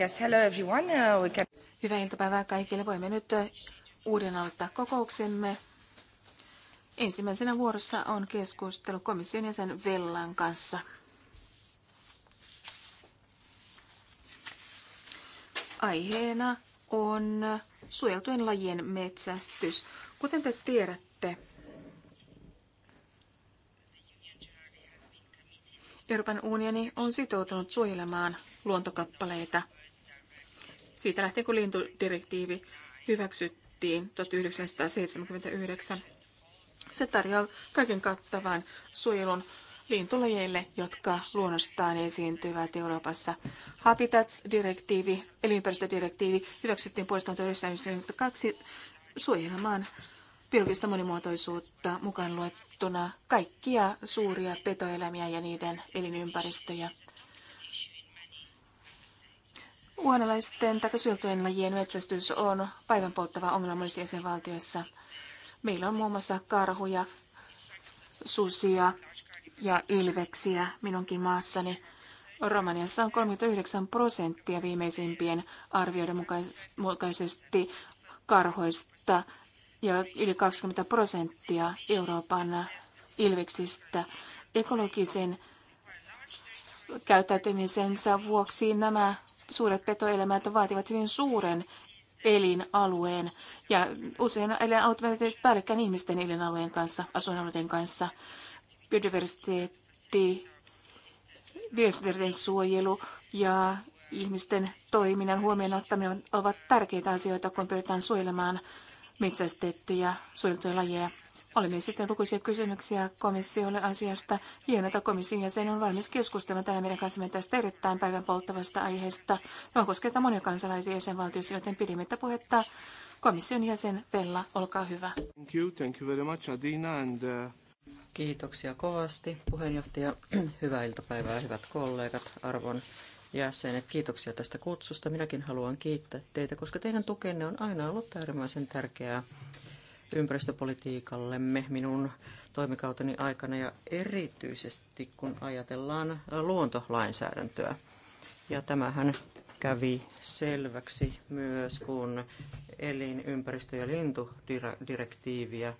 Yes, hello everyone. Uh, we can... Hyvää iltapäivää kaikille. Voimme nyt uh, uuden aloittaa kokouksemme. Ensimmäisenä vuorossa on keskustelu komission jäsen Vellan kanssa. Aiheena on suojeltujen lajien metsästys. Kuten te tiedätte, Euroopan unioni on sitoutunut suojelemaan luontokappaleita – siitä lähtien, kun lintudirektiivi hyväksyttiin 1979, se tarjoaa kaiken kattavan suojelun lintulajeille, jotka luonnostaan esiintyvät Euroopassa. Habitats-direktiivi, elinympäristödirektiivi hyväksyttiin puolestaan 1992 suojelemaan biologista monimuotoisuutta mukaan luettuna kaikkia suuria petoeläimiä ja niiden elinympäristöjä. Uhanalaisten tai suojeltujen lajien metsästys on päivän polttava ongelma jäsenvaltioissa. Meillä on muun muassa karhuja, susia ja ilveksiä minunkin maassani. Romaniassa on 39 prosenttia viimeisimpien arvioiden mukaisesti karhoista ja yli 20 prosenttia Euroopan ilveksistä. Ekologisen käyttäytymisensä vuoksi nämä suuret petoelämät vaativat hyvin suuren elinalueen. Ja usein elinalueet menevät päällekkäin ihmisten elinalueen kanssa, asuinalueiden kanssa. Biodiversiteetti, biodiversiteetin suojelu ja ihmisten toiminnan huomioon ottaminen ovat tärkeitä asioita, kun pyritään suojelemaan metsästettyjä suojeltuja lajeja. Olemme sitten lukuisia kysymyksiä komissiolle asiasta. Hienoa, että komission jäsen on valmis keskustelemaan täällä meidän kanssamme tästä erittäin päivän polttavasta aiheesta. Tämä koskettaa monia kansalaisia jäsenvaltioissa, joten tätä puhetta. Komission jäsen Vella, olkaa hyvä. Thank you, thank you very much, Adina, and, uh... Kiitoksia kovasti, puheenjohtaja. Hyvää iltapäivää, hyvät kollegat, arvon jäsenet. Kiitoksia tästä kutsusta. Minäkin haluan kiittää teitä, koska teidän tukenne on aina ollut äärimmäisen tärkeää ympäristöpolitiikallemme minun toimikauteni aikana ja erityisesti kun ajatellaan luontolainsäädäntöä. Ja tämähän kävi selväksi myös, kun elinympäristö- ja lintudirektiiviä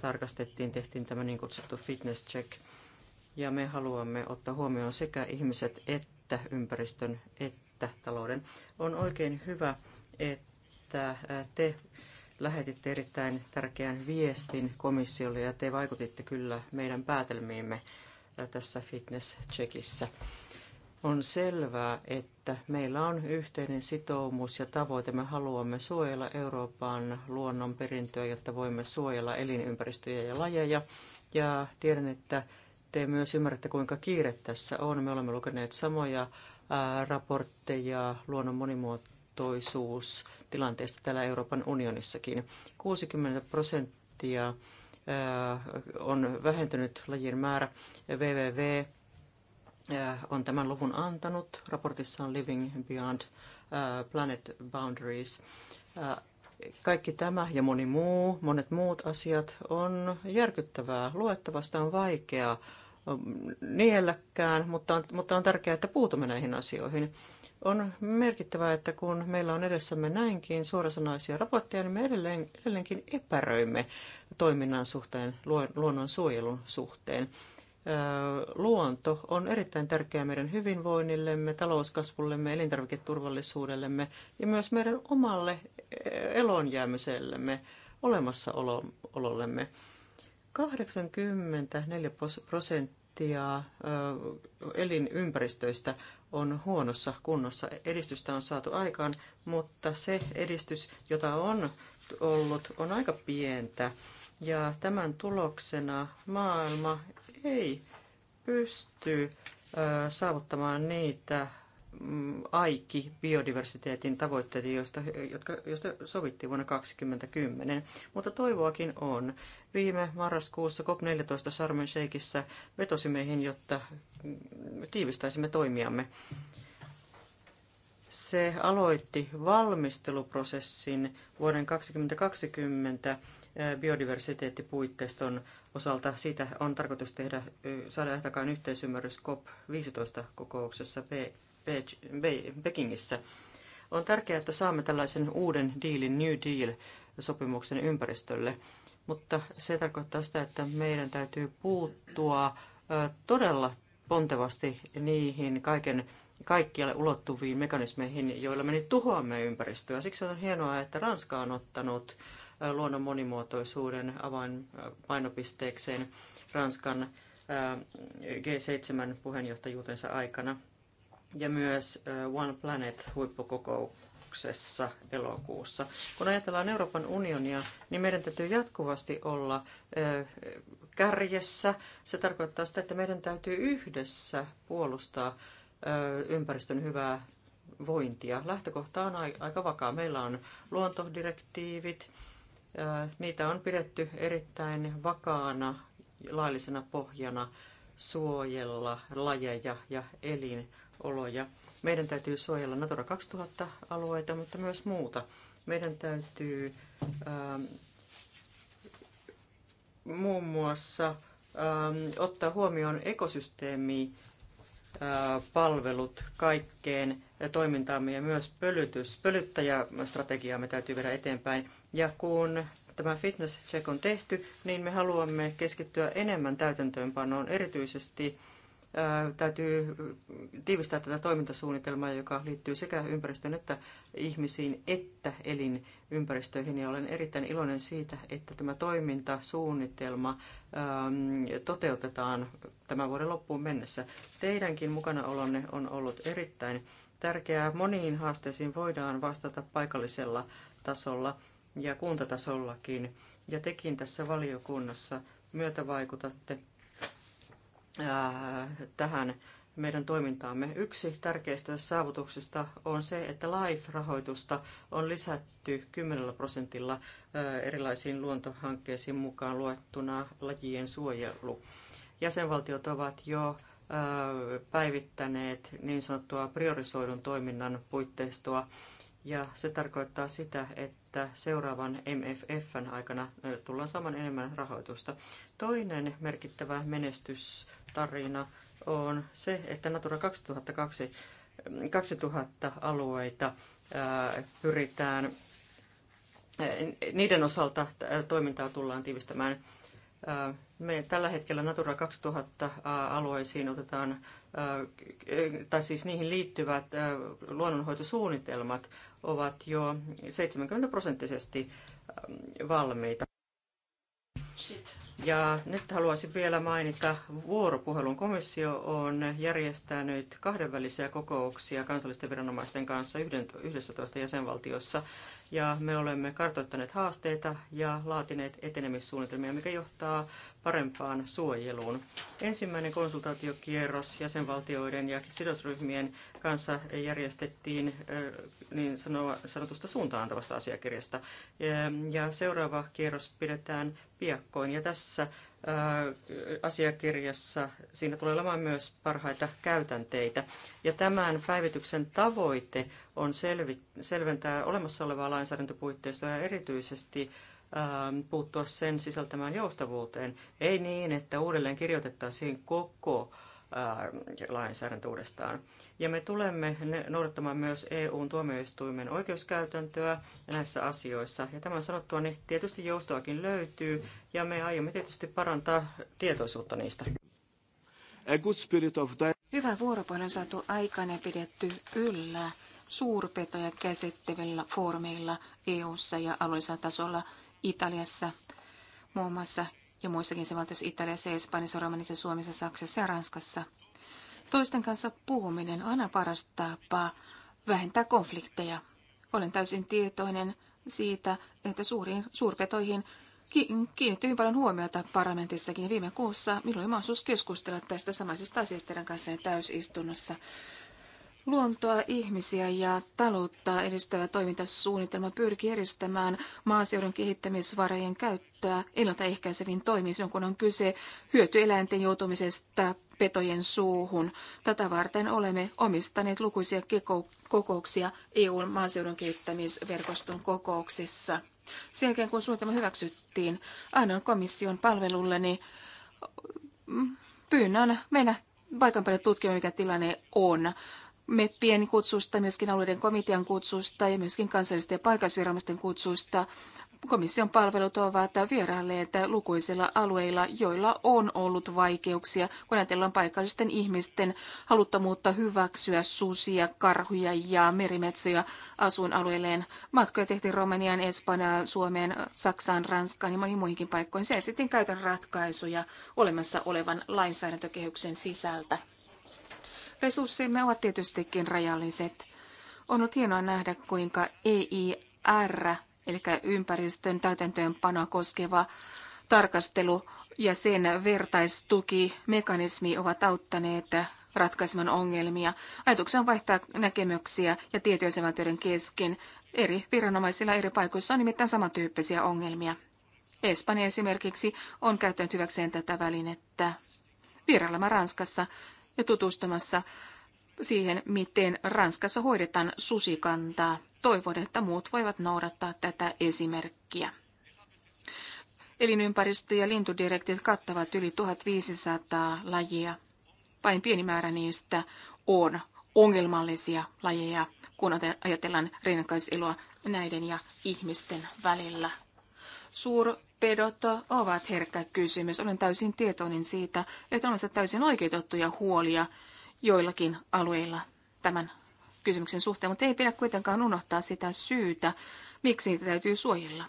tarkastettiin, tehtiin tämä niin kutsuttu fitness check. Ja me haluamme ottaa huomioon sekä ihmiset että ympäristön että talouden. On oikein hyvä, että te lähetitte erittäin tärkeän viestin komissiolle ja te vaikutitte kyllä meidän päätelmiimme äh, tässä fitness checkissä. On selvää, että meillä on yhteinen sitoumus ja tavoite. Me haluamme suojella Euroopan luonnon perintöä, jotta voimme suojella elinympäristöjä ja lajeja. Ja tiedän, että te myös ymmärrätte, kuinka kiire tässä on. Me olemme lukeneet samoja äh, raportteja luonnon monimuotoisuudesta tietoisuus tilanteesta täällä Euroopan unionissakin. 60 prosenttia on vähentynyt lajien määrä. WWW on tämän luvun antanut raportissaan Living Beyond Planet Boundaries. Kaikki tämä ja moni muu, monet muut asiat on järkyttävää. Luettavasta on vaikeaa nielläkään, mutta on, mutta on tärkeää, että puutumme näihin asioihin. On merkittävää, että kun meillä on edessämme näinkin suorasanaisia raportteja, niin me edelleen, edelleenkin epäröimme toiminnan suhteen, luonnonsuojelun suhteen. Luonto on erittäin tärkeää meidän hyvinvoinnillemme, talouskasvullemme, elintarviketurvallisuudellemme ja myös meidän omalle elonjäämisellemme, olemassaolollemme. 84 prosenttia elinympäristöistä on huonossa kunnossa. Edistystä on saatu aikaan, mutta se edistys, jota on ollut, on aika pientä. Ja tämän tuloksena maailma ei pysty saavuttamaan niitä AIKI, biodiversiteetin tavoitteita, joista, jotka, joista sovittiin vuonna 2010. Mutta toivoakin on. Viime marraskuussa COP14 Sharm Sheikissä vetosi meihin, jotta tiivistäisimme toimiamme. Se aloitti valmisteluprosessin vuoden 2020 biodiversiteettipuitteiston osalta. Siitä on tarkoitus tehdä, saada ehtäkään yhteisymmärrys COP15-kokouksessa Pekingissä. On tärkeää, että saamme tällaisen uuden diilin, New Deal-sopimuksen ympäristölle, mutta se tarkoittaa sitä, että meidän täytyy puuttua todella pontevasti niihin kaiken kaikkialle ulottuviin mekanismeihin, joilla me nyt tuhoamme ympäristöä. Siksi on hienoa, että Ranska on ottanut luonnon monimuotoisuuden avainpainopisteekseen Ranskan G7-puheenjohtajuutensa aikana ja myös One Planet huippukokouksessa elokuussa. Kun ajatellaan Euroopan unionia, niin meidän täytyy jatkuvasti olla kärjessä. Se tarkoittaa sitä, että meidän täytyy yhdessä puolustaa ympäristön hyvää vointia. Lähtökohta on aika vakaa. Meillä on luontodirektiivit, niitä on pidetty erittäin vakaana laillisena pohjana suojella lajeja ja elin oloja. Meidän täytyy suojella Natura 2000-alueita, mutta myös muuta. Meidän täytyy ähm, muun muassa ähm, ottaa huomioon ekosysteemi äh, palvelut kaikkeen äh, toimintaamme ja myös pölytys, pölyttäjästrategiaa me täytyy viedä eteenpäin. Ja kun tämä fitness check on tehty, niin me haluamme keskittyä enemmän täytäntöönpanoon, erityisesti täytyy tiivistää tätä toimintasuunnitelmaa, joka liittyy sekä ympäristöön että ihmisiin että elinympäristöihin. Ja olen erittäin iloinen siitä, että tämä toimintasuunnitelma ähm, toteutetaan tämän vuoden loppuun mennessä. Teidänkin mukanaolonne on ollut erittäin tärkeää. Moniin haasteisiin voidaan vastata paikallisella tasolla ja kuntatasollakin. Ja tekin tässä valiokunnassa myötävaikutatte Äh, tähän meidän toimintaamme. Yksi tärkeistä saavutuksista on se, että LIFE-rahoitusta on lisätty 10 prosentilla äh, erilaisiin luontohankkeisiin mukaan luettuna lajien suojelu. Jäsenvaltiot ovat jo äh, päivittäneet niin sanottua priorisoidun toiminnan puitteistoa, ja se tarkoittaa sitä, että että seuraavan MFFn aikana tullaan saamaan enemmän rahoitusta. Toinen merkittävä menestystarina on se, että Natura 2002, 2000 alueita pyritään, niiden osalta toimintaa tullaan tiivistämään. Me tällä hetkellä Natura 2000 alueisiin otetaan tai siis niihin liittyvät luonnonhoitosuunnitelmat ovat jo 70 prosenttisesti valmiita. Shit. Ja nyt haluaisin vielä mainita vuoropuhelun. Komissio on järjestänyt kahdenvälisiä kokouksia kansallisten viranomaisten kanssa 11 jäsenvaltiossa. Ja me olemme kartoittaneet haasteita ja laatineet etenemissuunnitelmia, mikä johtaa parempaan suojeluun. Ensimmäinen konsultaatiokierros jäsenvaltioiden ja sidosryhmien kanssa järjestettiin niin sanotusta suuntaantavasta asiakirjasta. Ja seuraava kierros pidetään piakkoin. Ja tässä asiakirjassa siinä tulee olemaan myös parhaita käytänteitä. Ja tämän päivityksen tavoite on selventää olemassa olevaa lainsäädäntöpuitteistoa ja erityisesti Ähm, puuttua sen sisältämään joustavuuteen. Ei niin, että uudelleen kirjoitettaisiin koko ähm, lainsäädäntö uudestaan. Ja me tulemme noudattamaan myös EUn tuomioistuimen oikeuskäytäntöä näissä asioissa. Ja tämän sanottua niin tietysti joustoakin löytyy ja me aiomme tietysti parantaa tietoisuutta niistä. Hyvä vuoropuhelu on saatu aikana pidetty yllä suurpetoja käsittävillä foorumeilla EU-ssa ja alueellisella tasolla – Italiassa muun muassa ja muissakin se valtioissa Italiassa, Espanjassa, Romanissa, Suomessa, Saksassa ja Ranskassa. Toisten kanssa puhuminen on aina paras tapa vähentää konflikteja. Olen täysin tietoinen siitä, että suuriin suurpetoihin kiinnitti hyvin paljon huomiota parlamentissakin. Viime kuussa minulla oli mahdollisuus keskustella tästä samaisesta asiasta teidän kanssa täysistunnossa. Luontoa, ihmisiä ja taloutta edistävä toimintasuunnitelma pyrkii edistämään maaseudun kehittämisvarojen käyttöä ennaltaehkäiseviin toimiin, kun on kyse hyötyeläinten joutumisesta petojen suuhun. Tätä varten olemme omistaneet lukuisia kokouksia EUn maaseudun kehittämisverkoston kokouksissa. Sen jälkeen kun suunnitelma hyväksyttiin, annan komission palvelulleni mm, pyynnön mennä paikan päälle tutkimaan, mikä tilanne on. MEPPien kutsusta, myöskin alueiden komitean kutsusta ja myöskin kansallisten ja paikallisviranomaisten kutsusta. Komission palvelut ovat vierailleet lukuisilla alueilla, joilla on ollut vaikeuksia, kun ajatellaan paikallisten ihmisten haluttomuutta hyväksyä susia, karhuja ja merimetsiä asuinalueilleen. Matkoja tehtiin Romaniaan, Espanjaan, Suomeen, Saksaan, Ranskaan ja moniin muihinkin paikkoihin. Se sitten käytön ratkaisuja olemassa olevan lainsäädäntökehyksen sisältä. Resurssimme ovat tietystikin rajalliset. On ollut hienoa nähdä, kuinka EIR, eli ympäristön täytäntöönpanoa koskeva tarkastelu ja sen vertaistukimekanismi ovat auttaneet ratkaisemaan ongelmia. Ajatuksena on vaihtaa näkemyksiä ja tietojen kesken. Eri viranomaisilla eri paikoissa on nimittäin samantyyppisiä ongelmia. Espanja esimerkiksi on käyttänyt hyväkseen tätä välinettä. Vierailemme Ranskassa ja tutustumassa siihen, miten Ranskassa hoidetaan susikantaa. Toivon, että muut voivat noudattaa tätä esimerkkiä. Elinympäristö- ja lintudirektit kattavat yli 1500 lajia. Vain pieni määrä niistä on ongelmallisia lajeja, kun ajatellaan rinnakkaiseloa näiden ja ihmisten välillä. Suur pedot ovat herkkä kysymys. Olen täysin tietoinen siitä, että on täysin oikeutettuja huolia joillakin alueilla tämän kysymyksen suhteen, mutta ei pidä kuitenkaan unohtaa sitä syytä, miksi niitä täytyy suojella.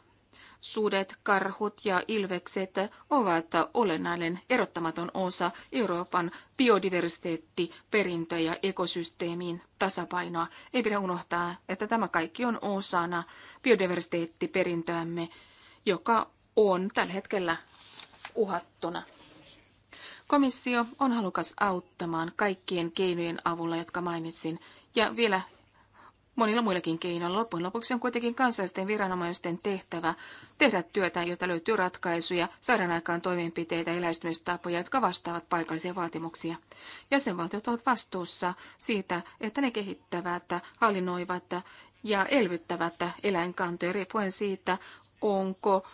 Sudet, karhut ja ilvekset ovat olennainen erottamaton osa Euroopan biodiversiteettiperintöä ja ekosysteemin tasapainoa. Ei pidä unohtaa, että tämä kaikki on osana biodiversiteettiperintöämme, joka on tällä hetkellä uhattuna. Komissio on halukas auttamaan kaikkien keinojen avulla, jotka mainitsin, ja vielä monilla muillakin keinoilla. Loppujen lopuksi on kuitenkin kansallisten viranomaisten tehtävä tehdä työtä, jota löytyy ratkaisuja, saadaan aikaan toimenpiteitä ja lähestymistapoja, jotka vastaavat paikallisia vaatimuksia. Jäsenvaltiot ovat vastuussa siitä, että ne kehittävät, hallinnoivat ja elvyttävät eläinkantoja riippuen siitä, onko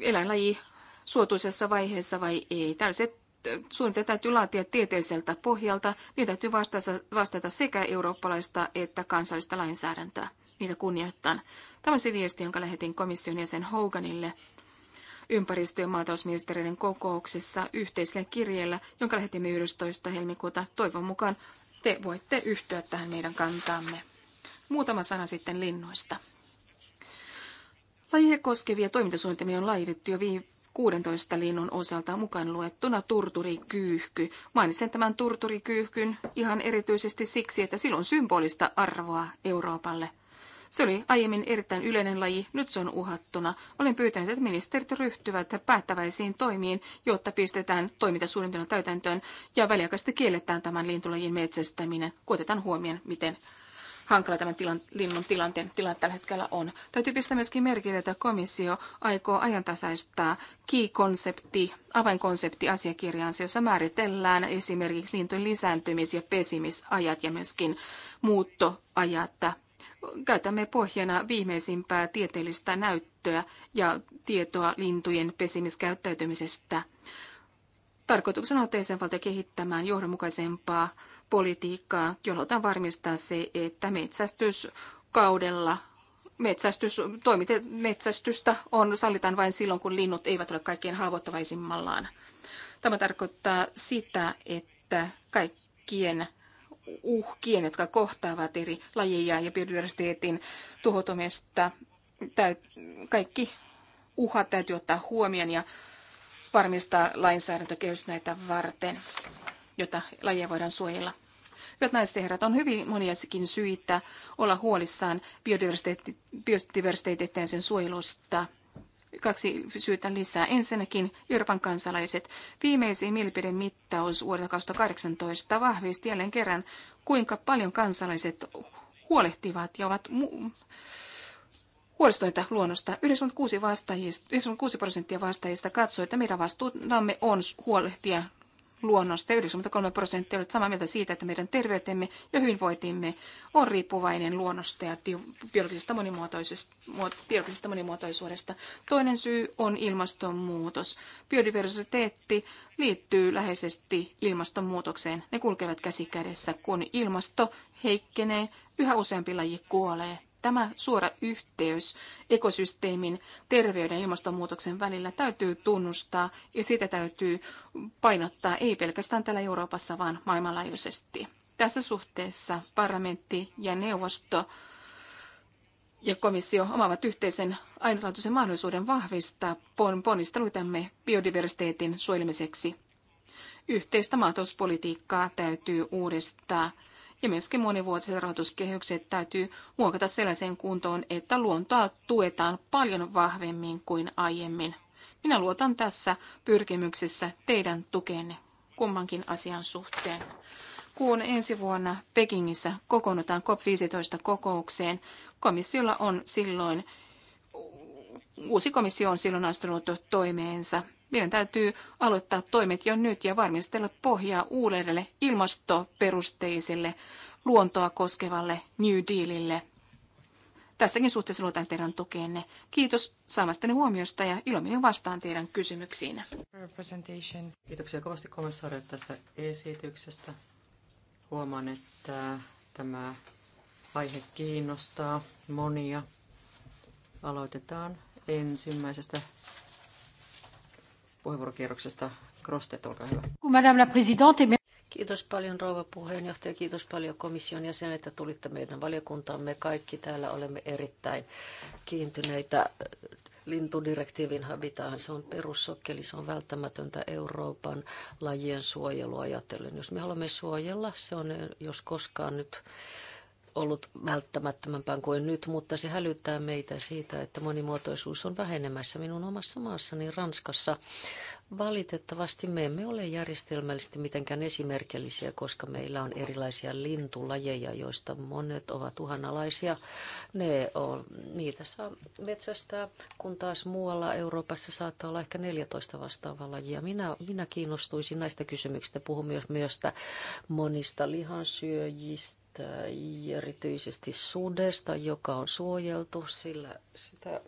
eläinlaji suotuisessa vaiheessa vai ei. Tällaiset äh, suunnitelmat täytyy laatia tieteelliseltä pohjalta. Niitä täytyy vastata sekä eurooppalaista että kansallista lainsäädäntöä. Niitä kunnioittaa. Tämä on se viesti, jonka lähetin komission jäsen Hoganille ympäristö- ja maatalousministeriöiden kokouksessa yhteisellä kirjeellä, jonka lähetimme 11. helmikuuta. Toivon mukaan te voitte yhtyä tähän meidän kantaamme. Muutama sana sitten linnoista. Lajia koskevia toimintasuunnitelmia on laadittu jo 16 linnun osalta mukaan luettuna turturikyyhky. Mainitsen tämän turturikyyhkyn ihan erityisesti siksi, että sillä on symbolista arvoa Euroopalle. Se oli aiemmin erittäin yleinen laji, nyt se on uhattuna. Olen pyytänyt, että ministerit ryhtyvät päättäväisiin toimiin, jotta pistetään toimintasuunnitelma täytäntöön ja väliaikaisesti kielletään tämän lintulajin metsästäminen. Kuotetaan huomioon, miten hankala tämän tilan, linnun tilanteen tilanne tällä hetkellä on. Täytyy pistää myöskin merkille, että komissio aikoo ajantasaistaa key-konsepti, avainkonsepti asiakirjaansa, jossa määritellään esimerkiksi lintujen lisääntymis- ja pesimisajat ja myöskin muuttoajat. Käytämme pohjana viimeisimpää tieteellistä näyttöä ja tietoa lintujen pesimiskäyttäytymisestä. Tarkoituksena on teisen jäsenvaltio kehittämään johdonmukaisempaa politiikkaa, jolla otan varmistaa se, että metsästyskaudella metsästys, toimite, metsästystä on, sallitaan vain silloin, kun linnut eivät ole kaikkein haavoittavaisimmallaan. Tämä tarkoittaa sitä, että kaikkien uhkien, jotka kohtaavat eri lajeja ja biodiversiteetin tuhotumista, kaikki uhat täytyy ottaa huomioon ja varmistaa lainsäädäntökehys näitä varten, jota lajeja voidaan suojella. Hyvät naiset ja herrat, on hyvin moniakin syitä olla huolissaan biodiversiteetti, biodiversiteetin sen suojelusta. Kaksi syytä lisää. Ensinnäkin Euroopan kansalaiset. Viimeisin mielipidemittaus vuodelta 2018 vahvisti jälleen kerran, kuinka paljon kansalaiset huolehtivat ja ovat mu- huolestuneita luonnosta. 96, vastaajista, 96 prosenttia vastaajista katsoi, että meidän vastuunamme on huolehtia luonnosta. 93 prosenttia oli samaa mieltä siitä, että meidän terveytemme ja hyvinvointimme on riippuvainen luonnosta ja biologisesta monimuotoisuudesta, monimuotoisuudesta. Toinen syy on ilmastonmuutos. Biodiversiteetti liittyy läheisesti ilmastonmuutokseen. Ne kulkevat käsi kädessä, kun ilmasto heikkenee, yhä useampi laji kuolee. Tämä suora yhteys ekosysteemin, terveyden ja ilmastonmuutoksen välillä täytyy tunnustaa ja sitä täytyy painottaa ei pelkästään täällä Euroopassa, vaan maailmanlaajuisesti. Tässä suhteessa parlamentti ja neuvosto ja komissio omaavat yhteisen ainutlaatuisen mahdollisuuden vahvistaa ponnisteluitamme biodiversiteetin suojelemiseksi. Yhteistä maatalouspolitiikkaa täytyy uudistaa – ja myöskin monivuotiset rahoituskehykset täytyy muokata sellaiseen kuntoon, että luontoa tuetaan paljon vahvemmin kuin aiemmin. Minä luotan tässä pyrkimyksessä teidän tukeenne kummankin asian suhteen. Kuun ensi vuonna Pekingissä kokoonnutaan COP15 kokoukseen. Komissiolla on silloin, uusi komissio on silloin astunut toimeensa meidän täytyy aloittaa toimet jo nyt ja varmistella pohjaa uudelle ilmastoperusteiselle luontoa koskevalle New Dealille. Tässäkin suhteessa luotan teidän tukeenne. Kiitos saamastanne huomiosta ja ilominen vastaan teidän kysymyksiin. Kiitoksia kovasti komissaarille tästä esityksestä. Huomaan, että tämä aihe kiinnostaa monia. Aloitetaan ensimmäisestä puheenvuorokierroksesta. Krostet, olkaa hyvä. Kiitos paljon rouva puheenjohtaja, kiitos paljon komission jäsen, että tulitte meidän valiokuntaamme. Kaikki täällä olemme erittäin kiintyneitä lintudirektiivin habitaan. Se on perussokkeli, se on välttämätöntä Euroopan lajien suojelua ajatellen. Jos me haluamme suojella, se on jos koskaan nyt ollut välttämättömämpään kuin nyt, mutta se hälyttää meitä siitä, että monimuotoisuus on vähenemässä minun omassa maassani Ranskassa. Valitettavasti me emme ole järjestelmällisesti mitenkään esimerkillisiä, koska meillä on erilaisia lintulajeja, joista monet ovat uhanalaisia. Ne on, niitä saa metsästää, kun taas muualla Euroopassa saattaa olla ehkä 14 vastaavaa lajia. Minä, minä kiinnostuisin näistä kysymyksistä. Puhun myös, myös monista lihansyöjistä Äh, erityisesti sudesta, joka on suojeltu, sillä sitä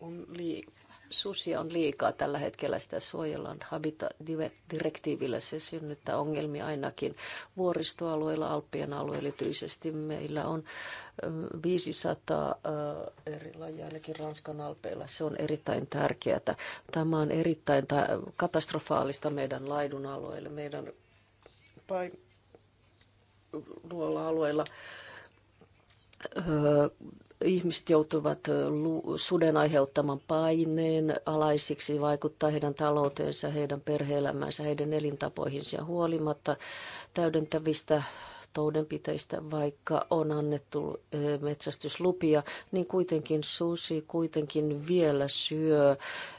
on liikaa susia on liikaa tällä hetkellä, sitä suojellaan Habitat-direktiivillä. Se synnyttää ongelmia ainakin vuoristoalueilla, Alppien alueilla erityisesti. Meillä on 500 eri lajia ainakin Ranskan alpeilla. Se on erittäin tärkeää. Tämä on erittäin katastrofaalista meidän laidun alueelle, meidän paik luolla alueilla ihmiset joutuvat suden aiheuttaman paineen alaisiksi, vaikuttaa heidän talouteensa, heidän perheelämänsä, heidän elintapoihinsa ja huolimatta täydentävistä toudenpiteistä, vaikka on annettu metsästyslupia, niin kuitenkin susi kuitenkin vielä syö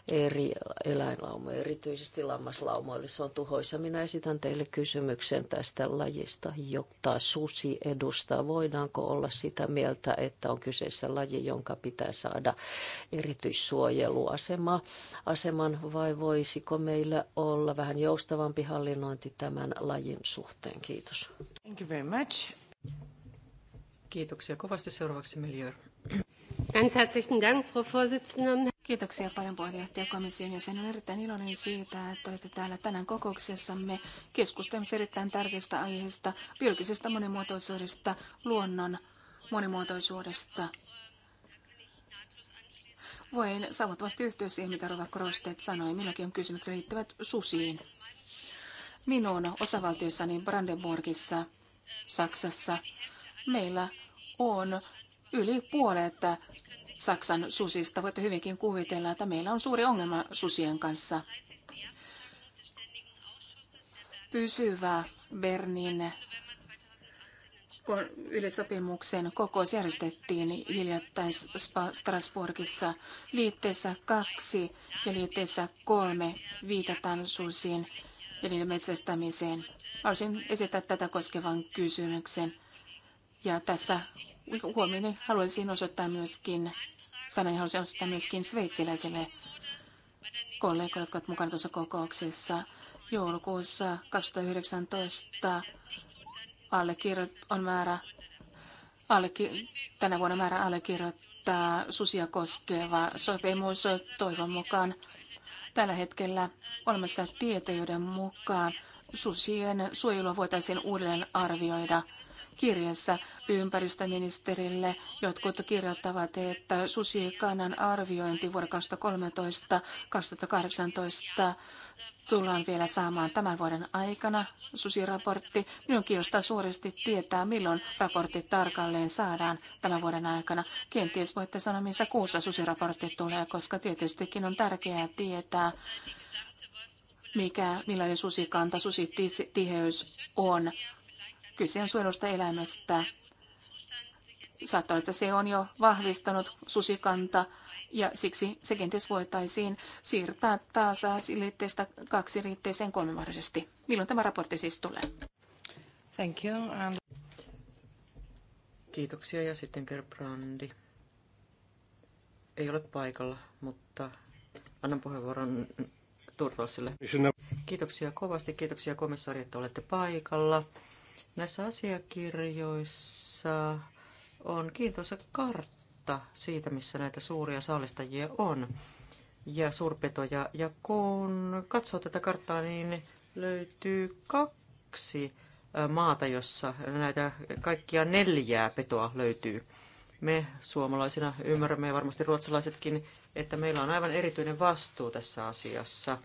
eri eläinlaumoja, erityisesti lammaslaumoille. Se on tuhoisa. Minä esitän teille kysymyksen tästä lajista, jota susi edustaa. Voidaanko olla sitä mieltä, että on kyseessä laji, jonka pitää saada erityissuojeluasema aseman, vai voisiko meillä olla vähän joustavampi hallinnointi tämän lajin suhteen? Kiitos. Thank you very much. Kiitoksia kovasti. Seuraavaksi Melior. Ganz herzlichen Dank, Frau Vorsitzende. Kiitoksia paljon puheenjohtaja komission ja sen on erittäin iloinen siitä, että olette täällä tänään kokouksessamme keskustelemassa erittäin tärkeästä aiheesta, biologisesta monimuotoisuudesta, luonnon monimuotoisuudesta. Voin saavuttavasti yhtyä siihen, mitä Rova Krosteet sanoi. minäkin on kysymykset liittyvät susiin. Minun osavaltiossani Brandenburgissa Saksassa. Meillä on yli puolet Saksan susista. Voitte hyvinkin kuvitella, että meillä on suuri ongelma susien kanssa. Pysyvä Bernin ylisopimuksen kokous järjestettiin hiljattain Strasbourgissa. Liitteessä kaksi ja liitteessä kolme viitataan susiin ja niiden metsästämiseen. Haluaisin esittää tätä koskevan kysymyksen. Ja tässä huomioon haluaisin osoittaa myöskin, sanan haluaisin osoittaa myöskin sveitsiläisille kollegoille, jotka ovat mukana tuossa kokouksessa. Joulukuussa 2019 allekirjo- on määrä, allekir- tänä vuonna määrä allekirjoittaa susia koskeva sopimus toivon mukaan. Tällä hetkellä olemassa tietoja, joiden mukaan susien suojelua voitaisiin uudelleen arvioida. Kirjassa ympäristöministerille jotkut kirjoittavat, että susikannan arviointi vuonna 2013-2018 tullaan vielä saamaan tämän vuoden aikana susiraportti. Minun kiinnostaa suuresti tietää, milloin raportti tarkalleen saadaan tämän vuoden aikana. Kenties voitte sanoa, missä kuussa susiraportti tulee, koska tietystikin on tärkeää tietää, mikä, millainen susikanta, susitiheys on. Kyse on suojelusta elämästä. Saattaa olla, että se on jo vahvistanut susikanta ja siksi se kenties voitaisiin siirtää taas liitteestä kaksi riitteeseen kolmivarsisesti. Milloin tämä raportti siis tulee? Thank you. And... Kiitoksia ja sitten Gerbrandi. Ei ole paikalla, mutta annan puheenvuoron Turvalsille. Kiitoksia kovasti, kiitoksia komissaari, että olette paikalla. Näissä asiakirjoissa on kiintoisa kartta siitä, missä näitä suuria saalistajia on ja suurpetoja. Ja kun katsoo tätä karttaa, niin löytyy kaksi maata, jossa näitä kaikkia neljää petoa löytyy. Me suomalaisina ymmärrämme ja varmasti ruotsalaisetkin, että meillä on aivan erityinen vastuu tässä asiassa.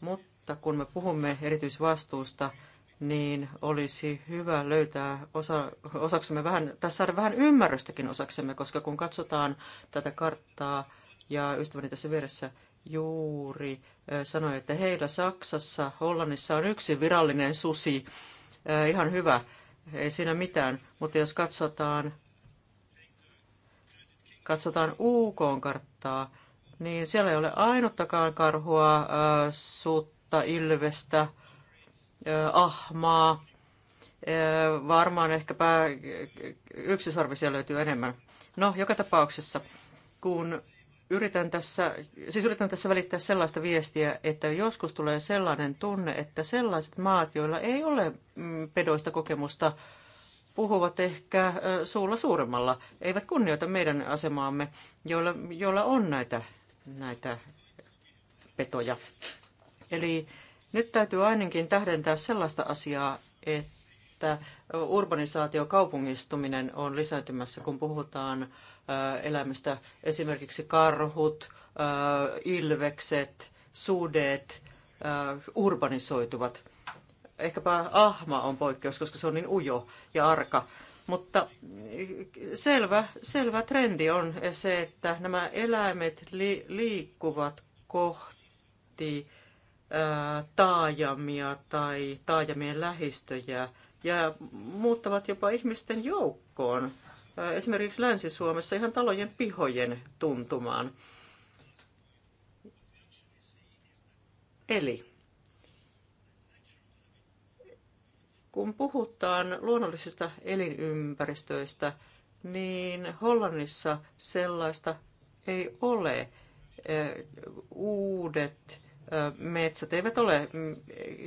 Mutta kun me puhumme erityisvastuusta, niin olisi hyvä löytää osa, osaksemme vähän, tässä saada vähän ymmärrystäkin osaksemme, koska kun katsotaan tätä karttaa, ja ystäväni tässä vieressä juuri sanoi, että heillä Saksassa, Hollannissa on yksi virallinen susi, ihan hyvä, ei siinä mitään, mutta jos katsotaan katsotaan UK-karttaa, niin siellä ei ole ainuttakaan karhua, äh, sutta, ilvestä, äh, ahmaa. Äh, varmaan ehkäpä siellä löytyy enemmän. No, joka tapauksessa, kun yritän tässä, siis yritän tässä välittää sellaista viestiä, että joskus tulee sellainen tunne, että sellaiset maat, joilla ei ole mm, pedoista kokemusta, puhuvat ehkä suulla suuremmalla, eivät kunnioita meidän asemaamme, joilla, joilla on näitä, näitä petoja. Eli nyt täytyy ainakin tähdentää sellaista asiaa, että urbanisaatio, kaupungistuminen on lisääntymässä, kun puhutaan elämästä, Esimerkiksi karhut, ilvekset, sudet urbanisoituvat – ehkäpä ahma on poikkeus, koska se on niin ujo ja arka. Mutta eh, selvä, selvä trendi on se, että nämä eläimet li, liikkuvat kohti ää, eh, taajamia tai taajamien lähistöjä ja muuttavat jopa ihmisten joukkoon. Ää, eh, esimerkiksi Länsi-Suomessa ihan talojen pihojen tuntumaan. Eli Kun puhutaan luonnollisista elinympäristöistä, niin Hollannissa sellaista ei ole. Uudet metsät eivät ole, mm,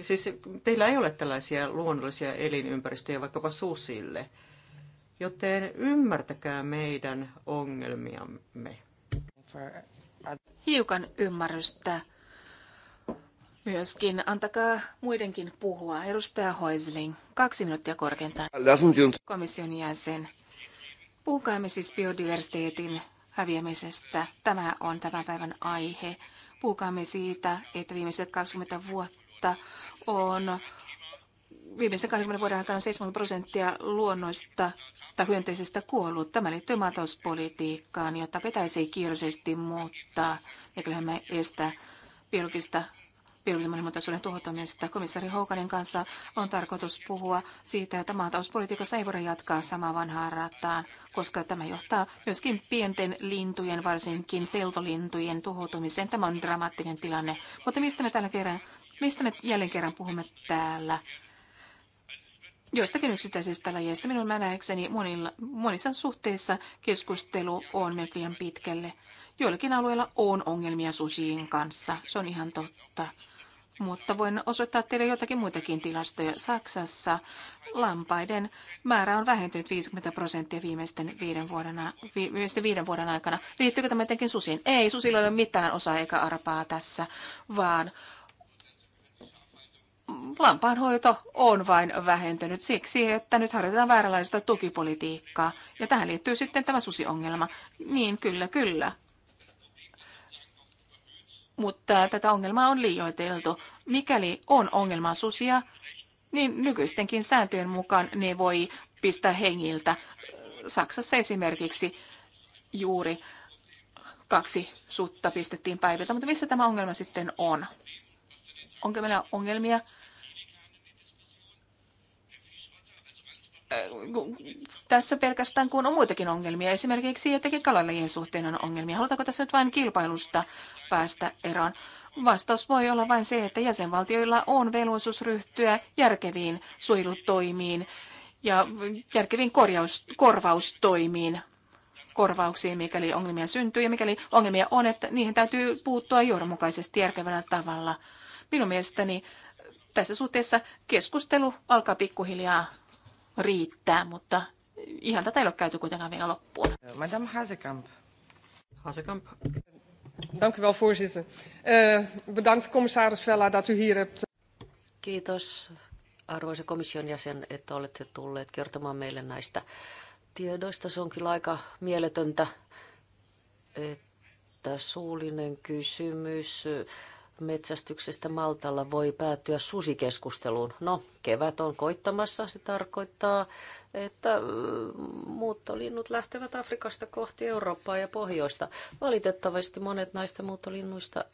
siis teillä ei ole tällaisia luonnollisia elinympäristöjä vaikkapa susille, joten ymmärtäkää meidän ongelmiamme. Hiukan ymmärrystä myöskin. Antakaa muidenkin puhua. Edustaja Hoisling, kaksi minuuttia korkeintaan. Komission jäsen. Puhukaamme siis biodiversiteetin häviämisestä. Tämä on tämän päivän aihe. Puhukaamme siitä, että viimeiset 20 vuotta on viimeisen 20 vuoden aikana 70 prosenttia luonnoista tai hyönteisistä kuollut. Tämä liittyy maatalouspolitiikkaan, jota pitäisi kiireisesti muuttaa. Ja kyllähän me estää biologista biologisen monimuotoisuuden tuhoutumisesta Komissaari Houkanen kanssa on tarkoitus puhua siitä, että maatalouspolitiikassa ei voida jatkaa samaa vanhaa rattaan, koska tämä johtaa myöskin pienten lintujen, varsinkin peltolintujen tuhoutumiseen. Tämä on dramaattinen tilanne. Mutta mistä me, tällä kerran, mistä me jälleen kerran puhumme täällä? Joistakin yksittäisistä lajeista minun nähdäkseni monilla, monissa suhteissa keskustelu on mennyt liian pitkälle. Joillakin alueilla on ongelmia susien kanssa, se on ihan totta mutta voin osoittaa teille jotakin muitakin tilastoja. Saksassa lampaiden määrä on vähentynyt 50 prosenttia viimeisten viiden vuoden, viimeisten viiden vuoden aikana. Liittyykö tämä jotenkin susiin? Ei, susilla ei ole mitään osaa eikä arpaa tässä, vaan lampaanhoito on vain vähentynyt siksi, että nyt harjoitetaan vääränlaista tukipolitiikkaa. Ja tähän liittyy sitten tämä susiongelma. Niin, kyllä, kyllä mutta tätä ongelmaa on liioiteltu. Mikäli on ongelma susia, niin nykyistenkin sääntöjen mukaan ne voi pistää hengiltä. Saksassa esimerkiksi juuri kaksi sutta pistettiin päiviltä, mutta missä tämä ongelma sitten on? Onko meillä ongelmia Äh, tässä pelkästään, kun on muitakin ongelmia. Esimerkiksi jotenkin kalalajien suhteen on ongelmia. Halutaanko tässä nyt vain kilpailusta päästä eroon? Vastaus voi olla vain se, että jäsenvaltioilla on velvollisuus ryhtyä järkeviin suojelutoimiin ja järkeviin korjaus, korvaustoimiin korvauksiin, mikäli ongelmia syntyy ja mikäli ongelmia on, että niihin täytyy puuttua johdonmukaisesti järkevällä tavalla. Minun mielestäni tässä suhteessa keskustelu alkaa pikkuhiljaa riittää, mutta ihan tätä ei ole käyty kuitenkaan vielä loppuun. Madame Hasekamp. Hasekamp. Dank u wel, voorzitter. Eh, bedankt, commissaris Vella, dat u hier hebt. Kiitos, arvoisa komission jäsen, että olette tulleet kertomaan meille näistä tiedoista. Se on kyllä aika mieletöntä, että suullinen kysymys metsästyksestä Maltalla voi päätyä susikeskusteluun. No, kevät on koittamassa. Se tarkoittaa, että mm, muuttolinnut lähtevät Afrikasta kohti Eurooppaa ja Pohjoista. Valitettavasti monet näistä muuttolinnuista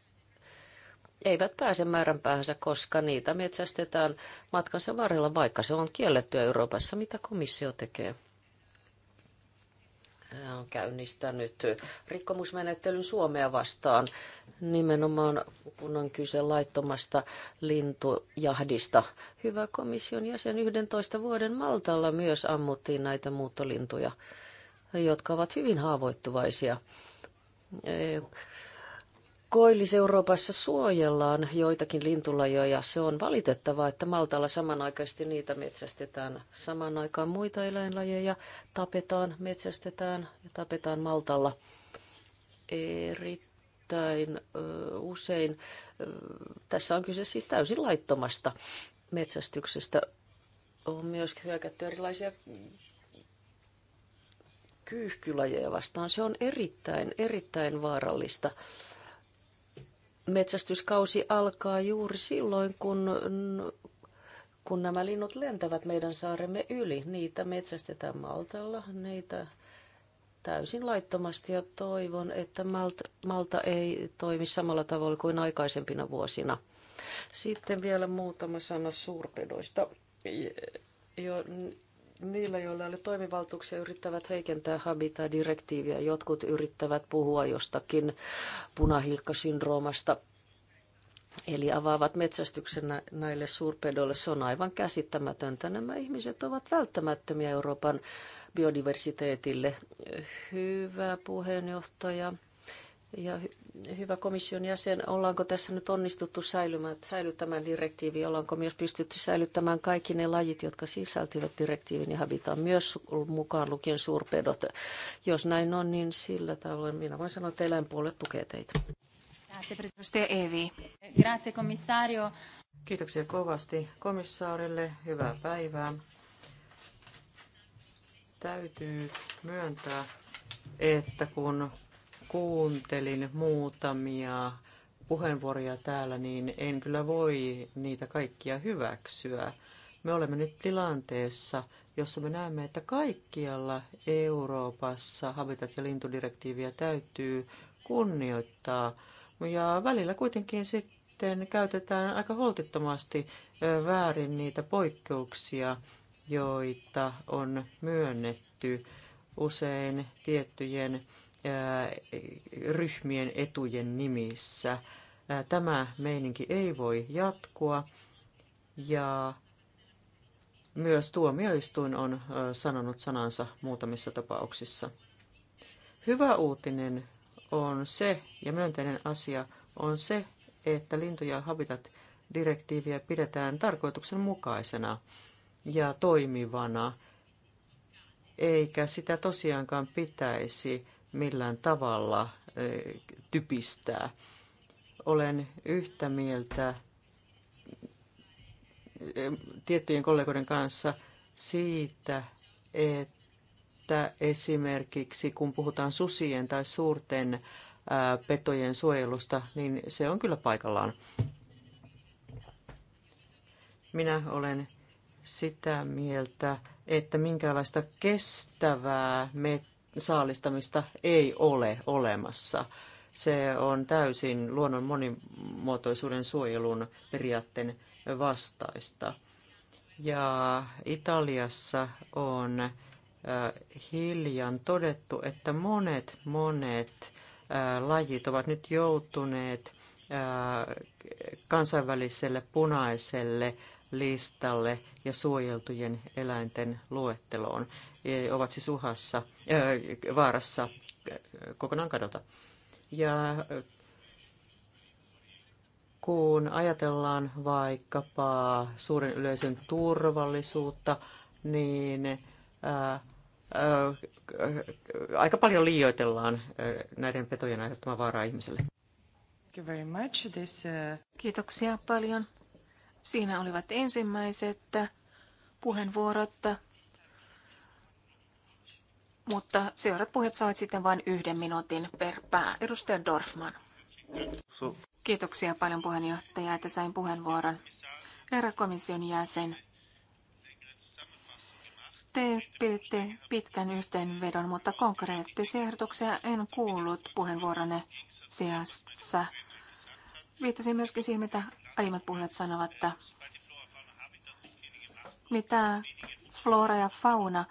eivät pääse määränpäänsä, koska niitä metsästetään matkansa varrella, vaikka se on kielletty Euroopassa. Mitä komissio tekee? on käynnistänyt rikkomusmenettelyn Suomea vastaan, nimenomaan kun on kyse laittomasta lintujahdista. Hyvä komission jäsen 11 vuoden Maltalla myös ammuttiin näitä muuttolintuja, jotka ovat hyvin haavoittuvaisia. Koillis-Euroopassa suojellaan joitakin lintulajoja. Se on valitettavaa, että Maltalla samanaikaisesti niitä metsästetään. Samaan aikaan muita eläinlajeja tapetaan, metsästetään ja tapetaan Maltalla. Erittäin ö, usein tässä on kyse siis täysin laittomasta metsästyksestä. On myös hyökätty erilaisia kyyhkylajeja vastaan. Se on erittäin, erittäin vaarallista metsästyskausi alkaa juuri silloin, kun, kun nämä linnut lentävät meidän saaremme yli. Niitä metsästetään Maltalla, niitä täysin laittomasti ja toivon, että Malta, Malta ei toimi samalla tavalla kuin aikaisempina vuosina. Sitten vielä muutama sana suurpedoista. Jo, niillä, joilla oli toimivaltuuksia, yrittävät heikentää Habitat-direktiiviä. Jotkut yrittävät puhua jostakin punahilkkasyndroomasta. Eli avaavat metsästyksen näille suurpedoille. Se on aivan käsittämätöntä. Nämä ihmiset ovat välttämättömiä Euroopan biodiversiteetille. Hyvä puheenjohtaja. Ja hy- hyvä komission jäsen, ollaanko tässä nyt onnistuttu säilymään, säilyttämään direktiivi? Ollaanko myös pystytty säilyttämään kaikki ne lajit, jotka sisältyvät direktiivin ja habitaan myös mukaan lukien suurpedot? Jos näin on, niin sillä tavoin minä voin sanoa, että eläinpuolet tukee teitä. Grazie, Kiitoksia kovasti komissaarille. Hyvää päivää. Täytyy myöntää, että kun kuuntelin muutamia puheenvuoroja täällä, niin en kyllä voi niitä kaikkia hyväksyä. Me olemme nyt tilanteessa, jossa me näemme, että kaikkialla Euroopassa habitat- ja lintudirektiiviä täytyy kunnioittaa. Ja välillä kuitenkin sitten käytetään aika holtittomasti väärin niitä poikkeuksia, joita on myönnetty usein tiettyjen ryhmien etujen nimissä. Tämä meininki ei voi jatkua ja myös tuomioistuin on sanonut sanansa muutamissa tapauksissa. Hyvä uutinen on se, ja myönteinen asia on se, että lintu- ja habitat-direktiiviä pidetään tarkoituksenmukaisena ja toimivana, eikä sitä tosiaankaan pitäisi millään tavalla typistää. Olen yhtä mieltä tiettyjen kollegoiden kanssa siitä, että esimerkiksi kun puhutaan susien tai suurten petojen suojelusta, niin se on kyllä paikallaan. Minä olen sitä mieltä, että minkälaista kestävää metsää saalistamista ei ole olemassa. Se on täysin luonnon monimuotoisuuden suojelun periaatteen vastaista. Ja Italiassa on hiljan todettu, että monet, monet lajit ovat nyt joutuneet kansainväliselle punaiselle listalle ja suojeltujen eläinten luetteloon. Eh, ovat siis uhassa, eh, vaarassa eh, kokonaan kadota. Ja kun ajatellaan vaikkapa suuren yleisön turvallisuutta, niin aika paljon liioitellaan näiden petojen aiheuttamaa vaaraa ihmiselle. Kiitoksia paljon. Siinä olivat ensimmäiset puheenvuorot mutta seuraavat puheet saavat sitten vain yhden minuutin per pää. Edustaja Dorfman. Kiitoksia paljon puheenjohtaja, että sain puheenvuoron. Herra komission jäsen, te piditte pitkän yhteenvedon, mutta konkreettisia ehdotuksia en kuullut puheenvuoronne sijassa. Viittasin myöskin siihen, mitä aiemmat puheet sanovat, että mitä flora ja fauna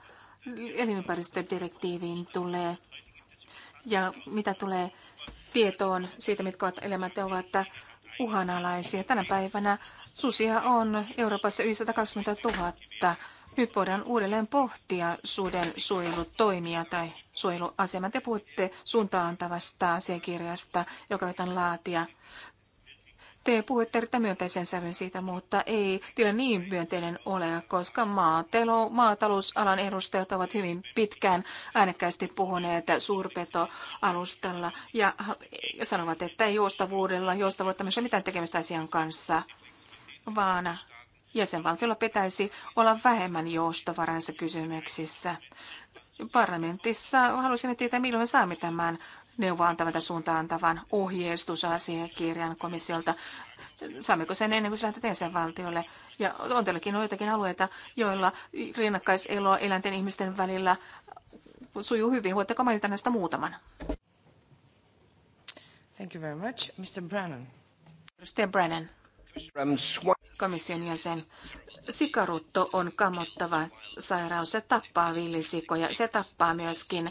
elinympäristödirektiiviin tulee ja mitä tulee tietoon siitä, mitkä ovat elämät ovat uhanalaisia. Tänä päivänä susia on Euroopassa yli 120 000. Nyt voidaan uudelleen pohtia suden suojelutoimia tai suojeluasemat. Te puhutte suuntaantavasta asiakirjasta, joka voidaan laatia. Te puhuitte erittäin myönteisen sävyn siitä, mutta ei tilanne niin myönteinen ole, koska maatelo, maatalousalan edustajat ovat hyvin pitkään äänekkäästi puhuneet suurpetoalustalla ja sanovat, että ei joustavuudella, myös mitään tekemistä asian kanssa, vaan jäsenvaltiolla pitäisi olla vähemmän joustovaransa kysymyksissä parlamentissa halusimme tietää, milloin saamme tämän neuvoa tai suuntaan antavan ohjeistusasiakirjan komissiolta. Saammeko sen ennen kuin se lähtee valtiolle? Ja on teilläkin joitakin alueita, joilla rinnakkaiseloa eläinten ihmisten välillä sujuu hyvin. Voitteko mainita näistä muutaman? Thank you very much. Mr. Brannan. Mr. Brannan. Komission jäsen. Sikarutto on kamottava sairaus. Se tappaa villisikoja. Se tappaa myöskin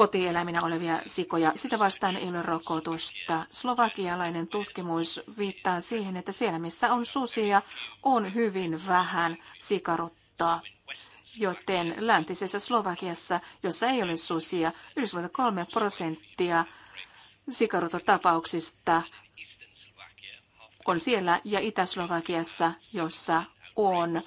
kotieläiminä olevia sikoja. Sitä vastaan ei ole rokotusta. Slovakialainen tutkimus viittaa siihen, että siellä missä on susia, on hyvin vähän sikaruttaa. Joten läntisessä Slovakiassa, jossa ei ole susia, 93 prosenttia sikarutotapauksista on siellä ja Itä-Slovakiassa, jossa on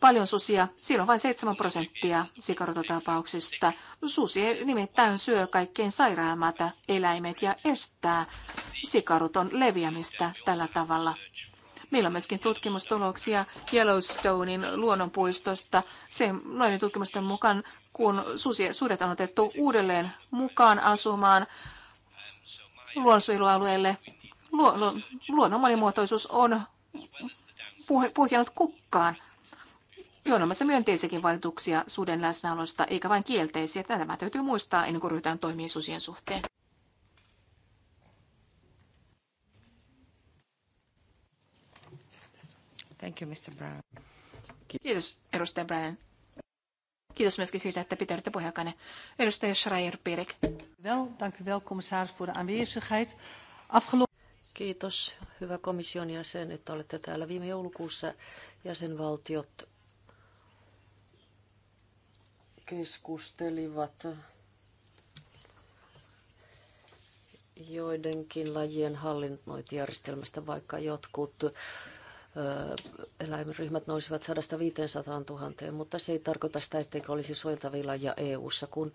paljon susia, silloin vain 7 prosenttia sikarutotapauksista. Susi nimittäin syö kaikkein sairaammat eläimet ja estää sikaruton leviämistä tällä tavalla. Meillä on myöskin tutkimustuloksia Yellowstonein luonnonpuistosta. Se, noiden tutkimusten mukaan, kun susi, sudet on otettu uudelleen mukaan asumaan luonnonsuojelualueelle, luonnon monimuotoisuus on puhjannut kukkaan on olemassa myönteisiäkin vaikutuksia suden läsnäolosta, eikä vain kielteisiä. Tämä täytyy muistaa ennen kuin ryhdytään toimimaan susien suhteen. Thank you, Mr. Brown. Kiitos, edustaja Brennan. Kiitos myöskin siitä, että pitäydytte puheenjohtajana. Edustaja Schreier-Pirik. Wel, dank u commissaris, aanwezigheid. Kiitos, hyvä komission jäsen, että olette täällä viime joulukuussa. Jäsenvaltiot keskustelivat joidenkin lajien hallinnointijärjestelmästä, vaikka jotkut eläimryhmät nousivat 100-500 000, mutta se ei tarkoita sitä, etteikö olisi suojeltavilla ja EU-ssa, kun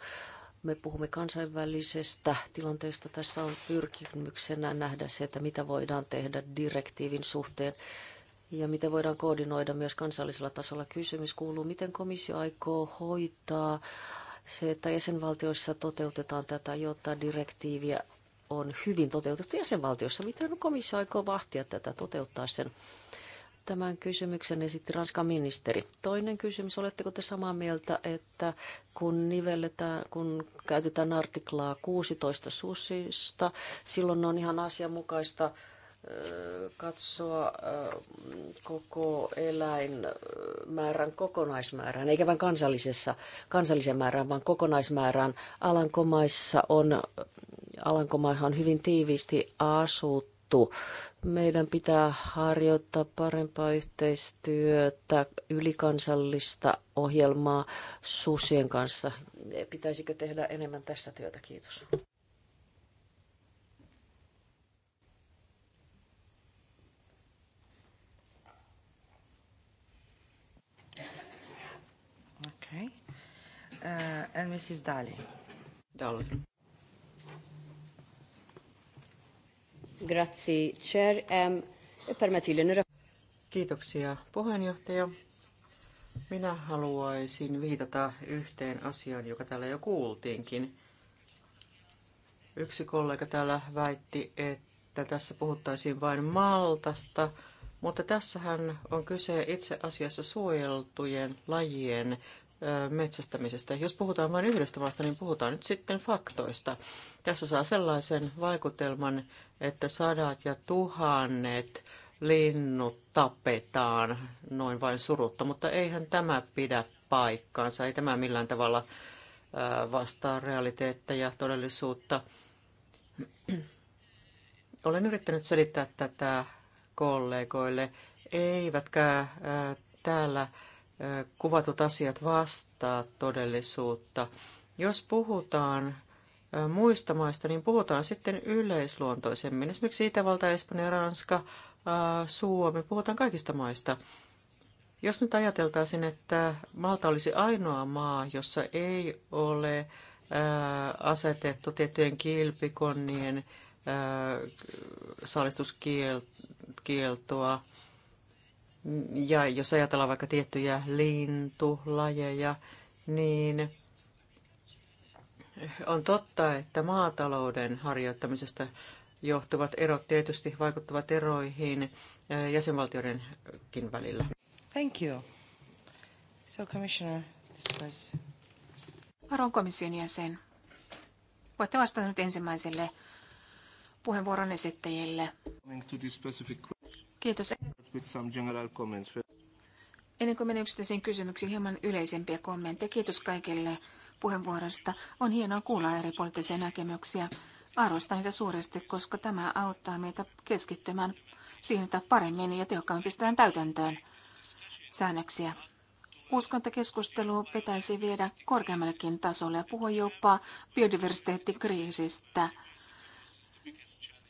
me puhumme kansainvälisestä tilanteesta. Tässä on pyrkimyksenä nähdä se, että mitä voidaan tehdä direktiivin suhteen ja miten voidaan koordinoida myös kansallisella tasolla. Kysymys kuuluu, miten komissio aikoo hoitaa se, että jäsenvaltioissa toteutetaan tätä, jotta direktiiviä on hyvin toteutettu jäsenvaltioissa. Miten komissio aikoo vahtia tätä, toteuttaa sen? Tämän kysymyksen esitti Ranskan ministeri. Toinen kysymys, oletteko te samaa mieltä, että kun nivelletään, kun käytetään artiklaa 16 susista, silloin on ihan asianmukaista katsoa äh, koko eläinmäärän kokonaismäärään, eikä vain kansallisessa, kansallisen määrään, vaan kokonaismäärään. Alankomaissa on, Alankomaissa on hyvin tiiviisti asuttu. Meidän pitää harjoittaa parempaa yhteistyötä, ylikansallista ohjelmaa susien kanssa. Pitäisikö tehdä enemmän tässä työtä? Kiitos. Э, and Mrs. Dali. Dali. Grazie, Chair. Um, Kiitoksia, puheenjohtaja. Minä haluaisin viitata yhteen asiaan, joka täällä jo kuultiinkin. Yksi kollega täällä väitti, että tässä puhuttaisiin vain Maltasta, mutta tässähän on kyse itse asiassa suojeltujen lajien metsästämisestä. Jos puhutaan vain yhdestä maasta, niin puhutaan nyt sitten faktoista. Tässä saa sellaisen vaikutelman, että sadat ja tuhannet linnut tapetaan noin vain surutta, mutta eihän tämä pidä paikkaansa. Ei tämä millään tavalla vastaa realiteetteja, todellisuutta. Olen yrittänyt selittää tätä kollegoille. Eivätkä täällä kuvatut asiat vastaa todellisuutta. Jos puhutaan muista maista, niin puhutaan sitten yleisluontoisemmin. Esimerkiksi Itävalta, Espanja, Ranska, Suomi, puhutaan kaikista maista. Jos nyt ajateltaisiin, että Malta olisi ainoa maa, jossa ei ole asetettu tiettyjen kilpikonnien saalistuskieltoa, ja jos ajatellaan vaikka tiettyjä lintulajeja, niin on totta, että maatalouden harjoittamisesta johtuvat erot tietysti vaikuttavat eroihin äh, jäsenvaltioidenkin välillä. Thank you. So, Commissioner, this was... Arvon komission jäsen, voitte vastata nyt ensimmäiselle puheenvuoron esittäjille. Kiitos with some general comments. Ennen kuin menen yksittäisiin kysymyksiin, hieman yleisempiä kommentteja. Kiitos kaikille puheenvuorosta. On hienoa kuulla eri poliittisia näkemyksiä. Arvostan niitä suuresti, koska tämä auttaa meitä keskittymään siihen, että paremmin ja tehokkaammin pistetään täytäntöön säännöksiä. Uskon, että keskustelu pitäisi viedä korkeammallekin tasolle ja puhua jopa biodiversiteettikriisistä –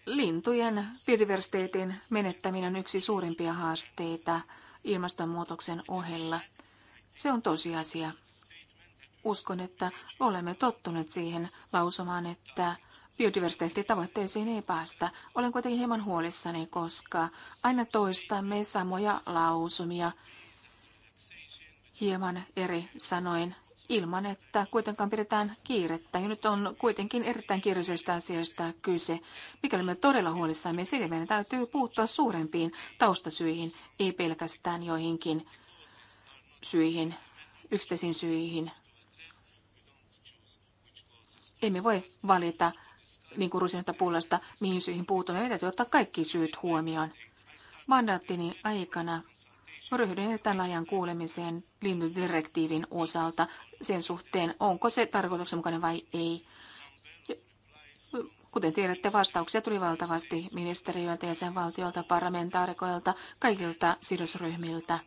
lintujen biodiversiteetin menettäminen on yksi suurimpia haasteita ilmastonmuutoksen ohella. Se on tosiasia. Uskon, että olemme tottuneet siihen lausumaan, että biodiversiteettitavoitteisiin ei päästä. Olen kuitenkin hieman huolissani, koska aina toistamme samoja lausumia hieman eri sanoin ilman, että kuitenkaan pidetään kiirettä. Ja nyt on kuitenkin erittäin kiireisestä asiasta kyse. Mikäli me todella huolissamme, siitä meidän täytyy puuttua suurempiin taustasyihin, ei pelkästään joihinkin syihin, yksittäisiin syihin. Emme voi valita niin kuin rusinasta pullasta, mihin syihin puutumme. Meidän täytyy ottaa kaikki syyt huomioon. Mandaattini aikana ryhdyn tämän ajan kuulemiseen lintudirektiivin osalta sen suhteen, onko se tarkoituksenmukainen vai ei. Kuten tiedätte, vastauksia tuli valtavasti ministeriöiltä, jäsenvaltiolta, parlamentaarikoilta, kaikilta sidosryhmiltä.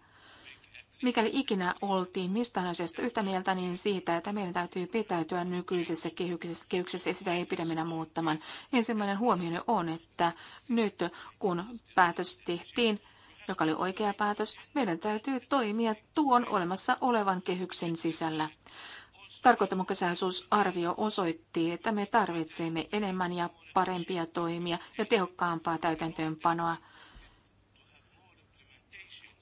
Mikäli ikinä oltiin mistään asiasta yhtä mieltä, niin siitä, että meidän täytyy pitäytyä nykyisessä kehyksessä, kehyksessä ja sitä ei pidä mennä muuttamaan. Ensimmäinen huomio on, että nyt kun päätös tehtiin joka oli oikea päätös, meidän täytyy toimia tuon olemassa olevan kehyksen sisällä. Tarkoituksenmukaisuusarvio osoitti, että me tarvitsemme enemmän ja parempia toimia ja tehokkaampaa täytäntöönpanoa,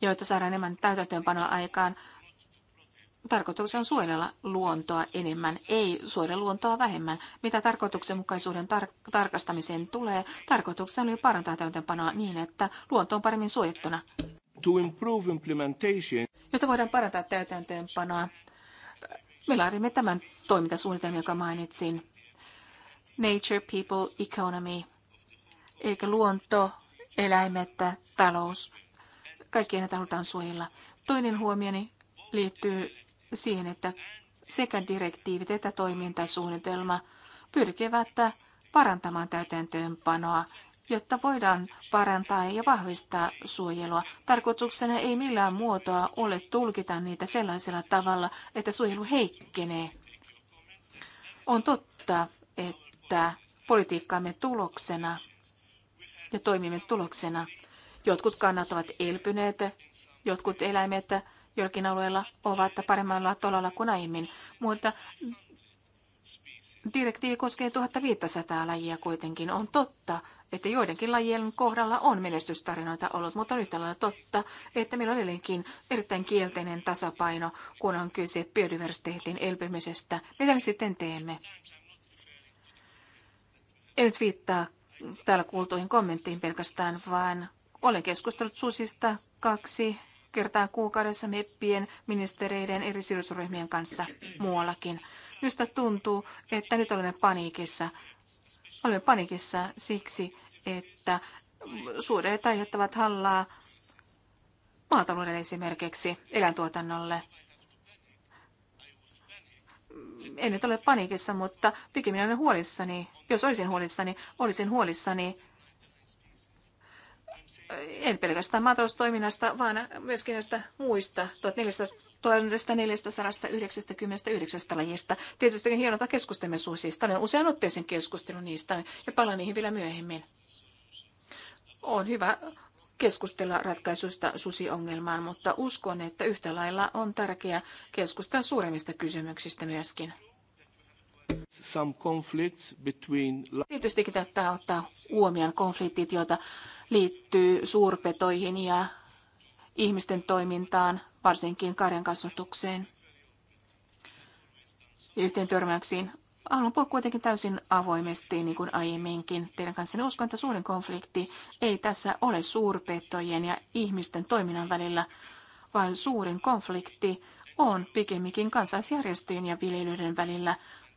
joita saadaan enemmän täytäntöönpanoa aikaan Tarkoituksen on suojella luontoa enemmän, ei suojella luontoa vähemmän. Mitä tarkoituksenmukaisuuden tar- tarkastamiseen tulee, tarkoituksena oli parantaa täytäntöönpanoa niin, että luonto on paremmin suojattuna. To improve implementation. Jotta voidaan parantaa täytäntöönpanoa, me laadimme tämän toimintasuunnitelman, joka mainitsin. Nature, People, Economy, eli luonto, eläimet, talous. Kaikkia näitä halutaan suojella. Toinen huomioni liittyy siihen, että sekä direktiivit että toimintasuunnitelma pyrkivät parantamaan täytäntöönpanoa, jotta voidaan parantaa ja vahvistaa suojelua. Tarkoituksena ei millään muotoa ole tulkita niitä sellaisella tavalla, että suojelu heikkenee. On totta, että politiikkaamme tuloksena ja toimimme tuloksena jotkut kannat ovat elpyneet, jotkut eläimet jollakin alueella ovat paremmalla tolalla kuin aiemmin, mutta direktiivi koskee 1500 lajia kuitenkin. On totta, että joidenkin lajien kohdalla on menestystarinoita ollut, mutta on yhtä lailla totta, että meillä on edelleenkin erittäin kielteinen tasapaino, kun on kyse biodiversiteetin elpymisestä. Mitä me sitten teemme? En nyt viittaa täällä kuultuihin kommenttiin pelkästään, vaan olen keskustellut susista kaksi kertaa kuukaudessa meppien, ministereiden, eri sidosryhmien kanssa muuallakin. Minusta tuntuu, että nyt olemme paniikissa. Olemme paniikissa siksi, että suudet aiheuttavat hallaa maataloudelle esimerkiksi eläintuotannolle. En nyt ole paniikissa, mutta pikemmin olen huolissani. Jos olisin huolissani, olisin huolissani en pelkästään maataloustoiminnasta, vaan myöskin näistä muista 1499 lajista. Tietysti hienota keskustelemme suusista. Olen usean otteeseen keskustellut niistä ja palaan niihin vielä myöhemmin. On hyvä keskustella ratkaisuista susiongelmaan, mutta uskon, että yhtä lailla on tärkeää keskustella suuremmista kysymyksistä myöskin. Tietysti conflicts Tietystikin ottaa huomioon konfliktit, joita liittyy suurpetoihin ja ihmisten toimintaan, varsinkin karjan kasvatukseen ja yhteen törmäyksiin. Haluan puhua kuitenkin täysin avoimesti, niin kuin aiemminkin teidän kanssanne. Uskon, että suurin konflikti ei tässä ole suurpetojen ja ihmisten toiminnan välillä, vaan suurin konflikti on pikemminkin kansalaisjärjestöjen ja viljelyiden välillä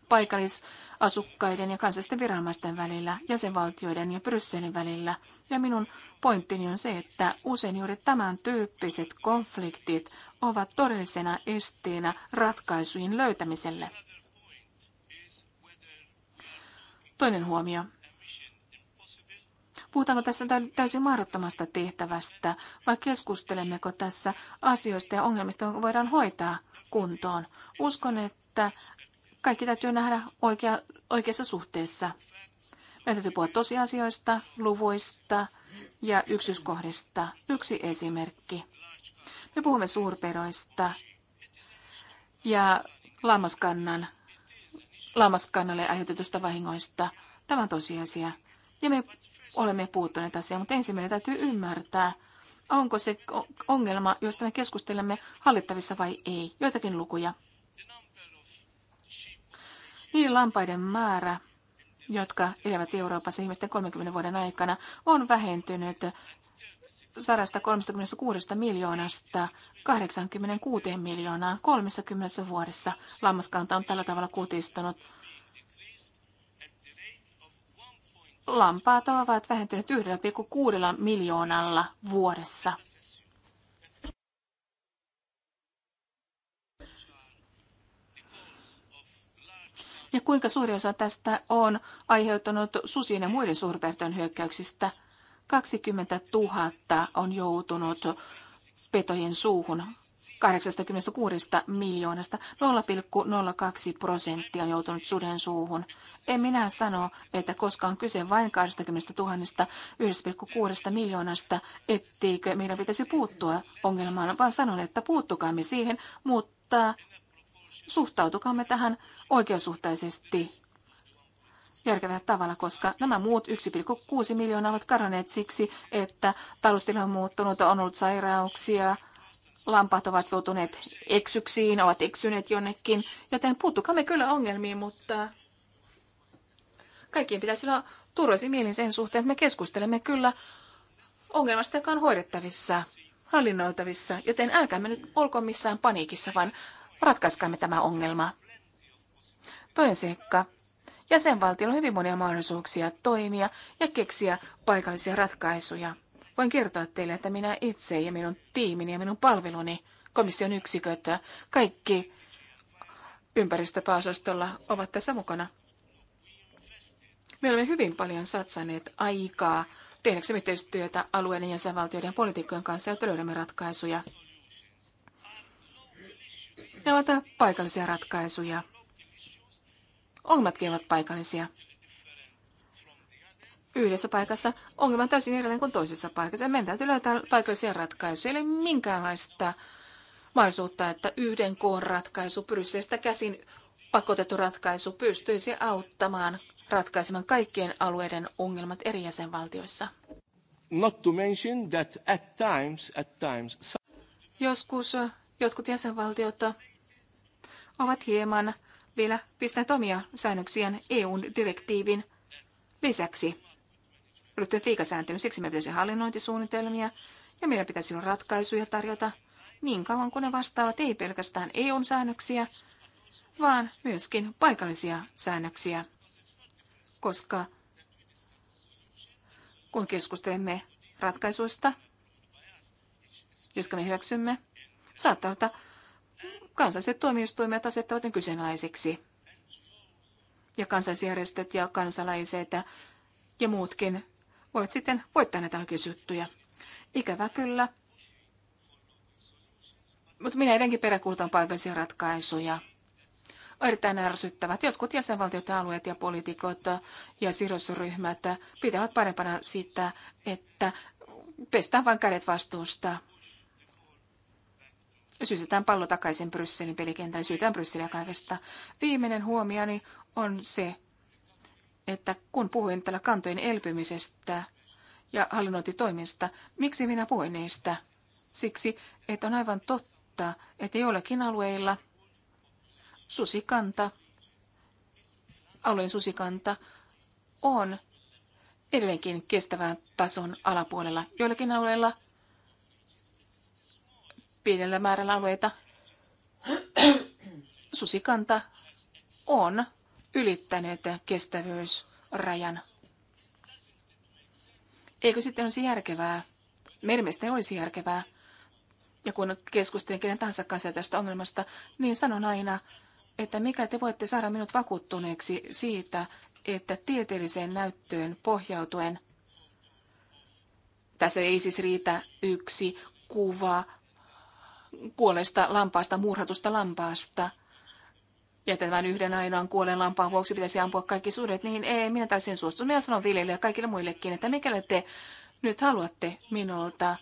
paikallisasukkaiden ja kansallisten viranomaisten välillä, jäsenvaltioiden ja Brysselin välillä. Ja minun pointtini on se, että usein juuri tämän tyyppiset konfliktit ovat todellisena esteenä ratkaisujen löytämiselle. Toinen huomio. Puhutaanko tässä täysin mahdottomasta tehtävästä vai keskustelemmeko tässä asioista ja ongelmista, jotka voidaan hoitaa kuntoon? Uskon, että kaikki täytyy nähdä oikea, oikeassa suhteessa. Meidän täytyy puhua tosiasioista, luvuista ja yksityiskohdista. Yksi esimerkki. Me puhumme suurperoista ja lammaskannan, lammaskannalle aiheutetusta vahingoista. Tämä on tosiasia. Ja me olemme puuttuneet asiaan, mutta ensin meidän täytyy ymmärtää, onko se ongelma, josta me keskustelemme, hallittavissa vai ei. Joitakin lukuja niin, lampaiden määrä, jotka elävät Euroopassa ihmisten 30 vuoden aikana, on vähentynyt 136 miljoonasta 86 miljoonaan 30 vuodessa. Lammaskanta on tällä tavalla kutistunut. Lampaat ovat vähentyneet 1,6 miljoonalla vuodessa. ja kuinka suuri osa tästä on aiheuttanut susien ja muiden suurpertojen hyökkäyksistä. 20 000 on joutunut petojen suuhun 86 miljoonasta 0,02 prosenttia on joutunut suden suuhun. En minä sano, että koska on kyse vain 20 000 1,6 miljoonasta, etteikö meidän pitäisi puuttua ongelmaan, vaan sanon, että puuttukaamme siihen, mutta suhtautukaamme tähän oikeasuhtaisesti järkevällä tavalla, koska nämä muut 1,6 miljoonaa ovat karanneet siksi, että taloustila on muuttunut, on ollut sairauksia, lampaat ovat joutuneet eksyksiin, ovat eksyneet jonnekin, joten puuttukamme kyllä ongelmiin, mutta kaikkien pitäisi olla turvallisin mielin sen suhteen, että me keskustelemme kyllä ongelmasta, joka on hoidettavissa, hallinnoitavissa, joten älkäämme nyt olko missään paniikissa, vaan Ratkaiskaamme tämä ongelma. Toinen seikka. Jäsenvaltiolla on hyvin monia mahdollisuuksia toimia ja keksiä paikallisia ratkaisuja. Voin kertoa teille, että minä itse ja minun tiimini ja minun palveluni, komission yksiköt, kaikki ympäristöpääosastolla ovat tässä mukana. Me olemme hyvin paljon satsaneet aikaa tehdäksemme yhteistyötä alueiden ja jäsenvaltioiden poliitikkojen kanssa, jotta löydämme ratkaisuja. Ne ovat paikallisia ratkaisuja. Ongelmatkin ovat paikallisia. Yhdessä paikassa ongelma on täysin erilainen kuin toisessa paikassa. Ja meidän täytyy löytää paikallisia ratkaisuja, eli minkäänlaista mahdollisuutta, että yhden koon ratkaisu, Brysselistä käsin pakotettu ratkaisu pystyisi auttamaan ratkaisemaan kaikkien alueiden ongelmat eri jäsenvaltioissa. Not to mention that at times, at times... Joskus jotkut jäsenvaltiot ovat hieman vielä pistäneet omia säännöksiään EUn direktiivin lisäksi. Ryhtyvät liikasääntelyn, siksi meidän pitäisi hallinnointisuunnitelmia ja meidän pitäisi olla ratkaisuja tarjota niin kauan kuin ne vastaavat ei pelkästään EUn säännöksiä, vaan myöskin paikallisia säännöksiä, koska kun keskustelemme ratkaisuista, jotka me hyväksymme, saattaa olla, kansalliset tuomioistuimet asettavat ne kyseenalaiseksi. Ja kansalaisjärjestöt ja kansalaiset ja muutkin voivat sitten voittaa näitä kysyttyjä. Ikävä kyllä. Mutta minä edenkin peräkuulutan paikallisia ratkaisuja. On erittäin ärsyttävät. Jotkut jäsenvaltiot, alueet ja poliitikot ja sidosryhmät pitävät parempana sitä, että pestään vain kädet vastuusta sysätään pallo takaisin Brysselin pelikentän, syytään Brysseliä kaikesta. Viimeinen huomioni on se, että kun puhuin tällä kantojen elpymisestä ja hallinnointitoimista, miksi minä puhuin niistä? Siksi, että on aivan totta, että joillakin alueilla susikanta, alueen susikanta on edelleenkin kestävän tason alapuolella. Joillakin alueilla pienellä määrällä alueita susikanta on ylittänyt kestävyysrajan. Eikö sitten olisi järkevää? Meidän mielestä olisi järkevää. Ja kun keskustelin kenen tahansa kanssa tästä ongelmasta, niin sanon aina, että mikä te voitte saada minut vakuuttuneeksi siitä, että tieteelliseen näyttöön pohjautuen, tässä ei siis riitä yksi kuva kuolesta, lampaasta, murhatusta lampaasta. Ja tämän yhden ainoan kuolen lampaan vuoksi pitäisi ampua kaikki suuret, niin ei, minä taisin suostunut. Minä sanon viljelijöille ja kaikille muillekin, että mikäli te nyt haluatte minulta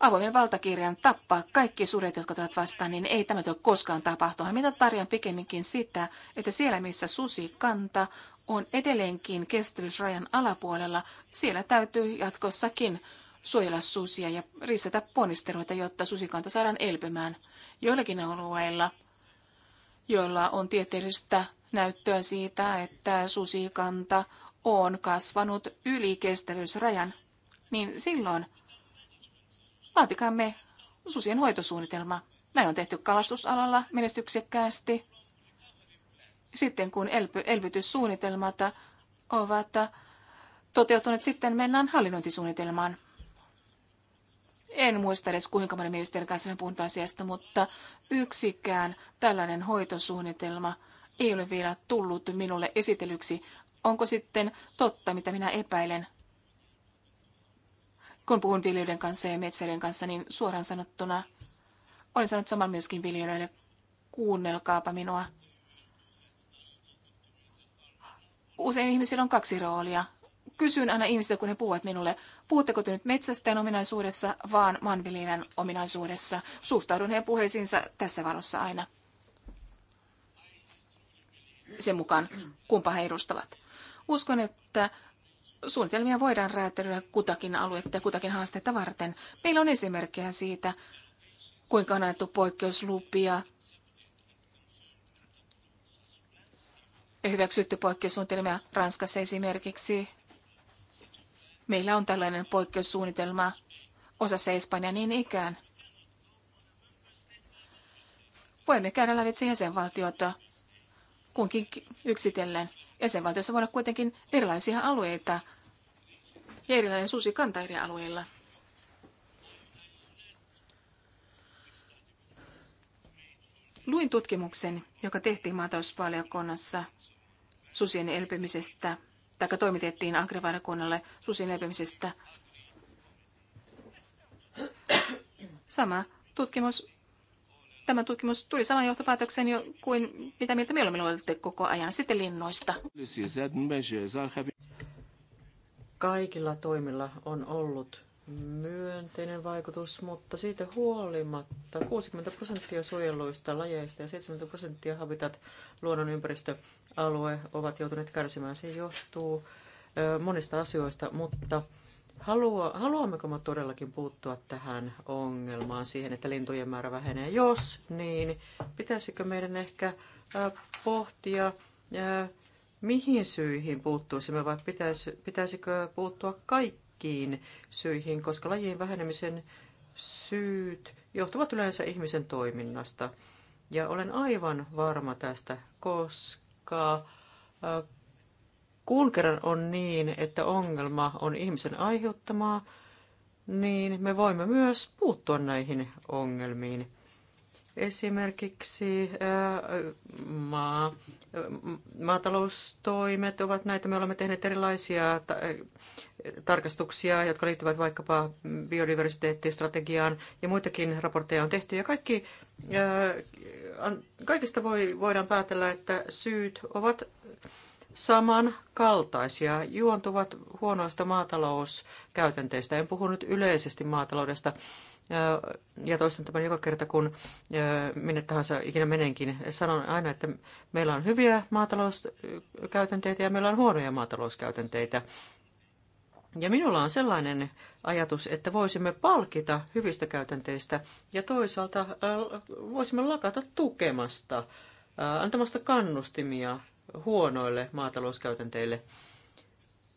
avoimen valtakirjan tappaa kaikki suuret, jotka tulevat vastaan, niin ei tämä tule koskaan tapahtua. Minä tarjoan pikemminkin sitä, että siellä missä Susi kanta on edelleenkin kestävyysrajan alapuolella, siellä täytyy jatkossakin suojella susia ja ristetä ponnisteluita, jotta susikanta saadaan elpymään. Joillakin alueilla, joilla on tieteellistä näyttöä siitä, että susikanta on kasvanut yli kestävyysrajan, niin silloin laatikaamme susien hoitosuunnitelma. Näin on tehty kalastusalalla menestyksekkäästi. Sitten kun elpy- elvytyssuunnitelmat ovat toteutuneet, sitten mennään hallinnointisuunnitelmaan. En muista edes kuinka monen ministerin kanssa me puhutaan asiasta, mutta yksikään tällainen hoitosuunnitelma ei ole vielä tullut minulle esitellyksi. Onko sitten totta, mitä minä epäilen? Kun puhun viljelijöiden kanssa ja metsäiden kanssa, niin suoraan sanottuna olen sanonut saman myöskin viljelijöille, kuunnelkaapa minua. Usein ihmisillä on kaksi roolia kysyn aina ihmisiltä, kun he puhuvat minulle, puhutteko te nyt metsästäjän ominaisuudessa, vaan maanviljelijän ominaisuudessa. Suhtaudun heidän puheisiinsa tässä valossa aina. Sen mukaan, kumpa he edustavat. Uskon, että suunnitelmia voidaan räätälöidä kutakin aluetta ja kutakin haasteita varten. Meillä on esimerkkejä siitä, kuinka on annettu poikkeuslupia ja hyväksytty poikkeussuunnitelmia Ranskassa esimerkiksi Meillä on tällainen poikkeussuunnitelma osassa Espanja niin ikään. Voimme käydä lävitse jäsenvaltiota kunkin yksitellen. Jäsenvaltiossa voi olla kuitenkin erilaisia alueita ja erilainen kanta eri alueilla. Luin tutkimuksen, joka tehtiin maatalousvaliokunnassa susien elpymisestä tai toimitettiin agrivaliokunnalle susien leipimisestä. Sama tutkimus, tämä tutkimus tuli saman johtopäätöksen jo kuin mitä mieltä me olemme koko ajan sitten linnoista. Kaikilla toimilla on ollut myönteinen vaikutus, mutta siitä huolimatta 60 prosenttia suojeluista lajeista ja 70 prosenttia habitat luonnonympäristö alue ovat joutuneet kärsimään. Se johtuu monista asioista, mutta haluammeko me todellakin puuttua tähän ongelmaan, siihen, että lintujen määrä vähenee? Jos niin, pitäisikö meidän ehkä pohtia, mihin syihin puuttuisimme vai pitäisikö puuttua kaikkiin syihin, koska lajien vähenemisen syyt johtuvat yleensä ihmisen toiminnasta. Ja olen aivan varma tästä, koska aikaa, kun kerran on niin, että ongelma on ihmisen aiheuttamaa, niin me voimme myös puuttua näihin ongelmiin. Esimerkiksi maa, maataloustoimet ovat näitä. Me olemme tehneet erilaisia tarkastuksia, jotka liittyvät vaikkapa biodiversiteettistrategiaan ja muitakin raportteja on tehty. Ja kaikki, kaikista voi, voidaan päätellä, että syyt ovat samankaltaisia, juontuvat huonoista maatalouskäytänteistä. En puhu nyt yleisesti maataloudesta, ja toistan tämän joka kerta, kun minne tahansa ikinä menenkin. Sanon aina, että meillä on hyviä maatalouskäytänteitä ja meillä on huonoja maatalouskäytänteitä. Ja minulla on sellainen ajatus, että voisimme palkita hyvistä käytänteistä ja toisaalta äh, voisimme lakata tukemasta, äh, antamasta kannustimia huonoille maatalouskäytänteille.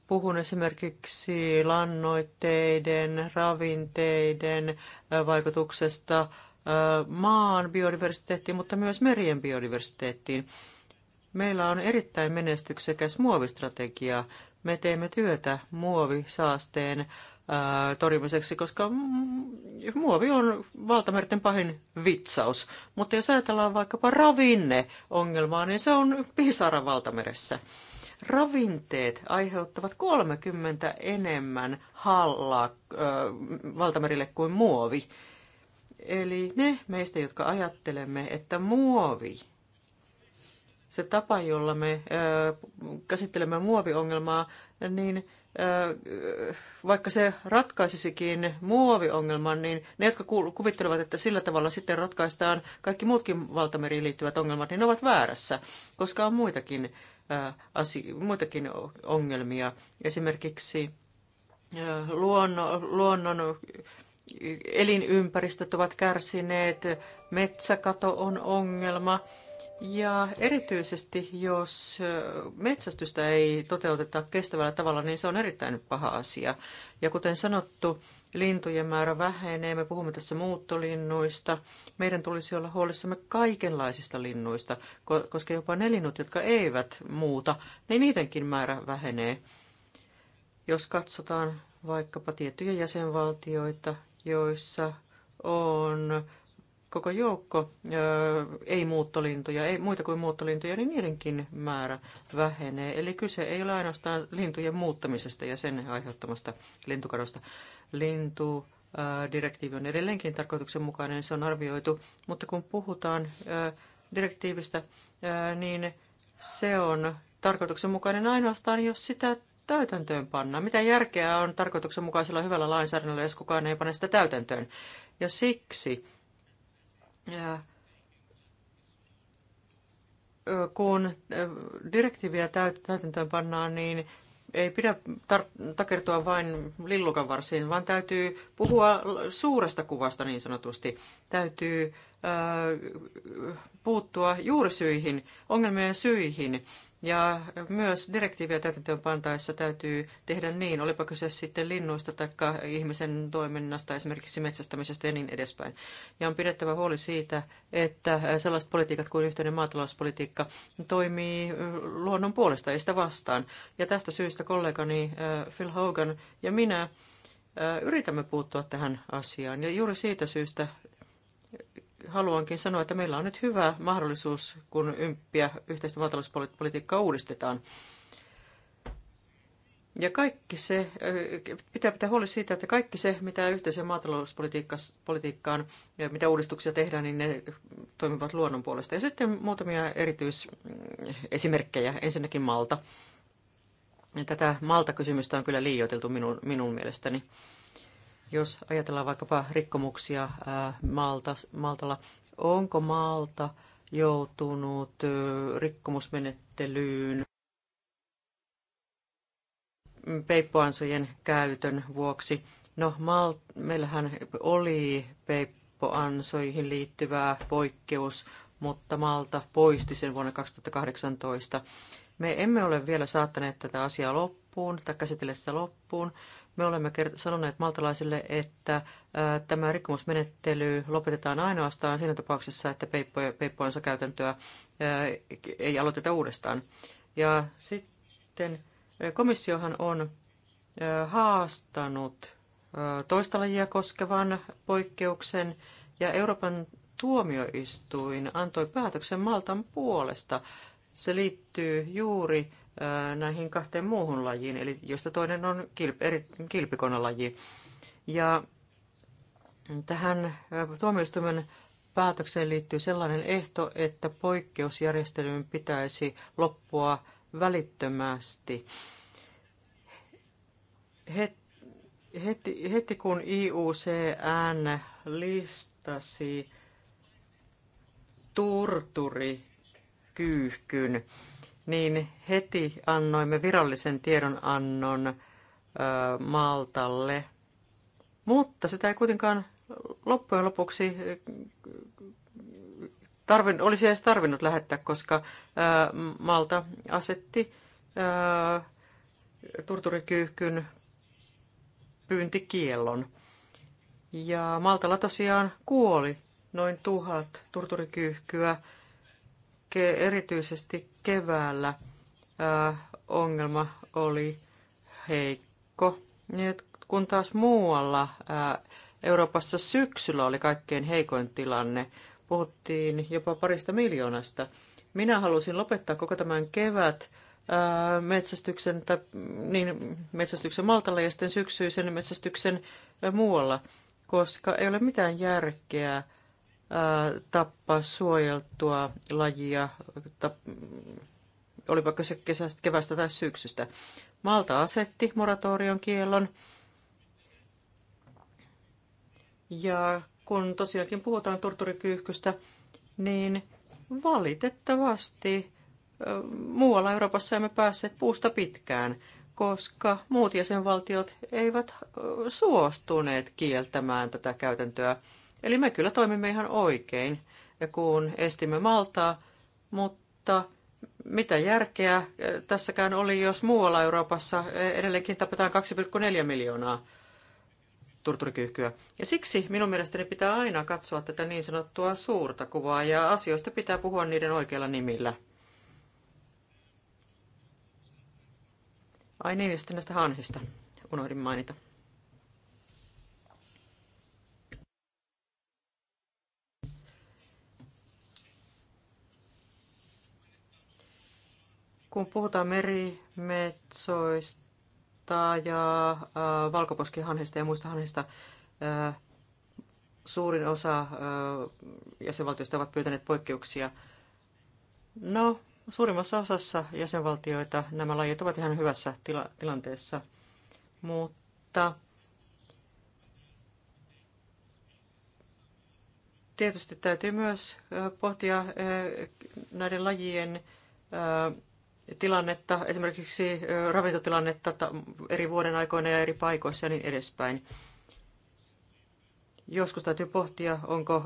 Puhun esimerkiksi lannoitteiden, ravinteiden äh, vaikutuksesta maan biodiversiteettiin, mutta myös merien biodiversiteettiin. Meillä on erittäin menestyksekäs muovistrategia, me teemme työtä muovisaasteen torjumiseksi, koska muovi on valtamerten pahin vitsaus. Mutta jos ajatellaan vaikkapa ravinneongelmaa, niin se on pisara valtameressä. Ravinteet aiheuttavat 30 enemmän hallaa valtamerille kuin muovi. Eli ne meistä, jotka ajattelemme, että muovi se tapa, jolla me käsittelemme muoviongelmaa, niin vaikka se ratkaisisikin muoviongelman, niin ne, jotka kuvittelevat, että sillä tavalla sitten ratkaistaan kaikki muutkin valtameriin liittyvät ongelmat, niin ne ovat väärässä, koska on muitakin, asio- muitakin ongelmia. Esimerkiksi luonno, luonnon elinympäristöt ovat kärsineet, metsäkato on ongelma, ja erityisesti, jos metsästystä ei toteuteta kestävällä tavalla, niin se on erittäin paha asia. Ja kuten sanottu, lintujen määrä vähenee, me puhumme tässä muuttolinnuista. Meidän tulisi olla huolissamme kaikenlaisista linnuista, koska jopa ne linnut, jotka eivät muuta, niin niidenkin määrä vähenee. Jos katsotaan vaikkapa tiettyjä jäsenvaltioita, joissa on koko joukko ei-muuttolintuja, ei, muita kuin muuttolintuja, niin niidenkin määrä vähenee. Eli kyse ei ole ainoastaan lintujen muuttamisesta ja sen aiheuttamasta lintukadosta. Lintu, direktiivi on edelleenkin tarkoituksenmukainen, se on arvioitu, mutta kun puhutaan direktiivistä, niin se on tarkoituksenmukainen ainoastaan, jos sitä täytäntöön pannaan. Mitä järkeä on tarkoituksenmukaisella hyvällä lainsäädännöllä, jos kukaan ei pane sitä täytäntöön? Ja siksi kun direktiiviä täytäntöön pannaan, niin ei pidä tar- takertua vain lillukan varsin, vaan täytyy puhua suuresta kuvasta niin sanotusti. Täytyy puuttua juurisyihin, ongelmien syihin. Ja myös direktiiviä täytäntöön pantaessa täytyy tehdä niin, olipa kyse sitten linnuista tai ihmisen toiminnasta, esimerkiksi metsästämisestä ja niin edespäin. Ja on pidettävä huoli siitä, että sellaiset politiikat kuin yhteinen maatalouspolitiikka toimii äh, luonnon puolesta, ei sitä vastaan. Ja tästä syystä kollegani äh, Phil Hogan ja minä äh, yritämme puuttua tähän asiaan. Ja juuri siitä syystä haluankin sanoa, että meillä on nyt hyvä mahdollisuus, kun ymppiä yhteistä maatalouspolitiikkaa uudistetaan. Ja kaikki se, pitää pitää huoli siitä, että kaikki se, mitä yhteiseen maatalouspolitiikkaan ja mitä uudistuksia tehdään, niin ne toimivat luonnon puolesta. Ja sitten muutamia erityisesimerkkejä. Ensinnäkin Malta. Tätä Malta-kysymystä on kyllä liioiteltu minun, minun mielestäni. Jos ajatellaan vaikkapa rikkomuksia Malta, Maltalla, onko Malta joutunut rikkomusmenettelyyn peippoansojen käytön vuoksi? No, Mal, meillähän oli peippoansoihin liittyvää poikkeus, mutta Malta poisti sen vuonna 2018. Me emme ole vielä saattaneet tätä asiaa loppuun tai käsitelleet sitä loppuun. Me olemme sanoneet maltalaisille, että tämä rikkomusmenettely lopetetaan ainoastaan siinä tapauksessa, että peippoansa käytäntöä ei aloiteta uudestaan. Ja sitten komissiohan on haastanut toista lajia koskevan poikkeuksen ja Euroopan tuomioistuin antoi päätöksen Maltan puolesta. Se liittyy juuri näihin kahteen muuhun lajiin, eli josta toinen on kilp, eri, kilpikonalaji. Ja tähän tuomioistuimen päätökseen liittyy sellainen ehto, että poikkeusjärjestelyyn pitäisi loppua välittömästi. Heti, heti kun IUCN listasi turturikyyhkyn niin heti annoimme virallisen tiedonannon Maltalle. Mutta sitä ei kuitenkaan loppujen lopuksi tarvin, olisi edes tarvinnut lähettää, koska ö, Malta asetti ö, turturikyyhkyn pyyntikiellon. Ja Maltalla tosiaan kuoli noin tuhat turturikyyhkyä, erityisesti keväällä ongelma oli heikko, kun taas muualla Euroopassa syksyllä oli kaikkein heikoin tilanne. Puhuttiin jopa parista miljoonasta. Minä halusin lopettaa koko tämän kevät metsästyksen, tai, niin, metsästyksen Maltalla ja sitten syksyisen metsästyksen muualla, koska ei ole mitään järkeä tappaa suojeltua lajia, olipa kyse kesästä, kevästä tai syksystä. Malta asetti moratorion kiellon. Ja kun tosiaankin puhutaan torturikyyhkystä, niin valitettavasti muualla Euroopassa emme päässeet puusta pitkään, koska muut jäsenvaltiot eivät suostuneet kieltämään tätä käytäntöä. Eli me kyllä toimimme ihan oikein, kun estimme Maltaa, mutta mitä järkeä tässäkään oli, jos muualla Euroopassa edelleenkin tapetaan 2,4 miljoonaa turturikyyhkyä. Ja siksi minun mielestäni pitää aina katsoa tätä niin sanottua suurta kuvaa ja asioista pitää puhua niiden oikeilla nimillä. Ai niin, ja sitten näistä hanhista. Unohdin mainita. Kun puhutaan merimetsoista ja äh, valkoposkihanhista ja muista hanhista, äh, suurin osa äh, jäsenvaltioista ovat pyytäneet poikkeuksia. No, suurimmassa osassa jäsenvaltioita nämä lajit ovat ihan hyvässä tila- tilanteessa, mutta tietysti täytyy myös pohtia näiden lajien tilannetta, esimerkiksi ravintotilannetta eri vuoden aikoina ja eri paikoissa ja niin edespäin. Joskus täytyy pohtia, onko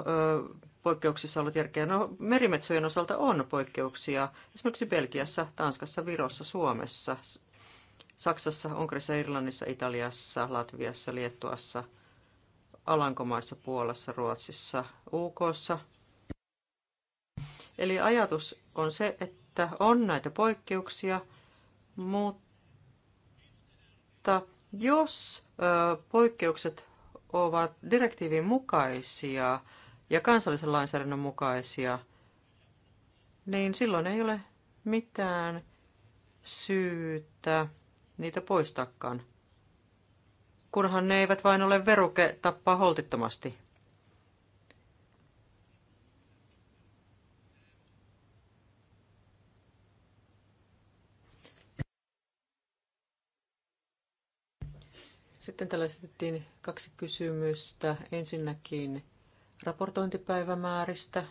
poikkeuksissa ollut järkeä. No, merimetsojen osalta on poikkeuksia. Esimerkiksi Belgiassa, Tanskassa, Virossa, Suomessa, Saksassa, Unkarissa, Irlannissa, Italiassa, Latviassa, Liettuassa, Alankomaissa, Puolassa, Ruotsissa, UKssa. Eli ajatus on se, että että on näitä poikkeuksia, mutta jos poikkeukset ovat direktiivin mukaisia ja kansallisen lainsäädännön mukaisia, niin silloin ei ole mitään syytä niitä poistakaan, kunhan ne eivät vain ole veruke tappaa holtittomasti. Sitten täällä esitettiin kaksi kysymystä. Ensinnäkin raportointipäivämääristä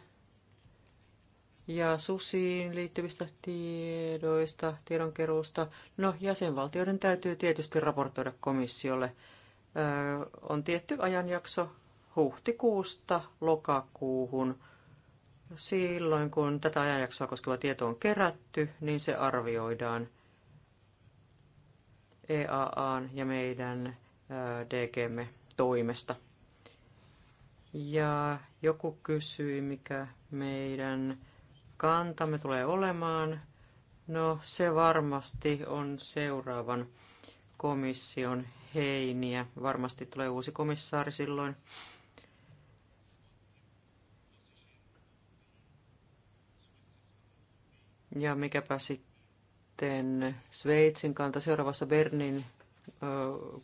ja susiin liittyvistä tiedoista, tiedonkeruusta. No, jäsenvaltioiden täytyy tietysti raportoida komissiolle. on tietty ajanjakso huhtikuusta lokakuuhun. Silloin, kun tätä ajanjaksoa koskeva tieto on kerätty, niin se arvioidaan EAAn ja meidän DGmme toimesta. Ja joku kysyi, mikä meidän kantamme tulee olemaan. No se varmasti on seuraavan komission heiniä. Varmasti tulee uusi komissaari silloin. Ja mikäpä sitten Sveitsin kanta seuraavassa Bernin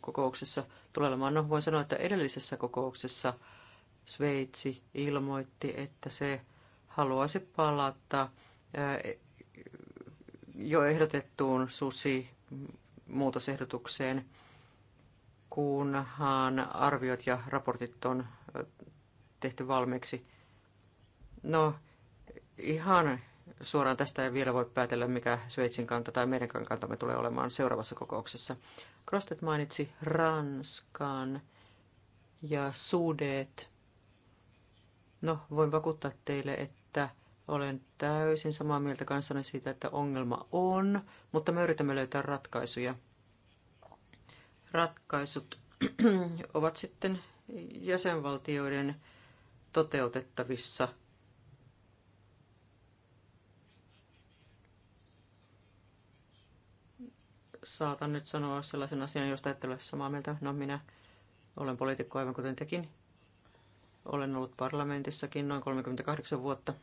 kokouksessa tulee olemaan. No, voin sanoa, että edellisessä kokouksessa Sveitsi ilmoitti, että se haluaisi palata jo ehdotettuun susi-muutosehdotukseen, kunhan arviot ja raportit on tehty valmiiksi. No, ihan Suoraan tästä ei vielä voi päätellä, mikä Sveitsin kanta tai meidän kantamme tulee olemaan seuraavassa kokouksessa. Krostet mainitsi Ranskan ja Sudet. No, voin vakuuttaa teille, että olen täysin samaa mieltä kanssanne siitä, että ongelma on, mutta me yritämme löytää ratkaisuja. Ratkaisut ovat sitten jäsenvaltioiden toteutettavissa – saatan nyt sanoa sellaisen asian, josta ette ole samaa mieltä. No minä olen poliitikko aivan kuten tekin. Olen ollut parlamentissakin noin 38 vuotta.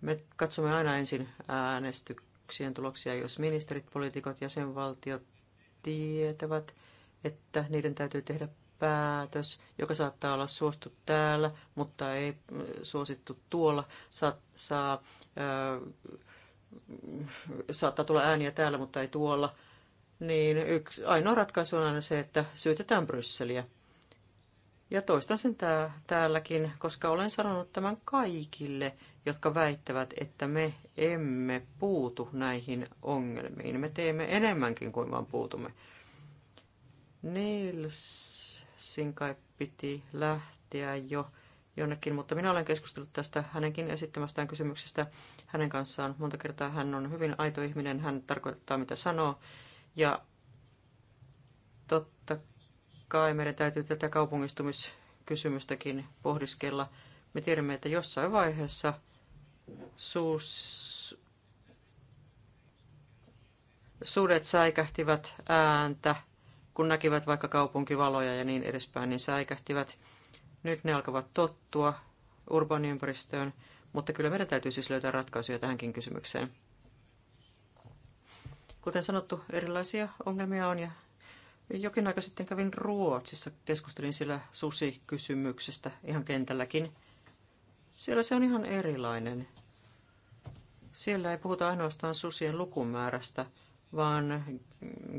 Me katsomme aina ensin äänestyksien tuloksia, jos ministerit, poliitikot, jäsenvaltiot tietävät, että niiden täytyy tehdä päätös, joka saattaa olla suostu täällä, mutta ei suosittu tuolla, saa, saa ö, saattaa tulla ääniä täällä, mutta ei tuolla, niin yksi, ainoa ratkaisu on aina se, että syytetään Brysseliä. Ja toistan sen tää, täälläkin, koska olen sanonut tämän kaikille, jotka väittävät, että me emme puutu näihin ongelmiin. Me teemme enemmänkin kuin vaan puutumme. Nils, sinkai piti lähteä jo jonnekin, mutta minä olen keskustellut tästä hänenkin esittämästään kysymyksestä hänen kanssaan. Monta kertaa hän on hyvin aito ihminen, hän tarkoittaa mitä sanoo. Ja totta kai meidän täytyy tätä kaupungistumiskysymystäkin pohdiskella. Me tiedämme, että jossain vaiheessa suus... suudet säikähtivät ääntä, kun näkivät vaikka kaupunkivaloja ja niin edespäin, niin säikähtivät – nyt ne alkavat tottua urbaaniympäristöön, mutta kyllä meidän täytyy siis löytää ratkaisuja tähänkin kysymykseen. Kuten sanottu, erilaisia ongelmia on ja jokin aika sitten kävin Ruotsissa, keskustelin siellä susikysymyksestä ihan kentälläkin. Siellä se on ihan erilainen. Siellä ei puhuta ainoastaan susien lukumäärästä, vaan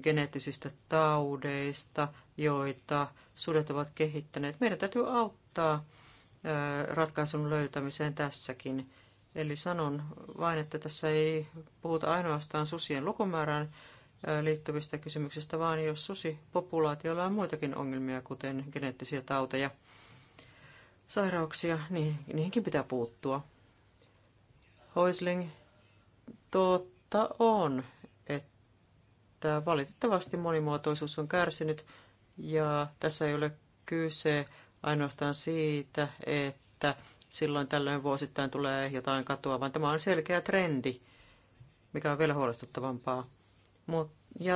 geneettisistä taudeista, joita sudet ovat kehittäneet. Meidän täytyy auttaa ratkaisun löytämiseen tässäkin. Eli sanon vain, että tässä ei puhuta ainoastaan susien lukumäärään liittyvistä kysymyksistä, vaan jos susipopulaatiolla on muitakin ongelmia, kuten geneettisiä tauteja, sairauksia, niin niihinkin pitää puuttua. Hoisling, totta on, että valitettavasti monimuotoisuus on kärsinyt ja tässä ei ole kyse ainoastaan siitä, että silloin tällöin vuosittain tulee jotain katoa, vaan tämä on selkeä trendi, mikä on vielä huolestuttavampaa. Mut, ja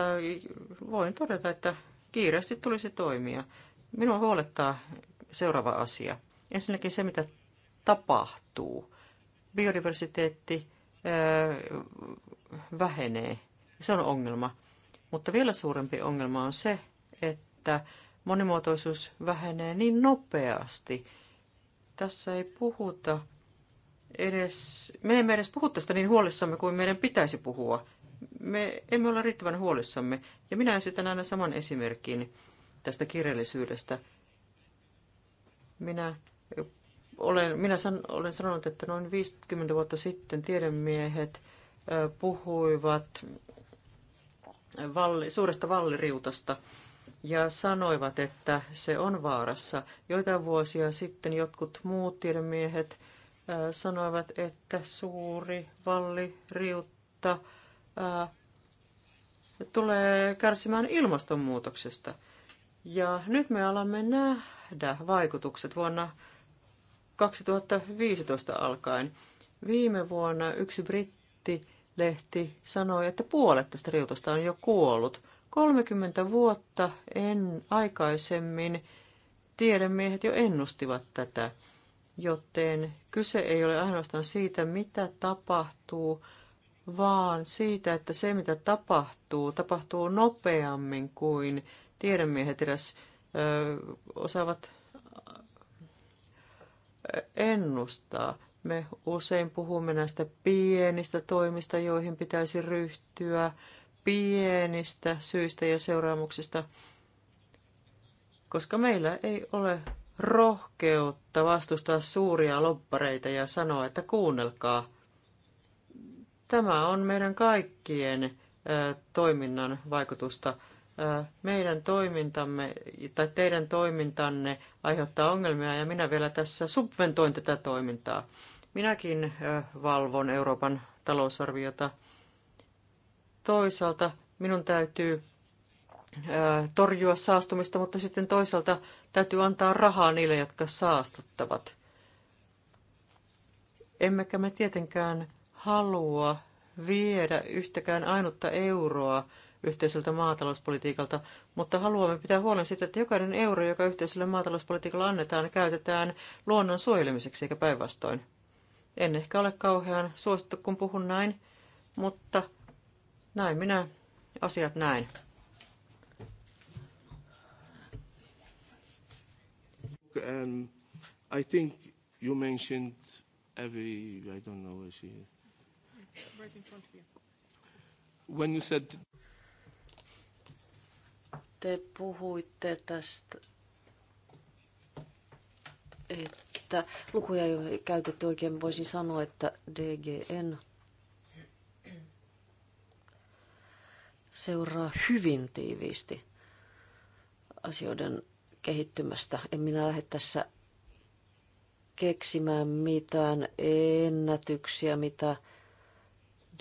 voin todeta, että kiireesti tulisi toimia. Minua huolettaa seuraava asia. Ensinnäkin se, mitä tapahtuu. Biodiversiteetti öö, vähenee. Se on ongelma. Mutta vielä suurempi ongelma on se, että että monimuotoisuus vähenee niin nopeasti. Tässä ei puhuta edes, me emme edes puhu tästä niin huolissamme kuin meidän pitäisi puhua. Me emme ole riittävän huolissamme. Ja minä esitän aina saman esimerkin tästä kirjallisuudesta. Minä olen, minä san, olen sanonut, että noin 50 vuotta sitten tiedemiehet puhuivat valli, suuresta valliriutasta – ja sanoivat, että se on vaarassa. Joitain vuosia sitten jotkut muut tiedemiehet sanoivat, että suuri valli valliriutta tulee kärsimään ilmastonmuutoksesta. Ja nyt me alamme nähdä vaikutukset vuonna 2015 alkaen. Viime vuonna yksi brittilehti sanoi, että puolet tästä riutosta on jo kuollut – 30 vuotta en aikaisemmin tiedemiehet jo ennustivat tätä, joten kyse ei ole ainoastaan siitä, mitä tapahtuu, vaan siitä, että se mitä tapahtuu, tapahtuu nopeammin kuin tiedemiehet edes ö, osaavat ennustaa. Me usein puhumme näistä pienistä toimista, joihin pitäisi ryhtyä, pienistä syistä ja seuraamuksista, koska meillä ei ole rohkeutta vastustaa suuria loppareita ja sanoa, että kuunnelkaa. Tämä on meidän kaikkien toiminnan vaikutusta. Meidän toimintamme tai teidän toimintanne aiheuttaa ongelmia ja minä vielä tässä subventoin tätä toimintaa. Minäkin valvon Euroopan talousarviota – toisaalta minun täytyy torjua saastumista, mutta sitten toisaalta täytyy antaa rahaa niille, jotka saastuttavat. Emmekä me tietenkään halua viedä yhtäkään ainutta euroa yhteiseltä maatalouspolitiikalta, mutta haluamme pitää huolen siitä, että jokainen euro, joka yhteiselle maatalouspolitiikalla annetaan, käytetään luonnon suojelemiseksi eikä päinvastoin. En ehkä ole kauhean suosittu, kun puhun näin, mutta näin minä asiat näin. Um, I think you mentioned every, I don't know where she is. Right in front of you. When you said... Te puhuitte tästä, että lukuja ei ole käytetty oikein. Voisin sanoa, että DGN seuraa hyvin tiiviisti asioiden kehittymästä. En minä lähde tässä keksimään mitään ennätyksiä, mitä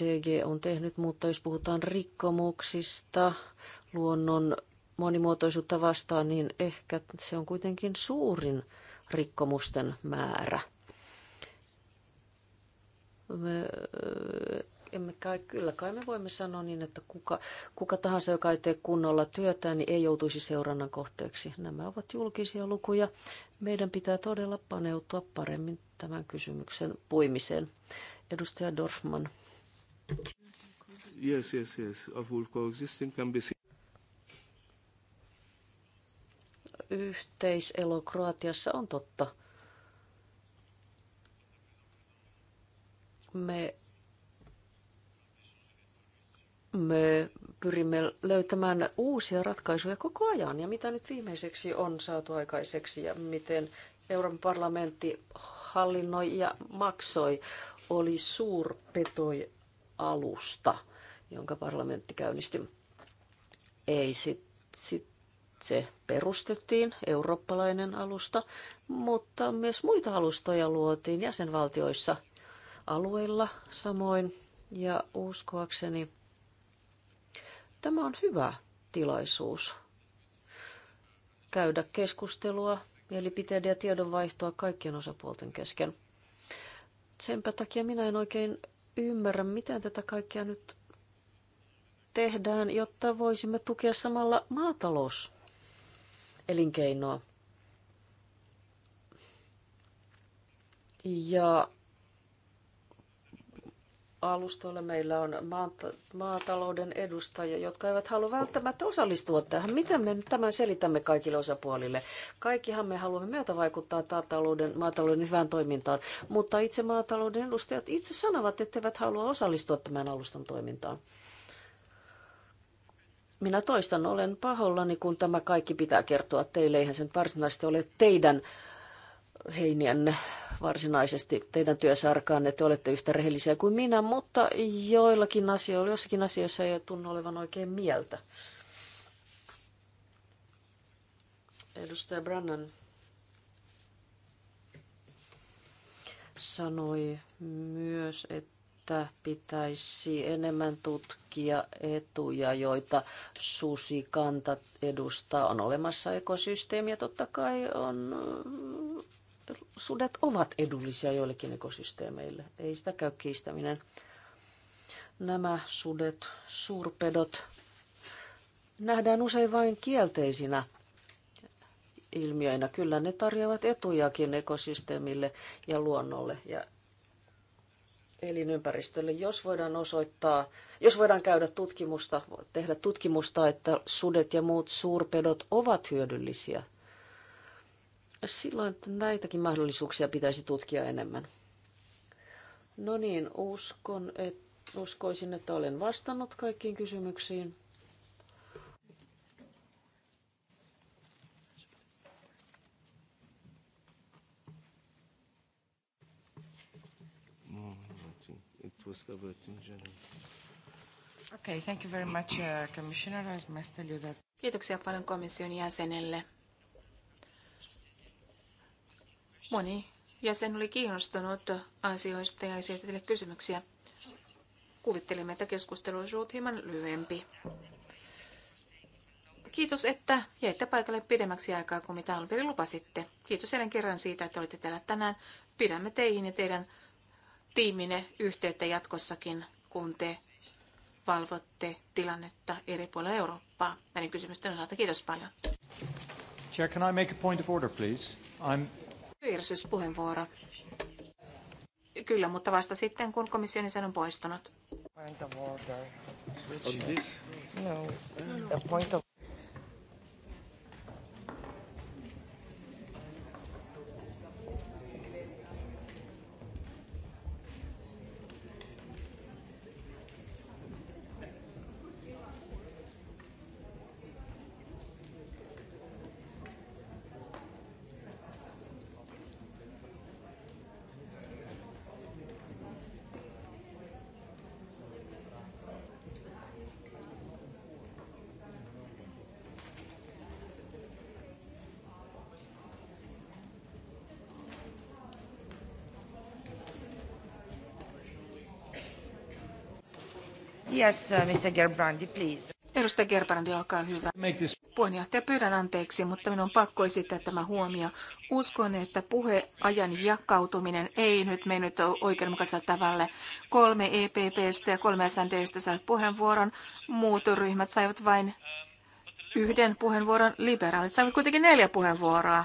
DG on tehnyt, mutta jos puhutaan rikkomuksista luonnon monimuotoisuutta vastaan, niin ehkä se on kuitenkin suurin rikkomusten määrä. Me emme kai, kyllä kai me voimme sanoa niin, että kuka, kuka tahansa, joka ei tee kunnolla työtä, niin ei joutuisi seurannan kohteeksi. Nämä ovat julkisia lukuja. Meidän pitää todella paneutua paremmin tämän kysymyksen puimiseen. Edustaja Dorfman. Yes, yes, yes. Of coexisting can be seen. Yhteiselo Kroatiassa on totta. me me pyrimme löytämään uusia ratkaisuja koko ajan ja mitä nyt viimeiseksi on saatu aikaiseksi ja miten Euroopan parlamentti hallinnoi ja maksoi oli suurpetoi alusta, jonka parlamentti käynnisti. Ei sit, sit se perustettiin, eurooppalainen alusta, mutta myös muita alustoja luotiin jäsenvaltioissa alueilla samoin. Ja uskoakseni Tämä on hyvä tilaisuus käydä keskustelua, mielipiteiden ja tiedonvaihtoa kaikkien osapuolten kesken. Senpä takia minä en oikein ymmärrä, miten tätä kaikkea nyt tehdään, jotta voisimme tukea samalla maatalous elinkeinoa. Ja alustoilla meillä on maatalouden edustajia, jotka eivät halua välttämättä osallistua tähän. Miten me nyt tämän selitämme kaikille osapuolille? Kaikkihan me haluamme myötä vaikuttaa maatalouden, maatalouden hyvään toimintaan, mutta itse maatalouden edustajat itse sanovat, että eivät halua osallistua tämän alustan toimintaan. Minä toistan, olen pahollani, kun tämä kaikki pitää kertoa teille. Eihän sen varsinaisesti ole teidän heiniänne varsinaisesti teidän työsarkaan, että olette yhtä rehellisiä kuin minä, mutta joillakin asioilla, jossakin asioissa ei tunnu olevan oikein mieltä. Edustaja Brannan sanoi myös, että pitäisi enemmän tutkia etuja, joita susikanta edustaa. On olemassa ekosysteemiä, totta kai on sudet ovat edullisia joillekin ekosysteemeille. Ei sitä käy kiistäminen. Nämä sudet, suurpedot, nähdään usein vain kielteisinä ilmiöinä. Kyllä ne tarjoavat etujakin ekosysteemille ja luonnolle ja elinympäristölle, jos voidaan osoittaa, jos voidaan käydä tutkimusta, tehdä tutkimusta, että sudet ja muut suurpedot ovat hyödyllisiä – silloin näitäkin mahdollisuuksia pitäisi tutkia enemmän. No niin, uskon, et, uskoisin, että olen vastannut kaikkiin kysymyksiin. Okay, thank you very much, uh, Commissioner. I must tell you that... Kiitoksia paljon komission jäsenelle. Moni jäsen oli kiinnostunut asioista ja esitteli kysymyksiä. Kuvittelimme, että keskustelu olisi ollut hieman lyhyempi. Kiitos, että jäitte paikalle pidemmäksi aikaa kuin mitä alun lupasitte. Kiitos jälleen kerran siitä, että olitte täällä tänään. Pidämme teihin ja teidän tiiminne yhteyttä jatkossakin, kun te valvotte tilannetta eri puolilla Eurooppaa näiden kysymysten osalta. Kiitos paljon. Chair, can I make a point of order, please? I'm Piirsys-puheenvuoro. Kyllä, mutta vasta sitten, kun komission jäsen on poistunut. Point of order. Which... On this? No. no. A point of... Yes, uh, Mr. Gerbrandi, please. Edustaja Gerbrandi, olkaa hyvä. Puheenjohtaja, pyydän anteeksi, mutta minun on pakko esittää tämä huomio. Uskon, että puheajan jakautuminen ei nyt mennyt oikeudenmukaisella tavalla. Kolme EPPstä ja kolme SNDstä saivat puheenvuoron, muut ryhmät saivat vain yhden puheenvuoron, liberaalit saivat kuitenkin neljä puheenvuoroa.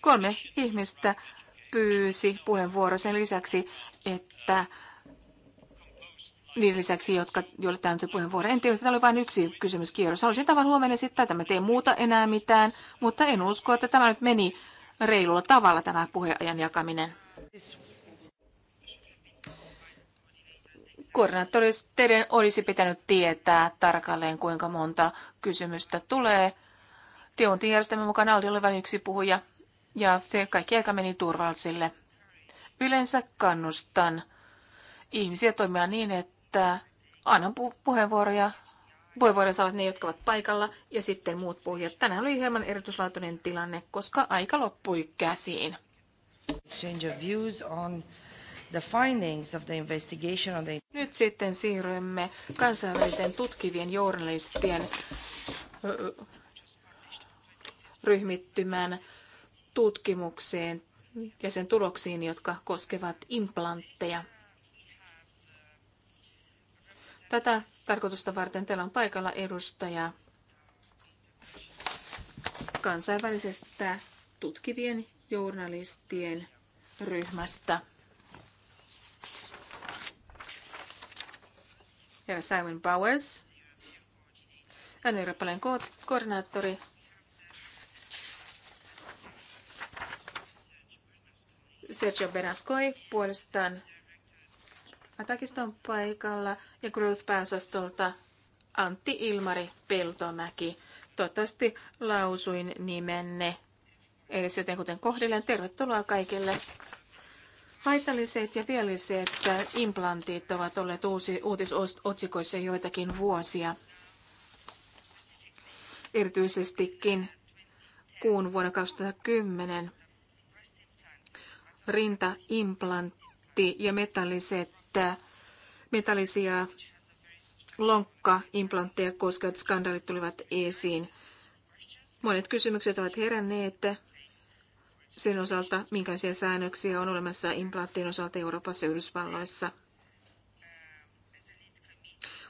Kolme ihmistä pyysi puheenvuoro sen lisäksi, että niiden lisäksi, jotka, joille tämä nyt puheenvuoro. En tiedä, että tämä oli vain yksi kysymyskierros. Haluaisin tavan huomenna sitten, että mä teen muuta enää mitään, mutta en usko, että tämä nyt meni reilulla tavalla tämä puheajan jakaminen. Koordinaattoristeiden olisi pitänyt tietää tarkalleen, kuinka monta kysymystä tulee. Deontin järjestelmän mukaan Aldi oli vain yksi puhuja, ja se kaikki aika meni turvallisille. Yleensä kannustan ihmisiä toimia niin, että että annan pu- puheenvuoroja. Puheenvuoroja saavat ne, jotka ovat paikalla ja sitten muut puhujat. Tänään oli hieman erityislaatuinen tilanne, koska aika loppui käsiin. Nyt sitten siirrymme kansainvälisen tutkivien journalistien ryhmittymän tutkimukseen ja sen tuloksiin, jotka koskevat implantteja. Tätä tarkoitusta varten täällä on paikalla edustaja kansainvälisestä tutkivien journalistien ryhmästä. Herra Simon Bowers, hän on ko- koordinaattori Sergio Benascoi puolestaan Atakista on paikalla ja Growth-pääosastolta Antti Ilmari Peltomäki. Toivottavasti lausuin nimenne edes jotenkuten kohdilleen. Tervetuloa kaikille. Haitalliset ja vialliset implantit ovat olleet uusi, uutisotsikoissa joitakin vuosia. Erityisestikin kuun vuonna 2010 rintaimplantti ja metalliset että metallisia lonkkaimplantteja koskevat skandaalit tulivat esiin. Monet kysymykset ovat heränneet sen osalta, minkälaisia säännöksiä on olemassa implanttien osalta Euroopassa ja Yhdysvalloissa.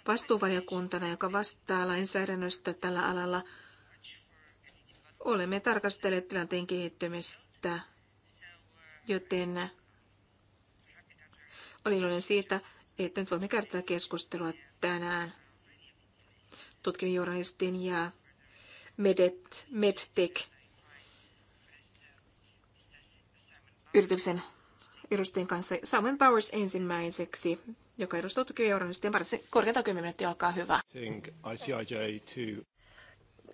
Vastuuvaliokuntana, joka vastaa lainsäädännöstä tällä alalla, olemme tarkastelleet tilanteen kehittymistä, joten Olin iloinen siitä, että nyt voimme käydä keskustelua tänään tutkimusjournalistin ja medet, MedTech yrityksen edustajien kanssa. Samuel Powers ensimmäiseksi, joka edustaa tutkimusjournalistien parissa. korkeinta 10 minuuttia. Olkaa hyvä.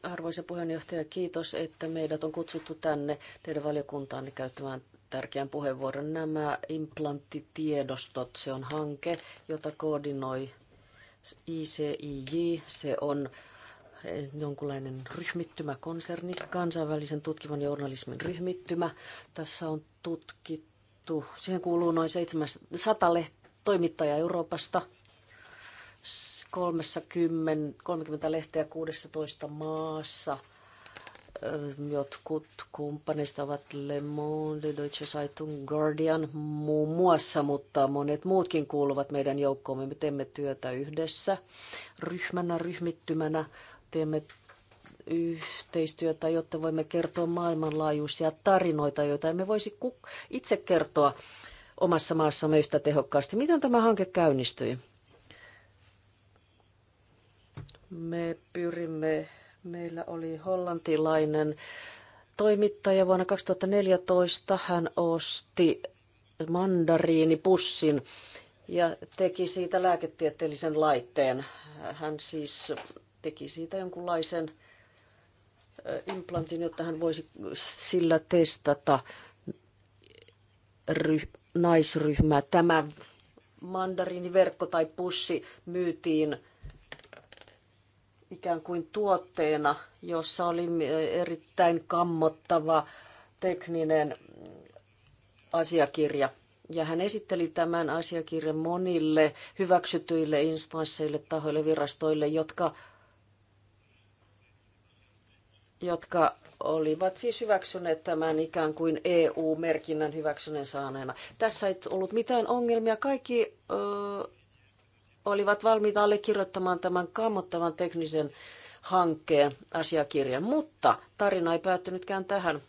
Arvoisa puheenjohtaja, kiitos, että meidät on kutsuttu tänne teidän valiokuntaanne käyttämään tärkeän puheenvuoron. Nämä implanttitiedostot, se on hanke, jota koordinoi ICIJ. Se on eh, jonkunlainen ryhmittymä, konserni, kansainvälisen tutkivan journalismin ryhmittymä. Tässä on tutkittu, siihen kuuluu noin 700 toimittajaa Euroopasta, 30, 30 lehteä 16 maassa – Jotkut kumppanista ovat Le Monde, Deutsche Zeitung, Guardian muun muassa, mutta monet muutkin kuuluvat meidän joukkoomme. Me teemme työtä yhdessä ryhmänä, ryhmittymänä, teemme yhteistyötä, jotta voimme kertoa maailmanlaajuisia tarinoita, joita emme voisi itse kertoa omassa maassamme yhtä tehokkaasti. Miten tämä hanke käynnistyi? Me pyrimme Meillä oli hollantilainen toimittaja vuonna 2014. Hän osti mandariinipussin ja teki siitä lääketieteellisen laitteen. Hän siis teki siitä jonkunlaisen implantin, jotta hän voisi sillä testata ryh- naisryhmää. Tämä mandariiniverkko tai pussi myytiin ikään kuin tuotteena, jossa oli erittäin kammottava tekninen asiakirja. Ja hän esitteli tämän asiakirjan monille hyväksytyille instansseille, tahoille, virastoille, jotka, jotka olivat siis hyväksyneet tämän ikään kuin EU-merkinnän hyväksyneen saaneena. Tässä ei ollut mitään ongelmia. Kaikki ö, olivat valmiita allekirjoittamaan tämän kammottavan teknisen hankkeen asiakirjan. Mutta tarina ei päättynytkään tähän.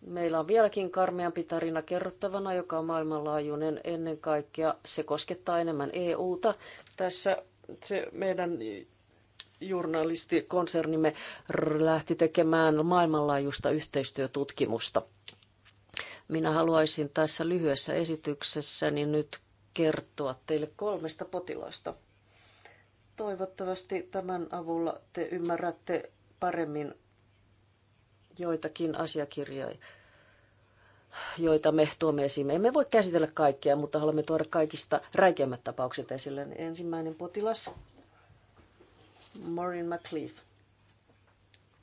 Meillä on vieläkin karmeampi tarina kerrottavana, joka on maailmanlaajuinen ennen kaikkea. Se koskettaa enemmän EUta. Tässä se meidän journalistikonsernimme lähti tekemään maailmanlaajuista yhteistyötutkimusta. Minä haluaisin tässä lyhyessä esityksessäni nyt kertoa teille kolmesta potilaasta. Toivottavasti tämän avulla te ymmärrätte paremmin joitakin asiakirjoja, joita me tuomme esiin. Emme voi käsitellä kaikkia, mutta haluamme tuoda kaikista räikeimmät tapaukset esille. Ensimmäinen potilas, Maureen McLeaf.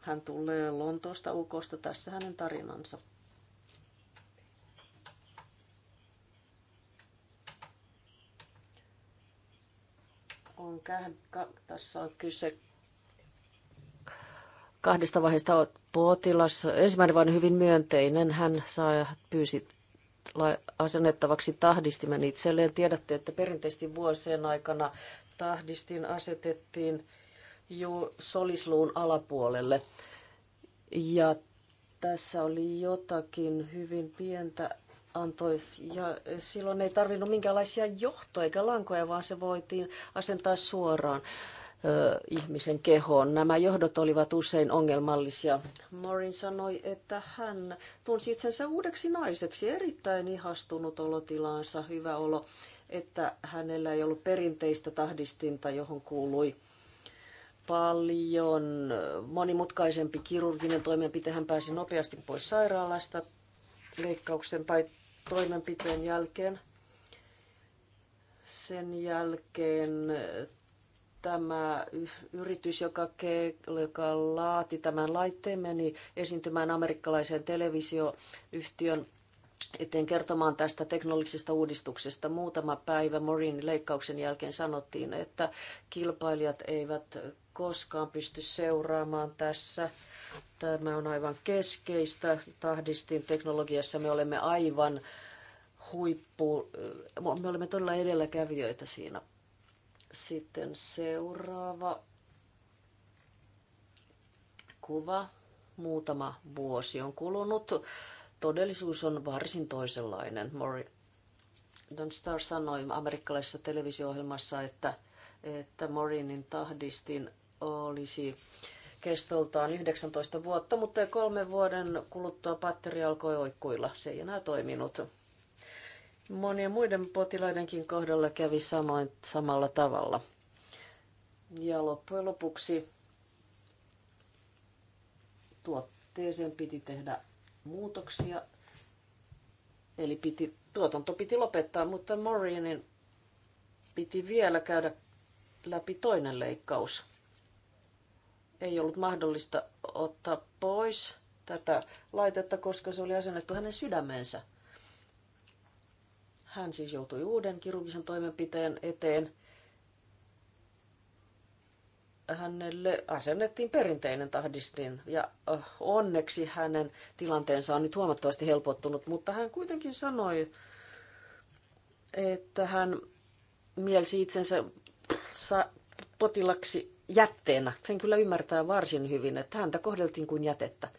Hän tulee Lontoosta UKsta. Tässä hänen tarinansa. on, ka, tässä on kyse kahdesta vaiheesta. Potilas, ensimmäinen vaihe hyvin myönteinen. Hän saa pyysi asennettavaksi tahdistimen itselleen. Tiedätte, että perinteisesti vuosien aikana tahdistin asetettiin jo solisluun alapuolelle. Ja tässä oli jotakin hyvin pientä antoi. Ja e, silloin ei tarvinnut minkäänlaisia johtoja eikä lankoja, vaan se voitiin asentaa suoraan ö, e, ihmisen kehoon. Nämä johdot olivat usein ongelmallisia. Morin sanoi, että hän tunsi itsensä uudeksi naiseksi, erittäin ihastunut olotilaansa, hyvä olo, että hänellä ei ollut perinteistä tahdistinta, johon kuului paljon monimutkaisempi kirurginen toimenpite. Hän pääsi nopeasti pois sairaalasta leikkauksen tai toimenpiteen jälkeen. Sen jälkeen tämä yritys, joka, ke, joka laati tämän laitteen, meni esiintymään amerikkalaiseen televisioyhtiön eteen kertomaan tästä teknologisesta uudistuksesta. Muutama päivä Morin leikkauksen jälkeen sanottiin, että kilpailijat eivät koskaan pysty seuraamaan tässä. Tämä on aivan keskeistä. Tahdistin teknologiassa me olemme aivan huippu. Me olemme todella edelläkävijöitä siinä. Sitten seuraava kuva. Muutama vuosi on kulunut. Todellisuus on varsin toisenlainen. Mori Don Star sanoi amerikkalaisessa televisio-ohjelmassa, että, että Morinin tahdistin olisi kestoltaan 19 vuotta, mutta kolme vuoden kuluttua patteri alkoi oikkuilla. Se ei enää toiminut. Monien muiden potilaidenkin kohdalla kävi samoin, samalla tavalla. Ja loppujen lopuksi tuotteeseen piti tehdä muutoksia, eli piti, tuotanto piti lopettaa, mutta Morinin piti vielä käydä läpi toinen leikkaus – ei ollut mahdollista ottaa pois tätä laitetta, koska se oli asennettu hänen sydämeensä. Hän siis joutui uuden kirurgisen toimenpiteen eteen. Hänelle asennettiin perinteinen tahdistin ja äh, onneksi hänen tilanteensa on nyt huomattavasti helpottunut, mutta hän kuitenkin sanoi, että hän mielsi itsensä potilaksi jätteenä. Sen kyllä ymmärtää varsin hyvin, että häntä kohdeltiin kuin jätettä.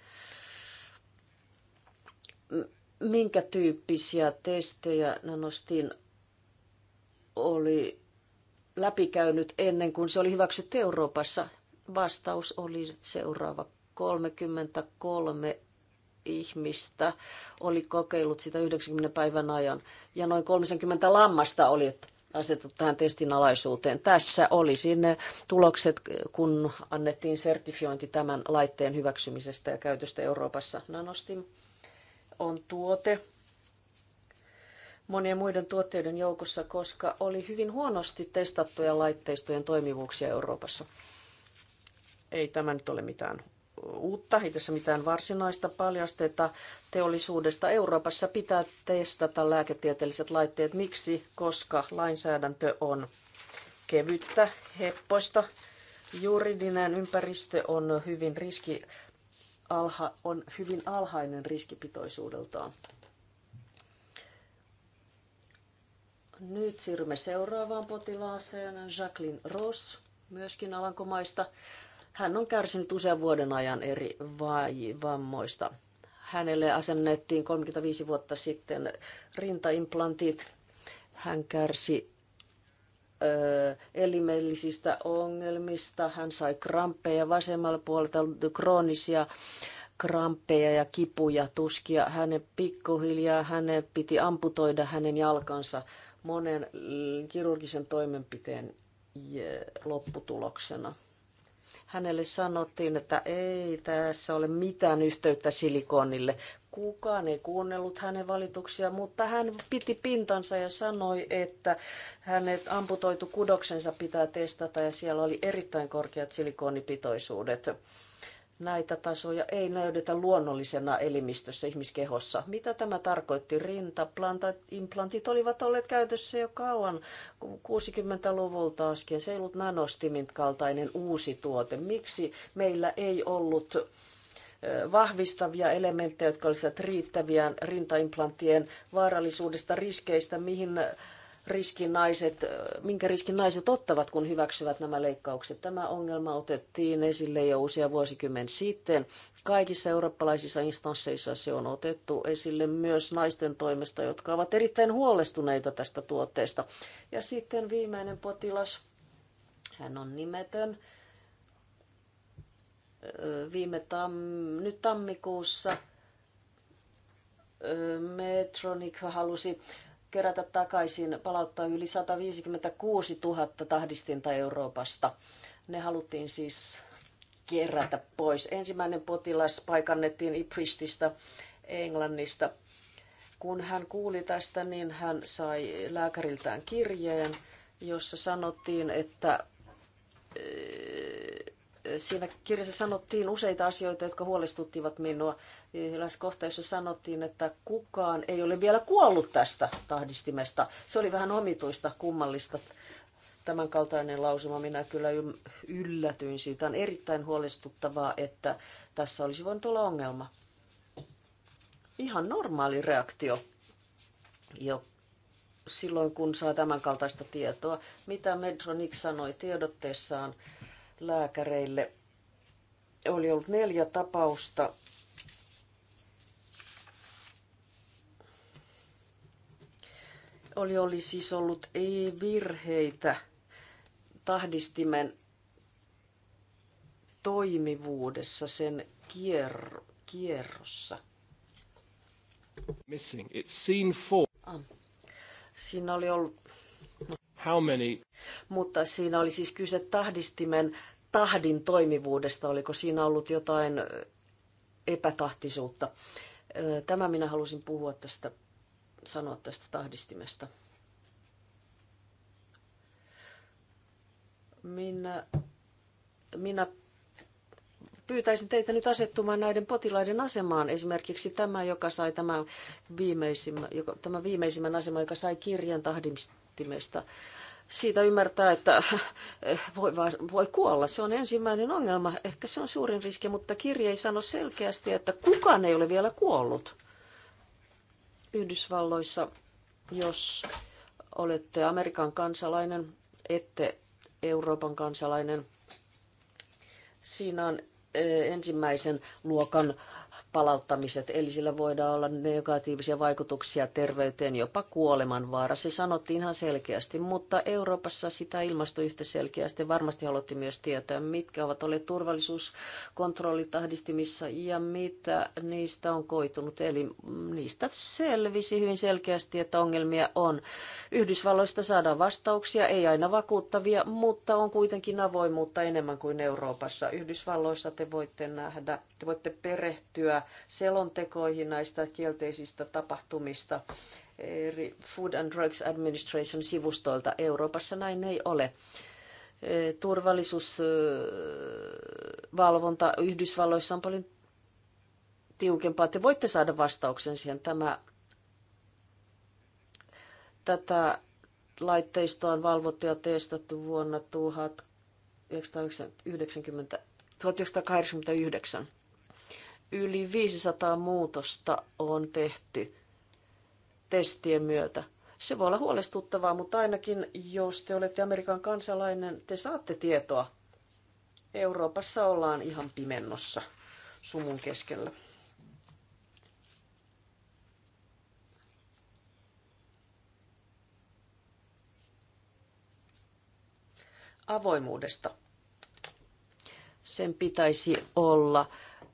Minkä tyyppisiä testejä Nanostin oli läpikäynyt ennen kuin se oli hyväksytty Euroopassa? Vastaus oli seuraava. 33 ihmistä oli kokeillut sitä 90 päivän ajan ja noin 30 lammasta oli, että asetut tähän testin alaisuuteen. Tässä oli sinne tulokset, kun annettiin sertifiointi tämän laitteen hyväksymisestä ja käytöstä Euroopassa. Nanostim on tuote monien muiden tuotteiden joukossa, koska oli hyvin huonosti testattuja laitteistojen toimivuuksia Euroopassa. Ei tämä nyt ole mitään uutta, ei tässä mitään varsinaista paljasteta teollisuudesta. Euroopassa pitää testata lääketieteelliset laitteet. Miksi? Koska lainsäädäntö on kevyttä, heppoista. Juridinen ympäristö on hyvin, riski, alha, on hyvin alhainen riskipitoisuudeltaan. Nyt siirrymme seuraavaan potilaaseen, Jacqueline Ross, myöskin Alankomaista. Hän on kärsinyt usean vuoden ajan eri vammoista. Hänelle asennettiin 35 vuotta sitten rintaimplantit. Hän kärsi ö, elimellisistä ongelmista. Hän sai kramppeja vasemmalla puolella, kroonisia kramppeja ja kipuja, tuskia. Hänen pikkuhiljaa, hänen piti amputoida hänen jalkansa monen kirurgisen toimenpiteen lopputuloksena. Hänelle sanottiin, että ei tässä ole mitään yhteyttä silikonille. Kukaan ei kuunnellut hänen valituksia, mutta hän piti pintansa ja sanoi, että hänet amputoitu kudoksensa pitää testata ja siellä oli erittäin korkeat silikonipitoisuudet näitä tasoja ei löydetä luonnollisena elimistössä ihmiskehossa. Mitä tämä tarkoitti? Rintaimplantit olivat olleet käytössä jo kauan 60-luvulta asken. Se ei ollut nanostimin kaltainen uusi tuote. Miksi meillä ei ollut vahvistavia elementtejä, jotka olisivat riittäviä rintaimplanttien vaarallisuudesta, riskeistä, mihin riskin naiset, äh, minkä riskin naiset ottavat, kun hyväksyvät nämä leikkaukset. Tämä ongelma otettiin esille jo uusia vuosikymmen sitten. Kaikissa eurooppalaisissa instansseissa se on otettu esille myös naisten toimesta, jotka ovat erittäin huolestuneita tästä tuotteesta. Ja sitten viimeinen potilas, hän on nimetön. Äh, viime tam- nyt tammikuussa äh, Metronik halusi kerätä takaisin, palauttaa yli 156 000 tahdistinta Euroopasta. Ne haluttiin siis kerätä pois. Ensimmäinen potilas paikannettiin Iprististä, Englannista. Kun hän kuuli tästä, niin hän sai lääkäriltään kirjeen, jossa sanottiin, että Siinä kirjassa sanottiin useita asioita, jotka huolestuttivat minua. Yhdessä jossa sanottiin, että kukaan ei ole vielä kuollut tästä tahdistimesta. Se oli vähän omituista, kummallista tämänkaltainen lausuma. Minä kyllä yllätyin siitä. On erittäin huolestuttavaa, että tässä olisi voinut olla ongelma. Ihan normaali reaktio jo silloin, kun saa tämänkaltaista tietoa. Mitä Medronik sanoi tiedotteessaan lääkäreille. Oli ollut neljä tapausta oli, oli siis ollut ei virheitä tahdistimen toimivuudessa, sen kier, kierrossa. Missing. It's scene four. Ah. Siinä oli ollut How many? Mutta siinä oli siis kyse tahdistimen tahdin toimivuudesta. Oliko siinä ollut jotain epätahtisuutta? Tämä minä halusin puhua tästä, sanoa tästä tahdistimesta. Minä, minä pyytäisin teitä nyt asettumaan näiden potilaiden asemaan. Esimerkiksi tämä, joka sai tämän viimeisimmän, joka, tämän viimeisimmän aseman, joka sai kirjan tahdimista rajoittimesta. Siitä ymmärtää, että voi, vaan, voi kuolla. Se on ensimmäinen ongelma. Ehkä se on suurin riski, mutta kirje ei sano selkeästi, että kukaan ei ole vielä kuollut. Yhdysvalloissa, jos olette Amerikan kansalainen, ette Euroopan kansalainen, siinä on eh, ensimmäisen luokan palauttamiset, eli sillä voidaan olla negatiivisia vaikutuksia terveyteen, jopa vaara. Se sanottiin ihan selkeästi, mutta Euroopassa sitä ilmastoi yhtä selkeästi. Varmasti haluatte myös tietää, mitkä ovat olleet turvallisuuskontrollitahdistimissa ja mitä niistä on koitunut. Eli niistä selvisi hyvin selkeästi, että ongelmia on. Yhdysvalloista saadaan vastauksia, ei aina vakuuttavia, mutta on kuitenkin avoimuutta enemmän kuin Euroopassa. Yhdysvalloissa te voitte nähdä te voitte perehtyä selontekoihin näistä kielteisistä tapahtumista eri Food and Drugs Administration sivustolta Euroopassa. Näin ei ole turvallisuusvalvonta Yhdysvalloissa on paljon tiukempaa. Te voitte saada vastauksen siihen. Tämä, tätä laitteistoa on valvottu ja testattu vuonna 1990, 1989. Yli 500 muutosta on tehty testien myötä. Se voi olla huolestuttavaa, mutta ainakin jos te olette Amerikan kansalainen, te saatte tietoa. Euroopassa ollaan ihan pimennossa sumun keskellä. Avoimuudesta. Sen pitäisi olla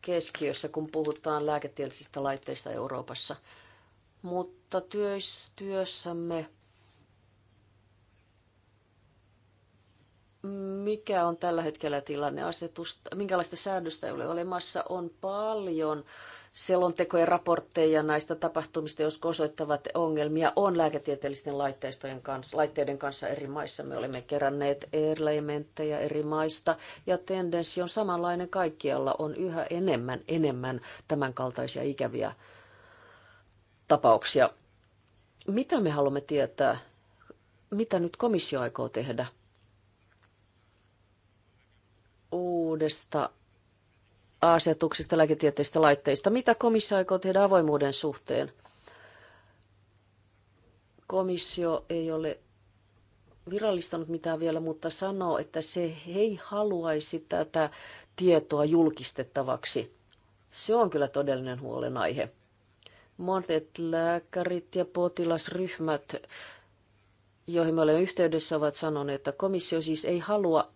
keskiössä, kun puhutaan lääketieteellisistä laitteista Euroopassa. Mutta työs, työssämme, mikä on tällä hetkellä tilanne asetusta, minkälaista säädöstä ei ole olemassa, on paljon selontekoja, raportteja näistä tapahtumista, jos osoittavat ongelmia, on lääketieteellisten laitteistojen kanssa, laitteiden kanssa eri maissa. Me olemme keränneet elementtejä eri maista ja tendenssi on samanlainen kaikkialla. On yhä enemmän, enemmän tämänkaltaisia ikäviä tapauksia. Mitä me haluamme tietää? Mitä nyt komissio aikoo tehdä uudesta asetuksista lääketieteistä, laitteista. Mitä komissio aikoo tehdä avoimuuden suhteen? Komissio ei ole virallistanut mitään vielä, mutta sanoo, että se ei haluaisi tätä tietoa julkistettavaksi. Se on kyllä todellinen huolenaihe. Monet lääkärit ja potilasryhmät, joihin me olemme yhteydessä, ovat sanoneet, että komissio siis ei halua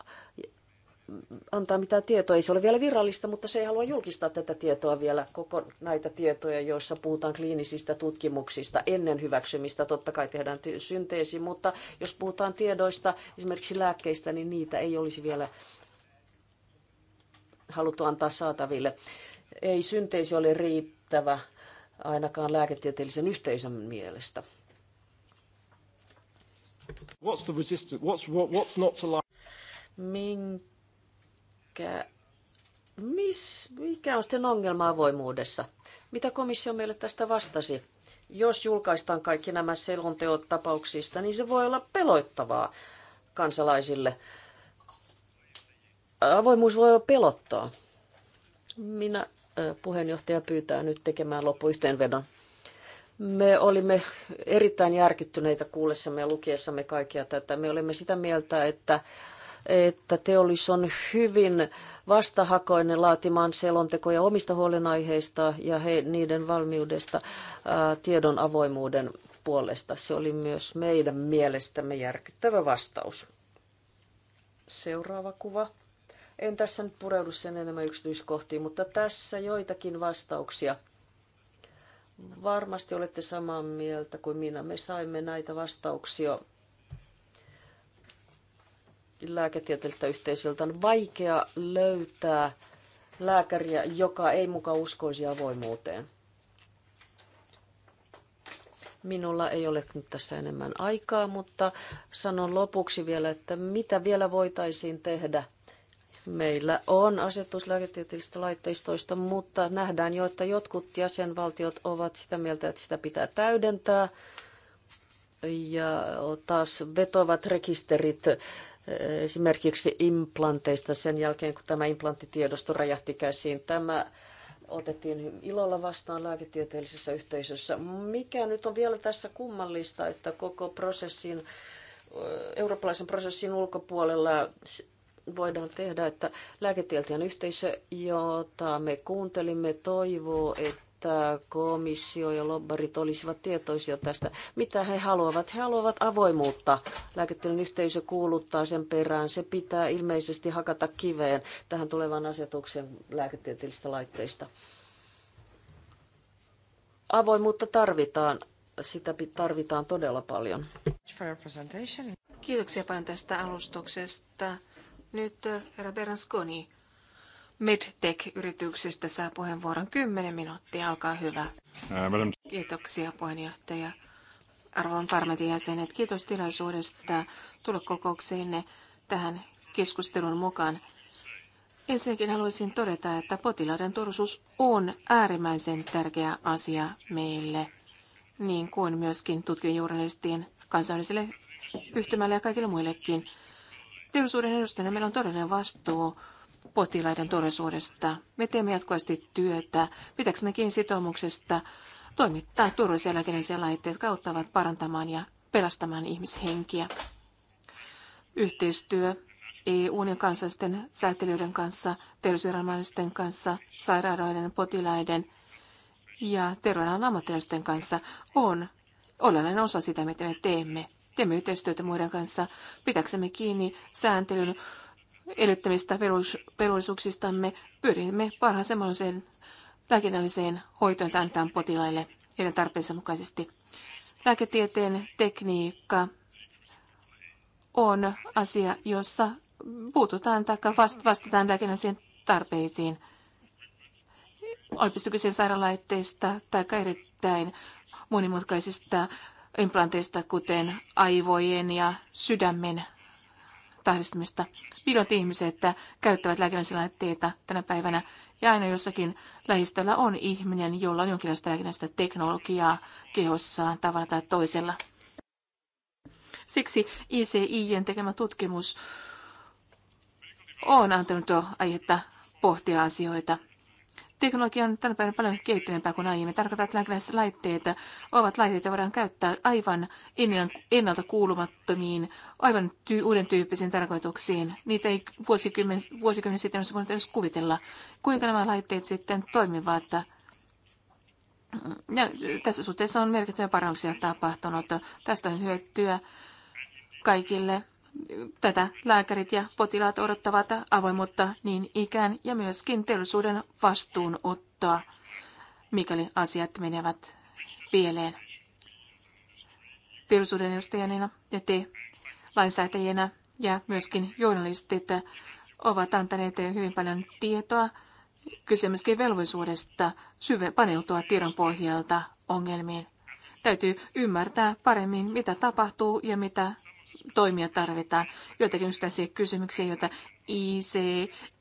antaa mitään tietoa. Ei se ole vielä virallista, mutta se ei halua julkistaa tätä tietoa vielä, koko näitä tietoja, joissa puhutaan kliinisistä tutkimuksista ennen hyväksymistä. Totta kai tehdään synteesi, mutta jos puhutaan tiedoista, esimerkiksi lääkkeistä, niin niitä ei olisi vielä haluttu antaa saataville. Ei synteesi ole riittävä ainakaan lääketieteellisen yhteisön mielestä. What's the resistance? What's, what's not to like? Mink- mikä, mis, mikä on sitten ongelma avoimuudessa? Mitä komissio meille tästä vastasi? Jos julkaistaan kaikki nämä selonteot tapauksista, niin se voi olla peloittavaa kansalaisille. Avoimuus voi olla pelottaa. Minä puheenjohtaja pyytää nyt tekemään loppuyhteenvedon. Me olimme erittäin järkyttyneitä kuullessamme ja lukiessamme kaikkia tätä. Me olemme sitä mieltä, että että teollis on hyvin vastahakoinen laatimaan selontekoja omista huolenaiheista ja he, niiden valmiudesta ää, tiedon avoimuuden puolesta. Se oli myös meidän mielestämme järkyttävä vastaus. Seuraava kuva. En tässä nyt pureudu sen enemmän yksityiskohtiin, mutta tässä joitakin vastauksia. Varmasti olette samaa mieltä kuin minä. Me saimme näitä vastauksia lääketieteelliseltä yhteisöltä on vaikea löytää lääkäriä, joka ei muka uskoisi avoimuuteen. Minulla ei ole nyt tässä enemmän aikaa, mutta sanon lopuksi vielä, että mitä vielä voitaisiin tehdä. Meillä on asetus lääketieteellisistä laitteistoista, mutta nähdään jo, että jotkut jäsenvaltiot ovat sitä mieltä, että sitä pitää täydentää ja taas vetovat rekisterit esimerkiksi implanteista sen jälkeen, kun tämä implanttitiedosto räjähti käsiin. Tämä otettiin ilolla vastaan lääketieteellisessä yhteisössä. Mikä nyt on vielä tässä kummallista, että koko prosessin, eurooppalaisen prosessin ulkopuolella voidaan tehdä, että lääketieteen yhteisö, jota me kuuntelimme, toivoo, että että komissio ja lobbarit olisivat tietoisia tästä. Mitä he haluavat? He haluavat avoimuutta. Lääketieteen yhteisö kuuluttaa sen perään. Se pitää ilmeisesti hakata kiveen tähän tulevan asetuksen lääketieteellisistä laitteista. Avoimuutta tarvitaan. Sitä tarvitaan todella paljon. Kiitoksia paljon tästä alustuksesta. Nyt eh, herra Berlusconi MedTech-yrityksestä saa puheenvuoron 10 minuuttia. Alkaa hyvä. Kiitoksia puheenjohtaja. Arvon parlamentin jäsenet, kiitos tilaisuudesta tulla kokoukseenne tähän keskustelun mukaan. Ensinnäkin haluaisin todeta, että potilaiden turvallisuus on äärimmäisen tärkeä asia meille, niin kuin myöskin tutkijajournalistien kansainväliselle yhtymälle ja kaikille muillekin. Teollisuuden edustajana meillä on todellinen vastuu potilaiden turvallisuudesta. Me teemme jatkuvasti työtä. Pitäkö kiinni sitoumuksesta toimittaa turvallisia lääkinnällisiä laitteita, jotka auttavat parantamaan ja pelastamaan ihmishenkiä. Yhteistyö EUn ja kansallisten säätelyiden kanssa, terveysviranomaisten kanssa, sairaaloiden, potilaiden ja terveydenalan ammattilaisten kanssa on olennainen osa sitä, mitä me teemme. Teemme yhteistyötä muiden kanssa, pitäksemme kiinni sääntelyn edellyttämistä velvollisuuksistamme pyrimme parhaaseen lääkinnälliseen hoitoon antaa potilaille heidän tarpeensa mukaisesti. Lääketieteen tekniikka on asia, jossa puututaan tai vastataan lääkinnällisiin tarpeisiin. Olipisto kyse sairaalaitteista tai erittäin monimutkaisista implanteista, kuten aivojen ja sydämen tahdistamista. Pidot ihmiset käyttävät lääkinnällisiä tänä päivänä ja aina jossakin lähistöllä on ihminen, jolla on jonkinlaista lääkinnällistä teknologiaa kehossaan tavalla tai toisella. Siksi ICIn tekemä tutkimus on antanut jo aihetta pohtia asioita. Teknologia on tänä päivänä paljon kehittyneempää kuin aiemmin. Tarkoittaa, että lääkinnäiset laitteet ovat laitteita, joita voidaan käyttää aivan ennalta kuulumattomiin, aivan ty- uuden tyyppisiin tarkoituksiin. Niitä ei vuosikymmen, vuosikymmen sitten olisi voinut edes kuvitella. Kuinka nämä laitteet sitten toimivat? Ja tässä suhteessa on merkittäviä parannuksia tapahtunut. Tästä on hyötyä kaikille Tätä lääkärit ja potilaat odottavat avoimuutta niin ikään ja myöskin teollisuuden vastuunottoa, mikäli asiat menevät pieleen. Teollisuuden edustajana ja te lainsäätäjänä ja myöskin journalistit ovat antaneet hyvin paljon tietoa kysymyskin velvollisuudesta syve paneutua tiedon pohjalta ongelmiin. Täytyy ymmärtää paremmin, mitä tapahtuu ja mitä toimia tarvitaan. Joitakin yksittäisiä kysymyksiä, joita IC,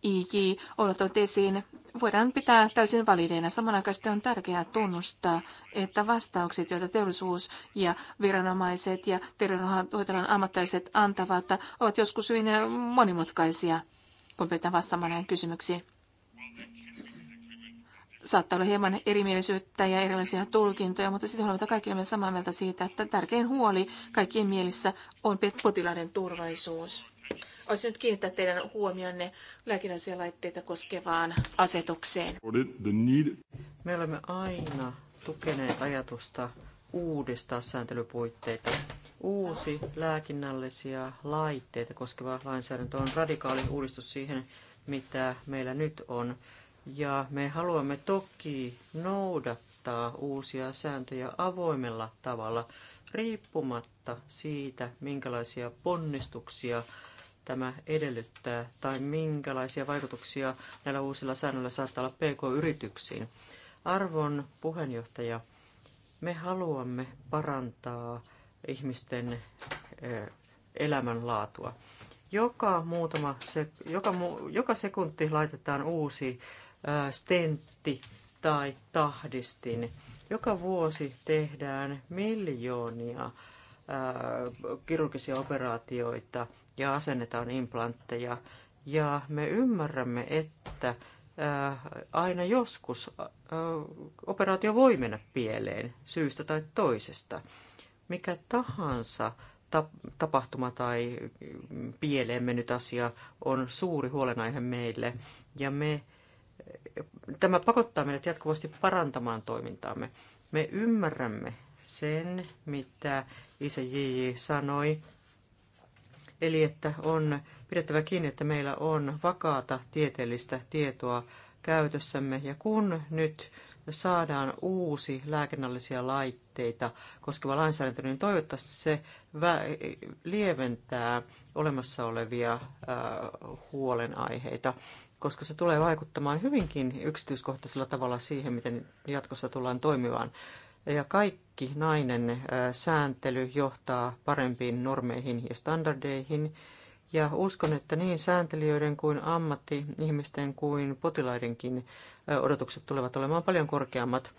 IJ on ottanut esiin, voidaan pitää täysin valideina. Samanaikaisesti on tärkeää tunnustaa, että vastaukset, joita teollisuus ja viranomaiset ja terveydenhoitolan ammattilaiset antavat, ovat joskus hyvin monimutkaisia, kun pitää vastaamaan näihin kysymyksiin saattaa olla hieman erimielisyyttä ja erilaisia tulkintoja, mutta sitten huolimatta kaikki olemme samaa mieltä siitä, että tärkein huoli kaikkien mielissä on potilaiden turvallisuus. Olisin nyt kiinnittää teidän huomionne lääkinnällisiä laitteita koskevaan asetukseen. Me olemme aina tukeneet ajatusta uudistaa sääntelypuitteita. Uusi lääkinnällisiä laitteita koskeva lainsäädäntö on radikaali uudistus siihen, mitä meillä nyt on. Ja me haluamme toki noudattaa uusia sääntöjä avoimella tavalla, riippumatta siitä, minkälaisia ponnistuksia tämä edellyttää tai minkälaisia vaikutuksia näillä uusilla säännöillä saattaa olla PK-yrityksiin. Arvon puheenjohtaja, me haluamme parantaa ihmisten elämänlaatua. Joka, muutama sek- joka, mu- joka sekunti laitetaan uusi stentti tai tahdistin. Joka vuosi tehdään miljoonia kirurgisia operaatioita ja asennetaan implantteja. Ja me ymmärrämme, että aina joskus operaatio voi mennä pieleen syystä tai toisesta. Mikä tahansa tapahtuma tai mm, pieleen mennyt asia on suuri huolenaihe meille ja me tämä pakottaa meidät jatkuvasti parantamaan toimintaamme. Me ymmärrämme sen, mitä isä J.J. sanoi, eli että on pidettävä kiinni, että meillä on vakaata tieteellistä tietoa käytössämme. Ja kun nyt saadaan uusi lääkinnällisiä laitteita koskeva lainsäädäntö, niin toivottavasti se lieventää olemassa olevia huolenaiheita koska se tulee vaikuttamaan hyvinkin yksityiskohtaisella tavalla siihen, miten jatkossa tullaan toimimaan. Ja kaikki nainen sääntely johtaa parempiin normeihin ja standardeihin. Ja uskon, että niin sääntelijöiden kuin ammatti-ihmisten kuin potilaidenkin odotukset tulevat olemaan paljon korkeammat.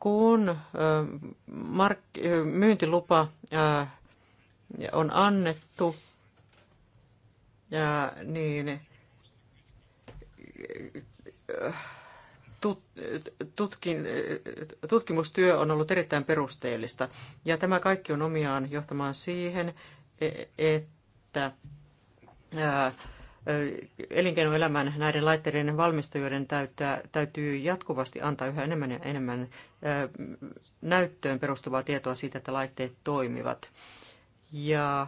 Kun mark- myyntilupa on annettu, niin tutkin, tutkimustyö on ollut erittäin perusteellista. Ja tämä kaikki on omiaan johtamaan siihen, e-, että elinkeinoelämän näiden laitteiden valmistajien täytyy jatkuvasti antaa yhä enemmän ja enemmän näyttöön perustuvaa tietoa siitä, että laitteet toimivat. Ja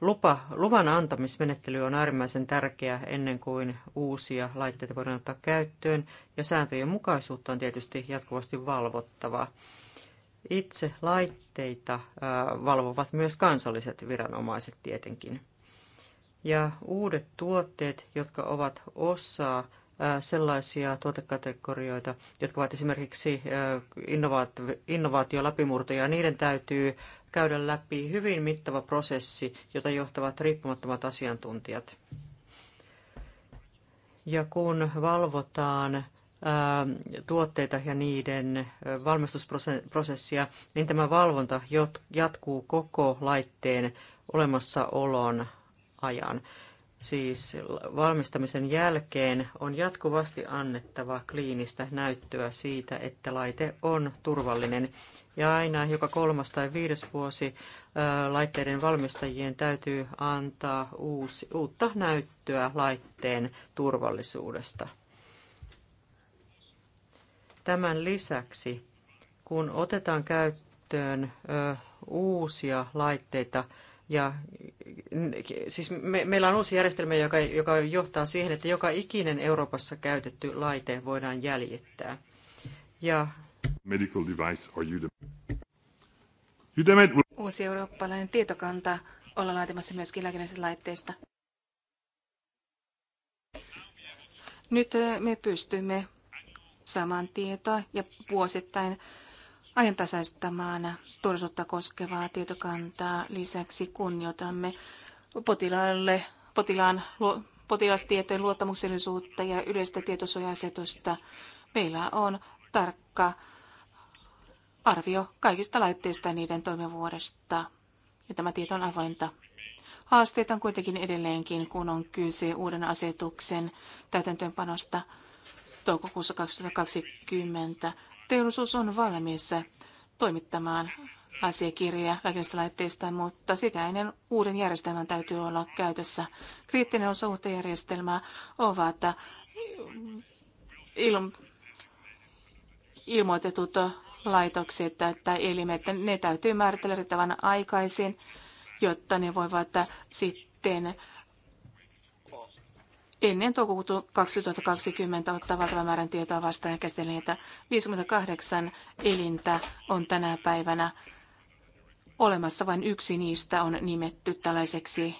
lupa, luvan antamismenettely on äärimmäisen tärkeä ennen kuin uusia laitteita voidaan ottaa käyttöön, ja sääntöjen mukaisuutta on tietysti jatkuvasti valvottava. Itse laitteita äh, valvovat myös kansalliset viranomaiset tietenkin. Ja uudet tuotteet, jotka ovat osaa sellaisia tuotekategorioita, jotka ovat esimerkiksi innovaatiolapimurtoja. Niiden täytyy käydä läpi hyvin mittava prosessi, jota johtavat riippumattomat asiantuntijat. Ja kun valvotaan tuotteita ja niiden valmistusprosessia, niin tämä valvonta jatkuu koko laitteen olemassaolon ajan siis valmistamisen jälkeen, on jatkuvasti annettava kliinistä näyttöä siitä, että laite on turvallinen. Ja aina joka kolmas tai viides vuosi laitteiden valmistajien täytyy antaa uusi, uutta näyttöä laitteen turvallisuudesta. Tämän lisäksi, kun otetaan käyttöön uusia laitteita, ja, siis me, meillä on uusi järjestelmä, joka, joka johtaa siihen, että joka ikinen Euroopassa käytetty laite voidaan jäljittää. Ja, Medical device or Udemy. Uusi eurooppalainen tietokanta ollaan laitamassa myöskin lääkinnällisistä laitteista. Nyt me pystymme saamaan tietoa ja vuosittain ajantasaistamaan turvallisuutta koskevaa tietokantaa. Lisäksi kunnioitamme potilaalle, potilaan, potilastietojen luottamuksellisuutta ja yleistä tietosuoja-asetusta. Meillä on tarkka arvio kaikista laitteista ja niiden toimivuudesta. Ja tämä tieto on avointa. Haasteita on kuitenkin edelleenkin, kun on kyse uuden asetuksen täytäntöönpanosta toukokuussa 2020 teollisuus on valmis toimittamaan asiakirjoja lääkinnistä laitteista, mutta sitä ennen uuden järjestelmän täytyy olla käytössä. Kriittinen osa uutta järjestelmää ovat il- ilmoitetut laitokset tai elimet. Ne täytyy määritellä riittävän aikaisin, jotta ne voivat sitten ennen toukokuuta 2020 ottaa valtavan määrän tietoa vastaan ja käsitellä että 58 elintä on tänä päivänä olemassa, vain yksi niistä on nimetty tällaiseksi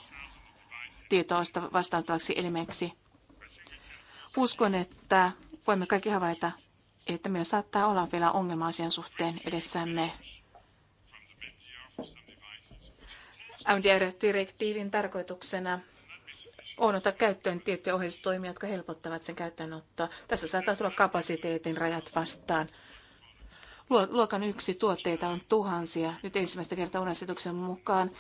tietoista vastaantavaksi elimeksi. Uskon, että voimme kaikki havaita, että meillä saattaa olla vielä ongelma asian suhteen edessämme. MDR-direktiivin tarkoituksena on ottaa käyttöön tiettyjä ohjeistoimia, jotka helpottavat sen käyttöönottoa. Tässä saattaa tulla kapasiteetin rajat vastaan. Luokan yksi tuotteita on tuhansia. Nyt ensimmäistä kertaa unasetuksen mukaan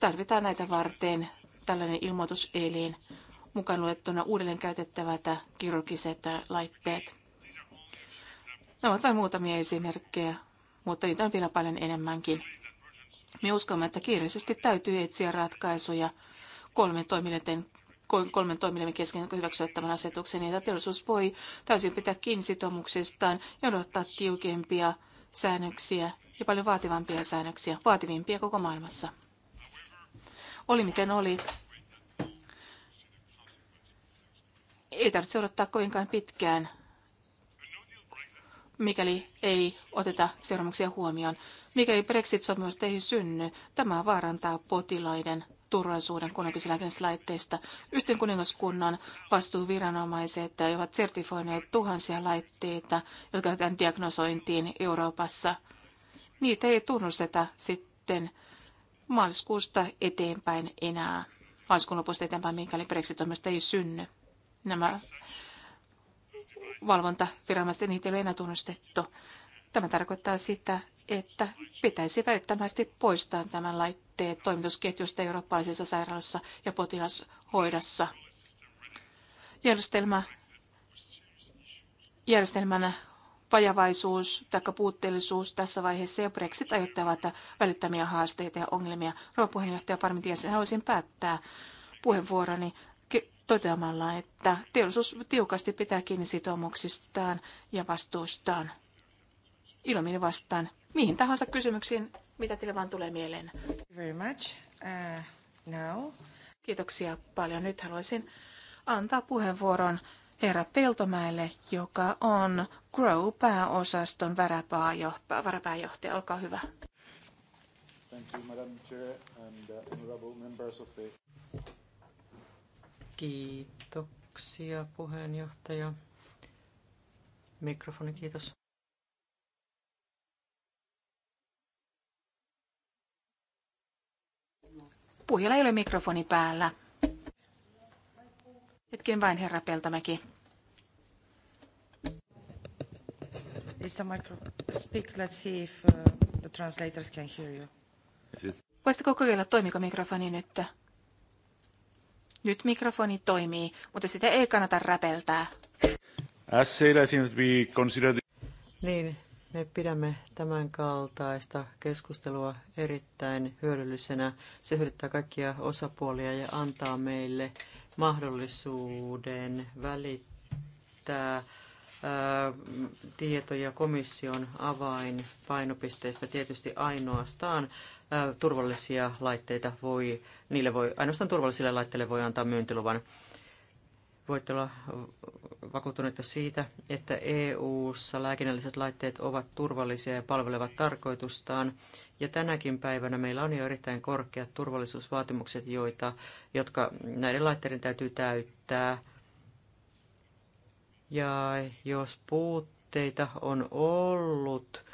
tarvitaan näitä varten tällainen ilmoituselin mukaan luettuna uudelleen käytettävät kirurgiset laitteet. Nämä ovat vain muutamia esimerkkejä, mutta niitä on vielä paljon enemmänkin. Me uskomme, että kiireisesti täytyy etsiä ratkaisuja kolmen toimijoiden kolmen toimielimen kesken hyväksyä tämän asetuksen, niin että teollisuus voi täysin pitää kiinni sitoumuksistaan ja odottaa tiukempia säännöksiä ja paljon vaativampia säännöksiä, vaativimpia koko maailmassa. Oli miten oli. Ei tarvitse odottaa kovinkaan pitkään, mikäli ei oteta seuraamuksia huomioon. Mikäli Brexit-sopimusta ei synny, tämä vaarantaa potilaiden turvallisuuden, kun laitteista. Yhteen kuningaskunnan vastuuviranomaiset ovat sertifoineet tuhansia laitteita, jotka käytetään diagnosointiin Euroopassa. Niitä ei tunnusteta sitten maaliskuusta eteenpäin enää. Maaliskuun lopusta eteenpäin, mikäli brexit ei synny. Nämä valvontaviranomaiset, niitä ei ole enää tunnustettu. Tämä tarkoittaa sitä, että pitäisi välittömästi poistaa tämän laitteen jännitteet toimitusketjusta eurooppalaisessa sairaalassa ja potilashoidossa. Järjestelmä, järjestelmän vajavaisuus tai puutteellisuus tässä vaiheessa ja Brexit aiheuttavat välittömiä haasteita ja ongelmia. Rouva puheenjohtaja Parmitias, haluaisin päättää puheenvuoroni toteamalla, että teollisuus tiukasti pitää kiinni sitoumuksistaan ja vastuustaan. Ilomin vastaan mihin tahansa kysymyksiin mitä teille vaan tulee mieleen. Very much. Uh, now. Kiitoksia paljon. Nyt haluaisin antaa puheenvuoron herra Peltomäelle, joka on Grow-pääosaston varapääjohtaja. Olkaa hyvä. Thank you, Madam Chair and uh, of the. Kiitoksia puheenjohtaja. Mikrofoni, kiitos. Puhjalla ei ole mikrofoni päällä. Hetken vain, herra Peltomäki. Is the micro... Speak, let's see if uh, the translators can hear you. Voisitko kokeilla, toimiko mikrofoni nyt? Nyt mikrofoni toimii, mutta sitä ei kannata räpeltää. As said, I think that we Niin, me pidämme tämän kaltaista keskustelua erittäin hyödyllisenä. Se hyödyttää kaikkia osapuolia ja antaa meille mahdollisuuden välittää tietoja komission avainpainopisteistä. Tietysti ainoastaan turvallisia laitteita voi, niille voi, ainoastaan turvallisille laitteille voi antaa myyntiluvan voitte olla vakuuttuneita siitä, että EU-ssa lääkinnälliset laitteet ovat turvallisia ja palvelevat tarkoitustaan. Ja tänäkin päivänä meillä on jo erittäin korkeat turvallisuusvaatimukset, joita, jotka näiden laitteiden täytyy täyttää. Ja jos puutteita on ollut,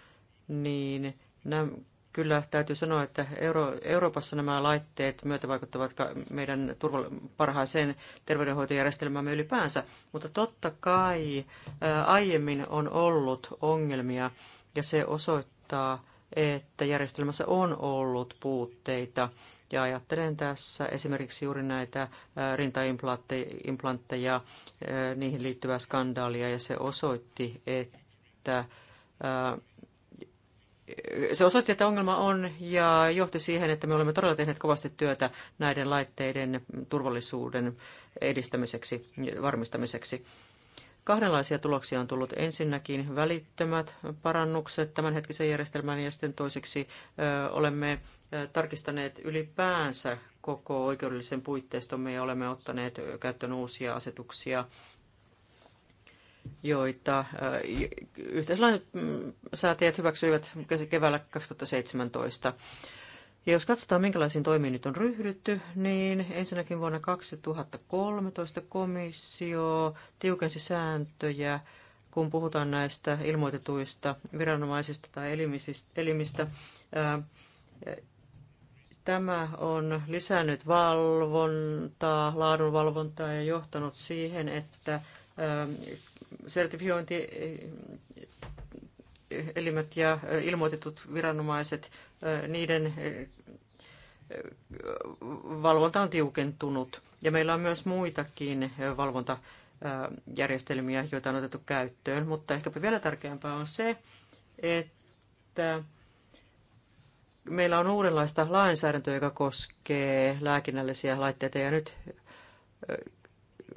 niin nämä kyllä täytyy sanoa, että Euro- Euroopassa nämä laitteet myötävaikuttavat meidän turval- parhaaseen terveydenhoitojärjestelmämme ylipäänsä, mutta totta kai ää, aiemmin on ollut ongelmia ja se osoittaa, että järjestelmässä on ollut puutteita. Ja ajattelen tässä esimerkiksi juuri näitä rintaimplantteja, niihin liittyvää skandaalia, ja se osoitti, että se osoitti, että ongelma on ja johti siihen, että me olemme todella tehneet kovasti työtä näiden laitteiden turvallisuuden edistämiseksi ja varmistamiseksi. Kahdenlaisia tuloksia on tullut. Ensinnäkin välittömät parannukset tämänhetkisen järjestelmän ja sitten toiseksi ö, olemme tarkistaneet ylipäänsä koko oikeudellisen puitteistomme ja olemme ottaneet käyttöön uusia asetuksia joita äh, yhteislainsäätiet mm, hyväksyivät keväällä 2017. Ja jos katsotaan, minkälaisiin toimiin nyt on ryhdytty, niin ensinnäkin vuonna 2013 komissio tiukensi sääntöjä, kun puhutaan näistä ilmoitetuista viranomaisista tai elimistä. Äh, tämä on lisännyt valvontaa, laadunvalvontaa ja johtanut siihen, että ähm, sertifiointielimet eh, ja eh, ilmoitetut viranomaiset, eh, niiden valvonta on tiukentunut. Ja meillä on myös muitakin valvontajärjestelmiä, joita on otettu käyttöön. Mutta ehkäpä vielä tärkeämpää on se, että meillä on uudenlaista lainsäädäntöä, joka koskee lääkinnällisiä laitteita. Ja nyt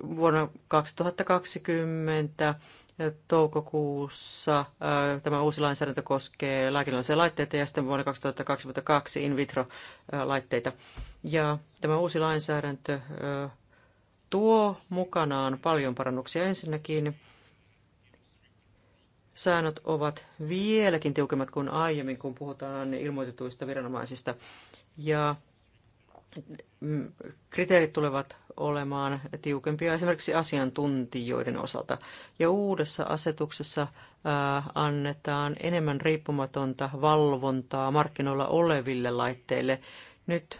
vuonna 2020 toukokuussa äh, tämä uusi lainsäädäntö koskee lääkinnällisiä laitteita ja sitten vuonna 2022 in vitro-laitteita. Äh, ja tämä uusi lainsäädäntö äh, tuo mukanaan paljon parannuksia. Ensinnäkin säännöt ovat vieläkin tiukemmat kuin aiemmin, kun puhutaan ilmoitetuista viranomaisista. Ja Mm, kriteerit tulevat olemaan tiukempia esimerkiksi asiantuntijoiden osalta. Ja uudessa asetuksessa äh, annetaan enemmän riippumatonta valvontaa markkinoilla oleville laitteille. Nyt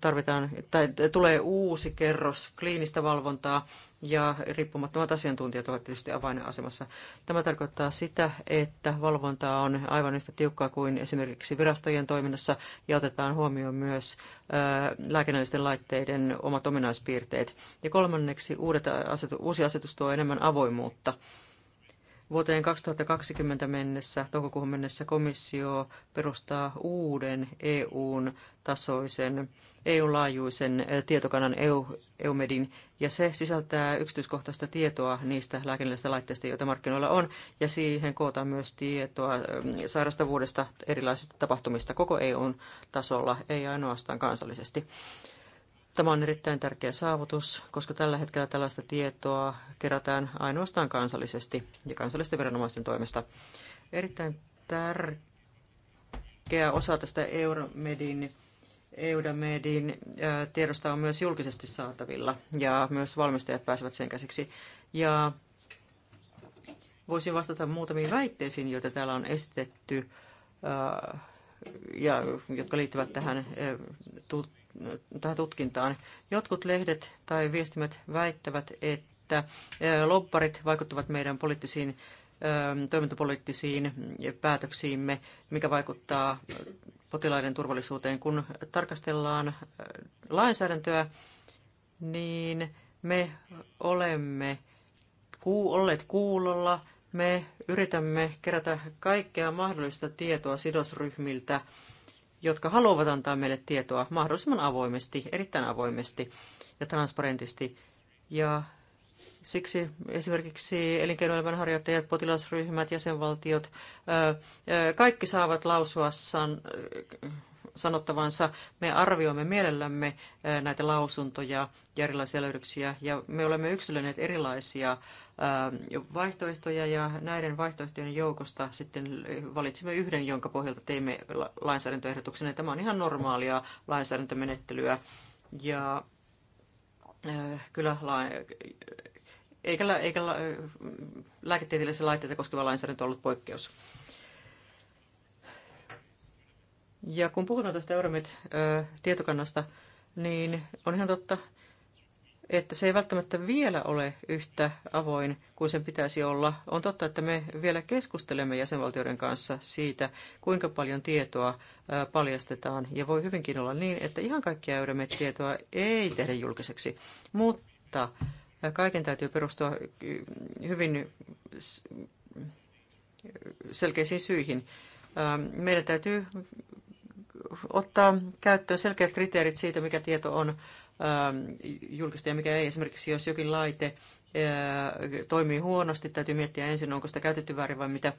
tarvitaan, tai tulee uusi kerros kliinistä valvontaa ja riippumattomat asiantuntijat ovat tietysti avainasemassa. Tämä tarkoittaa sitä, että valvontaa on aivan yhtä tiukkaa kuin esimerkiksi virastojen toiminnassa ja otetaan huomioon myös lääkinnällisten laitteiden omat ominaispiirteet. Ja kolmanneksi uudet asetu, uusi asetus tuo enemmän avoimuutta Vuoteen 2020 mennessä, toukokuuhun mennessä komissio perustaa uuden EUn tasoisen, eu laajuisen eh, tietokannan EU, EUMEDin, ja se sisältää yksityiskohtaista tietoa niistä lääkinnällisistä laitteista, joita markkinoilla on, ja siihen kootaan myös tietoa mm, sairastavuudesta, erilaisista tapahtumista koko EUn tasolla, ei ainoastaan kansallisesti. Tämä on erittäin tärkeä saavutus, koska tällä hetkellä tällaista tietoa kerätään ainoastaan kansallisesti ja kansallisten viranomaisten toimesta. Erittäin tärkeä osa tästä Euromedin EUDAMEDin tiedosta on myös julkisesti saatavilla ja myös valmistajat pääsevät sen käsiksi. Ja voisin vastata muutamiin väitteisiin, joita täällä on estetty ja jotka liittyvät tähän tähän tutkintaan. Jotkut lehdet tai viestimät väittävät, että lobbarit vaikuttavat meidän poliittisiin toimintapoliittisiin päätöksiimme, mikä vaikuttaa potilaiden turvallisuuteen. Kun tarkastellaan lainsäädäntöä, niin me olemme olleet kuulolla, me yritämme kerätä kaikkea mahdollista tietoa sidosryhmiltä jotka haluavat antaa meille tietoa mahdollisimman avoimesti, erittäin avoimesti ja transparentisti. Ja siksi esimerkiksi elinkeinoelämän harjoittajat, potilasryhmät, jäsenvaltiot, kaikki saavat lausua san, sanottavansa. Me arvioimme mielellämme näitä lausuntoja ja erilaisia löydöksiä, ja me olemme yksilöineet erilaisia vaihtoehtoja, ja näiden vaihtoehtojen joukosta sitten valitsimme yhden, jonka pohjalta teimme lainsäädäntöehdotuksen, ja tämä on ihan normaalia lainsäädäntömenettelyä, ja kyllä eikä, eikä lääketieteellisiä laitteita koskeva lainsäädäntö ollut poikkeus. Ja kun puhutaan tästä Euromed-tietokannasta, niin on ihan totta, että se ei välttämättä vielä ole yhtä avoin kuin sen pitäisi olla. On totta, että me vielä keskustelemme jäsenvaltioiden kanssa siitä, kuinka paljon tietoa paljastetaan. Ja voi hyvinkin olla niin, että ihan kaikkia Euromed-tietoa ei tehdä julkiseksi. Mutta kaiken täytyy perustua hyvin selkeisiin syihin. Meidän täytyy ottaa käyttöön selkeät kriteerit siitä, mikä tieto on ähm, julkista ja mikä ei. Esimerkiksi jos jokin laite äh, toimii huonosti, täytyy miettiä ensin, onko sitä käytetty väärin vai mitä.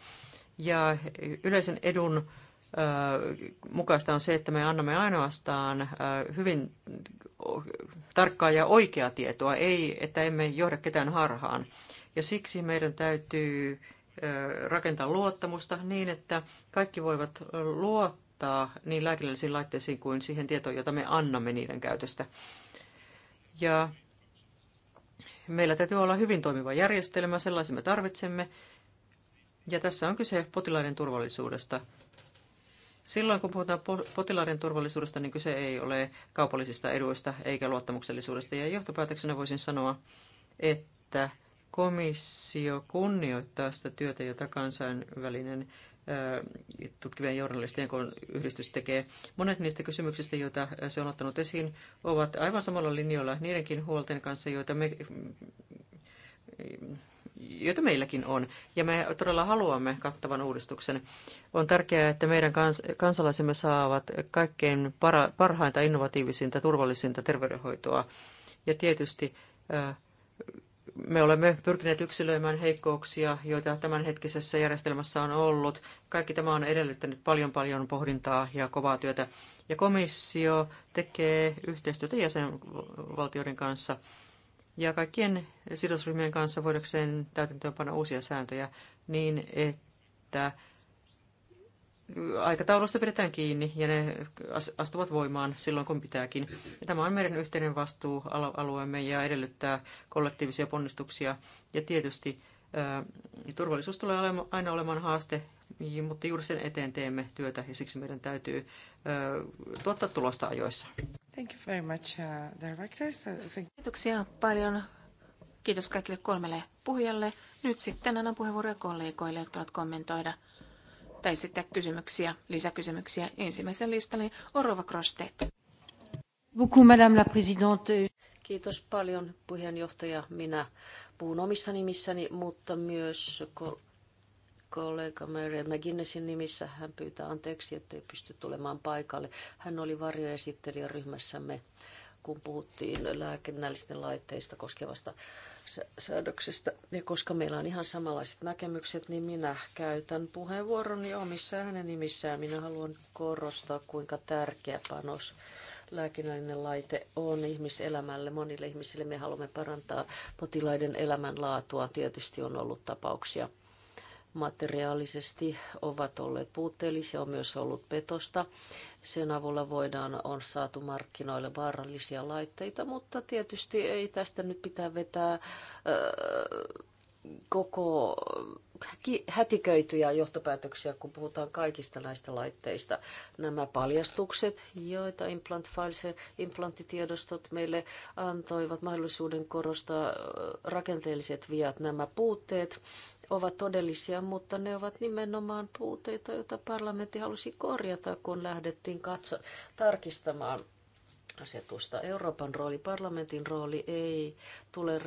Ja yleisen edun äh, mukaista on se, että me annamme ainoastaan äh, hyvin tarkkaa ja oikeaa tietoa, ei, että emme johda ketään harhaan. Ja siksi meidän täytyy rakentaa luottamusta niin, että kaikki voivat luottaa vaikuttaa niin lääkinnällisiin laitteisiin kuin siihen tietoon, jota me annamme niiden käytöstä. Ja meillä täytyy olla hyvin toimiva järjestelmä, sellaisen me tarvitsemme. Ja tässä on kyse potilaiden turvallisuudesta. Silloin kun puhutaan potilaiden turvallisuudesta, niin kyse ei ole kaupallisista eduista eikä luottamuksellisuudesta. Ja johtopäätöksenä voisin sanoa, että komissio kunnioittaa sitä työtä, jota kansainvälinen tutkivien journalistien kun yhdistys tekee. Monet niistä kysymyksistä, joita se on ottanut esiin, ovat aivan samalla linjoilla niidenkin huolten kanssa, joita, me, joita meilläkin on. Ja me todella haluamme kattavan uudistuksen. On tärkeää, että meidän kans, kansalaisemme saavat kaikkein para, parhainta, innovatiivisinta, turvallisinta terveydenhoitoa. Ja tietysti me olemme pyrkineet yksilöimään heikkouksia, joita tämänhetkisessä järjestelmässä on ollut. Kaikki tämä on edellyttänyt paljon paljon pohdintaa ja kovaa työtä. Ja komissio tekee yhteistyötä jäsenvaltioiden kanssa ja kaikkien sidosryhmien kanssa voidakseen täytäntöönpanna uusia sääntöjä niin, että aikataulusta pidetään kiinni ja ne astuvat voimaan silloin, kun pitääkin. Ja tämä on meidän yhteinen vastuu alueemme ja edellyttää kollektiivisia ponnistuksia. Ja tietysti ää, turvallisuus tulee aina olemaan haaste, mutta juuri sen eteen teemme työtä ja siksi meidän täytyy ää, tuottaa tulosta ajoissa. Thank you very much, uh, director. So, uh, thank... Kiitoksia paljon. Kiitos kaikille kolmelle puhujalle. Nyt sitten annan puheenvuoroja kollegoille, jotka ovat kommentoida tai esittää kysymyksiä, lisäkysymyksiä. Ensimmäisen listalle on Rova Krosteet. Kiitos paljon puheenjohtaja. Minä puhun omissa nimissäni, mutta myös kollega Mary McGinnessin nimissä. Hän pyytää anteeksi, ettei pysty tulemaan paikalle. Hän oli varjoesittelijä ryhmässämme, kun puhuttiin lääkinnällisten laitteista koskevasta säädöksestä. Ja koska meillä on ihan samanlaiset näkemykset, niin minä käytän puheenvuoroni omissa ja hänen nimissään. Minä haluan korostaa, kuinka tärkeä panos lääkinnällinen laite on ihmiselämälle. Monille ihmisille me haluamme parantaa potilaiden elämänlaatua. Tietysti on ollut tapauksia – materiaalisesti ovat olleet puutteellisia, on myös ollut petosta. Sen avulla voidaan, on saatu markkinoille vaarallisia laitteita, mutta tietysti ei tästä nyt pitää vetää äh, koko hätiköityjä johtopäätöksiä, kun puhutaan kaikista näistä laitteista. Nämä paljastukset, joita implant files, implanttitiedostot meille antoivat mahdollisuuden korostaa rakenteelliset viat, nämä puutteet, ovat todellisia, mutta ne ovat nimenomaan puuteita, joita parlamentti halusi korjata, kun lähdettiin katso- tarkistamaan asetusta. Euroopan rooli, parlamentin rooli ei tule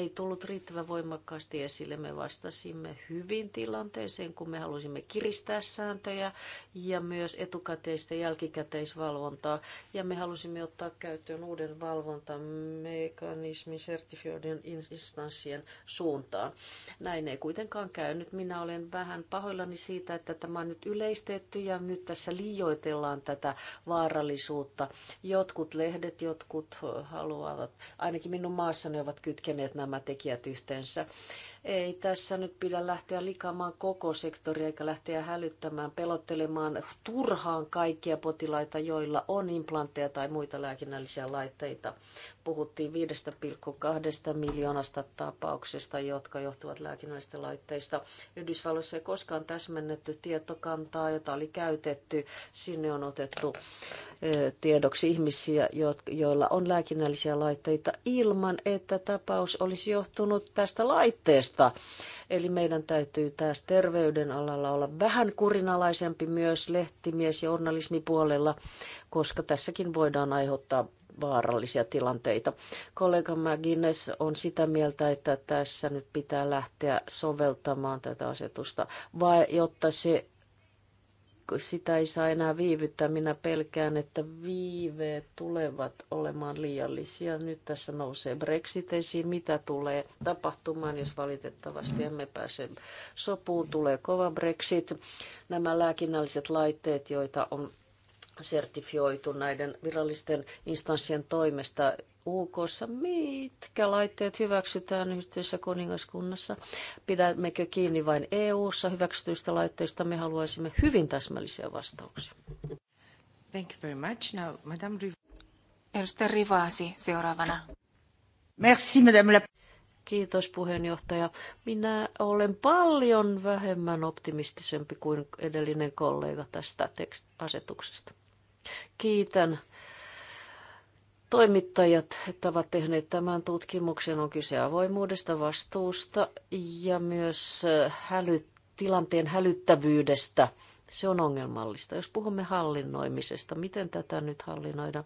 ei tullut riittävän voimakkaasti esille. Me vastasimme hyvin tilanteeseen, kun me halusimme kiristää sääntöjä ja myös etukäteistä jälkikäteisvalvontaa. Ja me halusimme ottaa käyttöön uuden valvontamekanismin sertifioiden instanssien suuntaan. Näin ei kuitenkaan käynyt. Minä olen vähän pahoillani siitä, että tämä on nyt yleistetty ja nyt tässä liioitellaan tätä vaarallisuutta. Jotkut lehdet, jotkut haluavat, ainakin minun maassani ovat kytkeneet nämä nämä tekijät yhteensä. Ei tässä nyt pidä lähteä likaamaan koko sektoria eikä lähteä hälyttämään, pelottelemaan turhaan kaikkia potilaita, joilla on implantteja tai muita lääkinnällisiä laitteita. Puhuttiin 5,2 miljoonasta tapauksesta, jotka johtuvat lääkinnällisistä laitteista. Yhdysvalloissa ei koskaan täsmennetty tietokantaa, jota oli käytetty. Sinne on otettu tiedoksi ihmisiä, joilla on lääkinnällisiä laitteita ilman, että tapaus olisi johtunut tästä laitteesta muista. Eli meidän täytyy tässä terveyden alalla olla vähän kurinalaisempi myös lehtimies- ja journalismipuolella, koska tässäkin voidaan aiheuttaa vaarallisia tilanteita. Kollega McGuinness on sitä mieltä, että tässä nyt pitää lähteä soveltamaan tätä asetusta, vai jotta se sitä ei saa enää viivyttää. Minä pelkään, että viiveet tulevat olemaan liiallisia. Nyt tässä nousee Brexit esiin. Mitä tulee tapahtumaan, jos valitettavasti emme pääse sopuun? Tulee kova Brexit. Nämä lääkinnälliset laitteet, joita on sertifioitu näiden virallisten instanssien toimesta UKssa, mitkä laitteet hyväksytään yhteisessä kuningaskunnassa. Pidämmekö kiinni vain EUssa hyväksytyistä laitteista? Me haluaisimme hyvin täsmällisiä vastauksia. Thank you very much. Now, Madame Riv- Edustaja Rivasi seuraavana. Merci, Madame la... Kiitos puheenjohtaja. Minä olen paljon vähemmän optimistisempi kuin edellinen kollega tästä tekst- asetuksesta. Kiitän toimittajat, että ovat tehneet tämän tutkimuksen, on kyse avoimuudesta, vastuusta ja myös äh, häly, tilanteen hälyttävyydestä. Se on ongelmallista. Jos puhumme hallinnoimisesta, miten tätä nyt hallinnoida?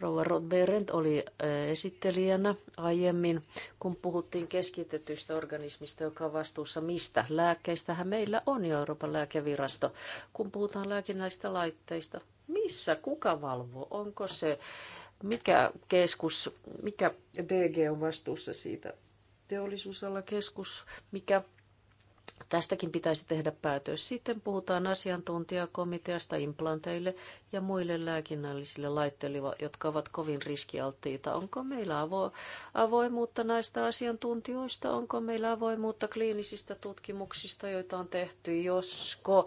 Rova Rodberent oli äh, esittelijänä aiemmin, kun puhuttiin keskitetystä organismista, joka on vastuussa mistä lääkkeistähän meillä on jo Euroopan lääkevirasto. Kun puhutaan lääkinnäistä laitteista, missä, kuka valvoo, onko se mikä keskus, mikä DG on vastuussa siitä? Teollisuusalla keskus, mikä Tästäkin pitäisi tehdä päätös. Sitten puhutaan asiantuntijakomiteasta implanteille ja muille lääkinnällisille laitteille, jotka ovat kovin riskialttiita. Onko meillä avo- avoimuutta näistä asiantuntijoista? Onko meillä avoimuutta kliinisistä tutkimuksista, joita on tehty? Josko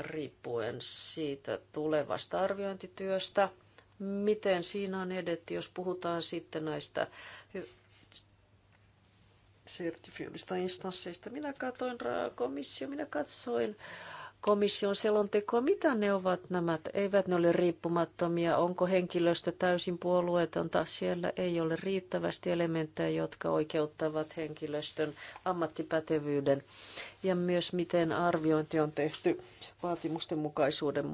riippuen siitä tulevasta arviointityöstä, miten siinä on edetty, jos puhutaan sitten näistä sertifioidusta instansseista. Minä katsoin komissio, minä katsoin äh, komission selontekoa. Mitä ne ovat nämä? Eivät ne ole riippumattomia. Onko henkilöstö täysin puolueetonta? Siellä ei ole riittävästi elementtejä, jotka oikeuttavat henkilöstön ammattipätevyyden. Ja myös miten arviointi on tehty vaatimusten mukaisuuden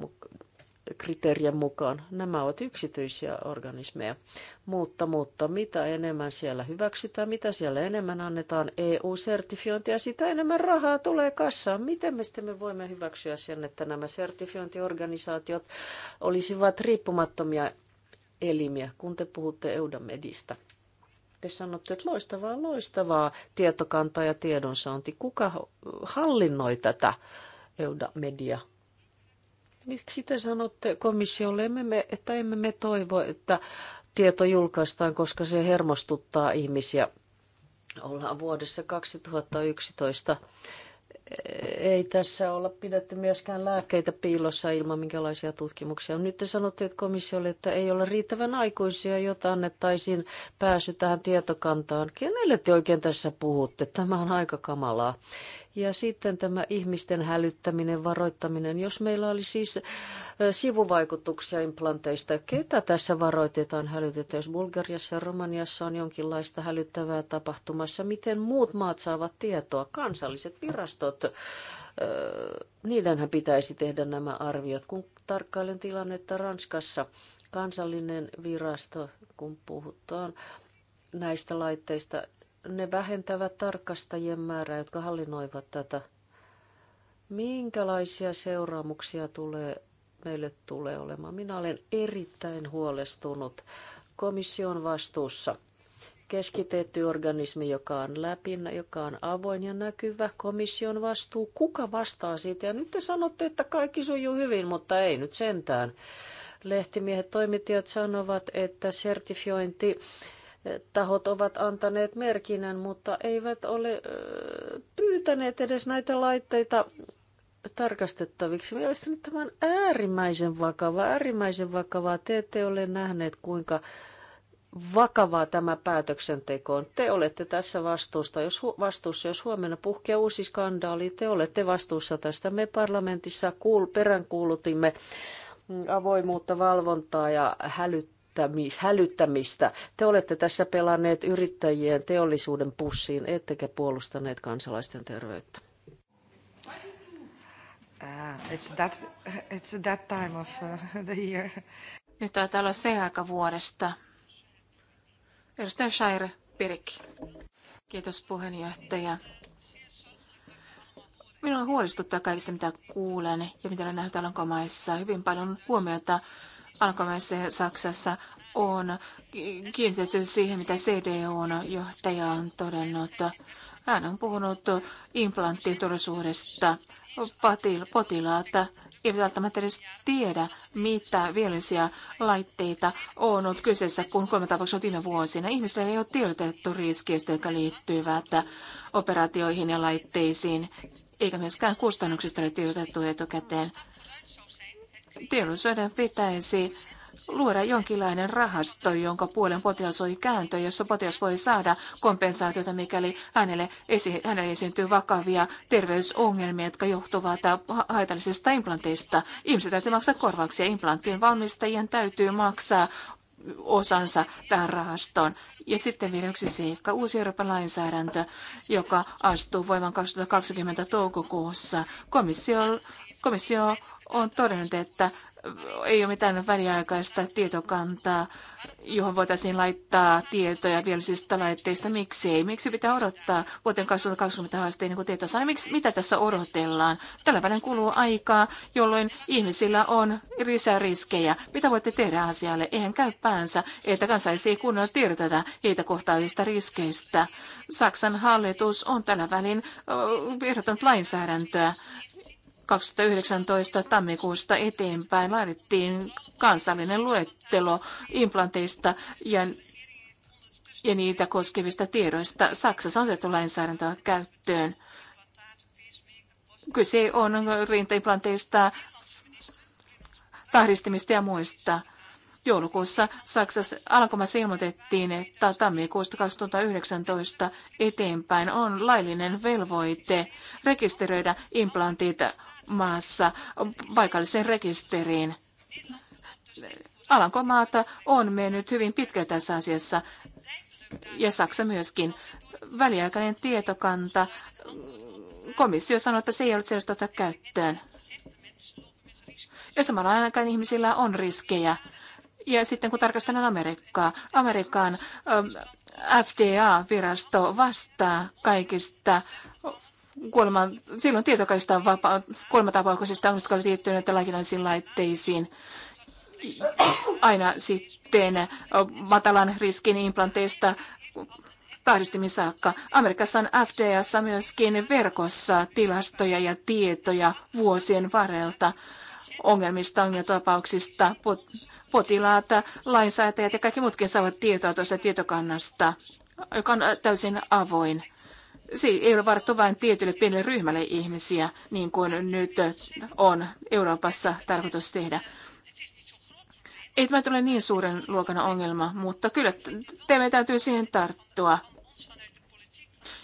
kriteerien mukaan. Nämä ovat yksityisiä organismeja. Mutta, mutta mitä enemmän siellä hyväksytään, mitä siellä enemmän annetaan EU-sertifiointia, sitä enemmän rahaa tulee kassaan. Miten me sitten me voimme hyväksyä sen, että nämä sertifiointiorganisaatiot olisivat riippumattomia elimiä, kun te puhutte Eudamedista? te sanotte, että loistavaa, loistavaa tietokanta ja tiedonsaanti. Kuka hallinnoi tätä Eudamedia? Media Miksi niin te sanotte komissiolle, emme me, että emme me toivo, että tieto julkaistaan, koska se hermostuttaa ihmisiä? Ollaan vuodessa 2011 ei tässä olla pidetty myöskään lääkkeitä piilossa ilman minkälaisia tutkimuksia. Nyt te sanotte että komissiolle, että ei ole riittävän aikuisia, jota annettaisiin pääsy tähän tietokantaan. Kenelle te oikein tässä puhutte? Tämä on aika kamalaa. Ja sitten tämä ihmisten hälyttäminen, varoittaminen. Jos meillä oli siis sivuvaikutuksia implanteista, ketä tässä varoitetaan, hälytetään? Jos Bulgariassa ja Romaniassa on jonkinlaista hälyttävää tapahtumassa, miten muut maat saavat tietoa? Kansalliset virastot, niidenhän pitäisi tehdä nämä arviot. Kun tarkkailen tilannetta Ranskassa, kansallinen virasto, kun puhutaan näistä laitteista, ne vähentävät tarkastajien määrää, jotka hallinnoivat tätä. Minkälaisia seuraamuksia tulee, meille tulee olemaan? Minä olen erittäin huolestunut komission vastuussa. Keskitetty organismi, joka on läpin, joka on avoin ja näkyvä, komission vastuu. Kuka vastaa siitä? Ja nyt te sanotte, että kaikki sujuu hyvin, mutta ei nyt sentään. Lehtimiehet toimittajat sanovat, että sertifiointi tahot ovat antaneet merkinnän, mutta eivät ole pyytäneet edes näitä laitteita tarkastettaviksi. Mielestäni tämä on äärimmäisen vakava, äärimmäisen vakavaa. Te ette ole nähneet, kuinka vakavaa tämä päätöksenteko on. Te olette tässä vastuusta. Jos hu- vastuussa, jos huomenna puhkeaa uusi skandaali, te olette vastuussa tästä. Me parlamentissa kuul- peräänkuulutimme avoimuutta, valvontaa ja hälyt hälyttämis, hälyttämistä. Te olette tässä pelanneet yrittäjien teollisuuden pussiin, ettekä puolustaneet kansalaisten terveyttä. Uh, it's that, it's that time of uh, the year. Nyt taitaa olla se aika vuodesta. Edustaja Shaire Pirik. Kiitos puheenjohtaja. Minua huolestuttaa kaikista, mitä kuulen ja mitä olen nähnyt Alankomaissa. Hyvin paljon huomiota alkamassa Saksassa on kiinnitetty siihen, mitä CDU-johtaja on todennut. Hän on puhunut implanttiturvallisuudesta. potilaata. Ei välttämättä edes tiedä, mitä vielisiä laitteita on ollut kyseessä, kun kolme tapauksessa viime vuosina. Ihmisillä ei ole tiedotettu riskeistä, jotka liittyvät operaatioihin ja laitteisiin, eikä myöskään kustannuksista ole tiedotettu etukäteen teollisuuden pitäisi luoda jonkinlainen rahasto, jonka puolen potilas voi kääntyä, jossa potilas voi saada kompensaatiota, mikäli hänelle, esi- hänelle esiintyy vakavia terveysongelmia, jotka johtuvat haitallisista implanteista. Ihmiset täytyy maksaa korvauksia. Implanttien valmistajien täytyy maksaa osansa tähän rahastoon. Ja sitten vielä yksi seikka, uusi Euroopan lainsäädäntö, joka astuu voimaan 2020 toukokuussa. Komissio, komissio on todennut, että ei ole mitään väliaikaista tietokantaa, johon voitaisiin laittaa tietoja vielisistä laitteista. Miksi ei? Miksi pitää odottaa vuoteen 2020 haasteen niin tietoa saa? Miksi, mitä tässä odotellaan? Tällä välin kuluu aikaa, jolloin ihmisillä on lisää riskejä. Mitä voitte tehdä asialle? Eihän käy päänsä, että kansalaiset ei kunnolla tiedotetä heitä kohtaavista riskeistä. Saksan hallitus on tällä välin ehdottanut lainsäädäntöä, 2019 tammikuusta eteenpäin laadittiin kansallinen luettelo implanteista ja, ja niitä koskevista tiedoista. Saksassa on otettu lainsäädäntöä käyttöön. Kyse on rintaimplanteista, tahdistimista ja muista. Joulukuussa Saksassa alkamassa ilmoitettiin, että tammikuusta 2019 eteenpäin on laillinen velvoite rekisteröidä implantit maassa paikalliseen rekisteriin. Alankomaata on mennyt hyvin pitkä tässä asiassa ja Saksa myöskin. Väliaikainen tietokanta. Komissio sanoi, että se ei ollut sellaista käyttöön. Ja samalla ainakaan ihmisillä on riskejä ja sitten kun tarkastellaan Amerikkaa, Amerikan ähm, FDA-virasto vastaa kaikista kuolema, silloin tietokaista vapa, kuolematapauksista, ongelmista, jotka liittyvät lääkinnällisiin laitteisiin. Aina sitten äh, matalan riskin implanteista tahdistimin saakka. Amerikassa on FDAssa myöskin verkossa tilastoja ja tietoja vuosien varrelta ongelmista, ongelmatapauksista. Potilaat, lainsäätäjät ja kaikki muutkin saavat tietoa tuosta tietokannasta, joka on täysin avoin. Se ei ole varattu vain tietylle pienelle ryhmälle ihmisiä, niin kuin nyt on Euroopassa tarkoitus tehdä. Ei tämä tule niin suuren luokan ongelma, mutta kyllä teidän täytyy siihen tarttua.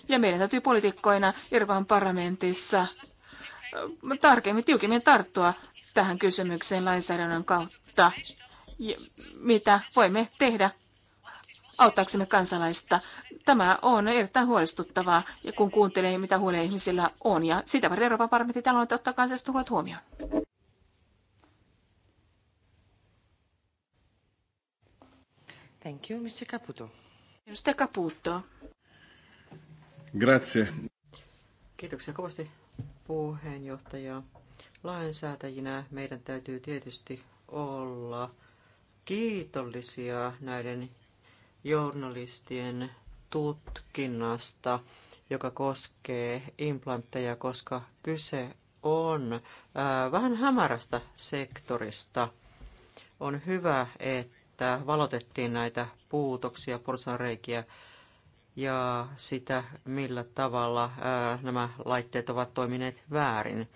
Ja meidän täytyy poliitikkoina Euroopan parlamentissa tarkemmin, tiukemmin tarttua tähän kysymykseen lainsäädännön kautta. Ja mitä voimme tehdä auttaaksemme kansalaista. Tämä on erittäin huolestuttavaa, kun kuuntelee, mitä huolia ihmisillä on. Ja sitä varten Euroopan parlamentti täällä on, että ottaa kansalaiset huolet huomioon. Thank you, Mr. Caputo. Edustaja Caputo. Grazie. Kiitoksia kovasti puheenjohtaja. Lainsäätäjinä meidän täytyy tietysti olla kiitollisia näiden journalistien tutkinnasta, joka koskee implantteja, koska kyse on ää, vähän hämärästä sektorista. On hyvä, että valotettiin näitä puutoksia, porsanreikiä ja sitä, millä tavalla ää, nämä laitteet ovat toimineet väärin.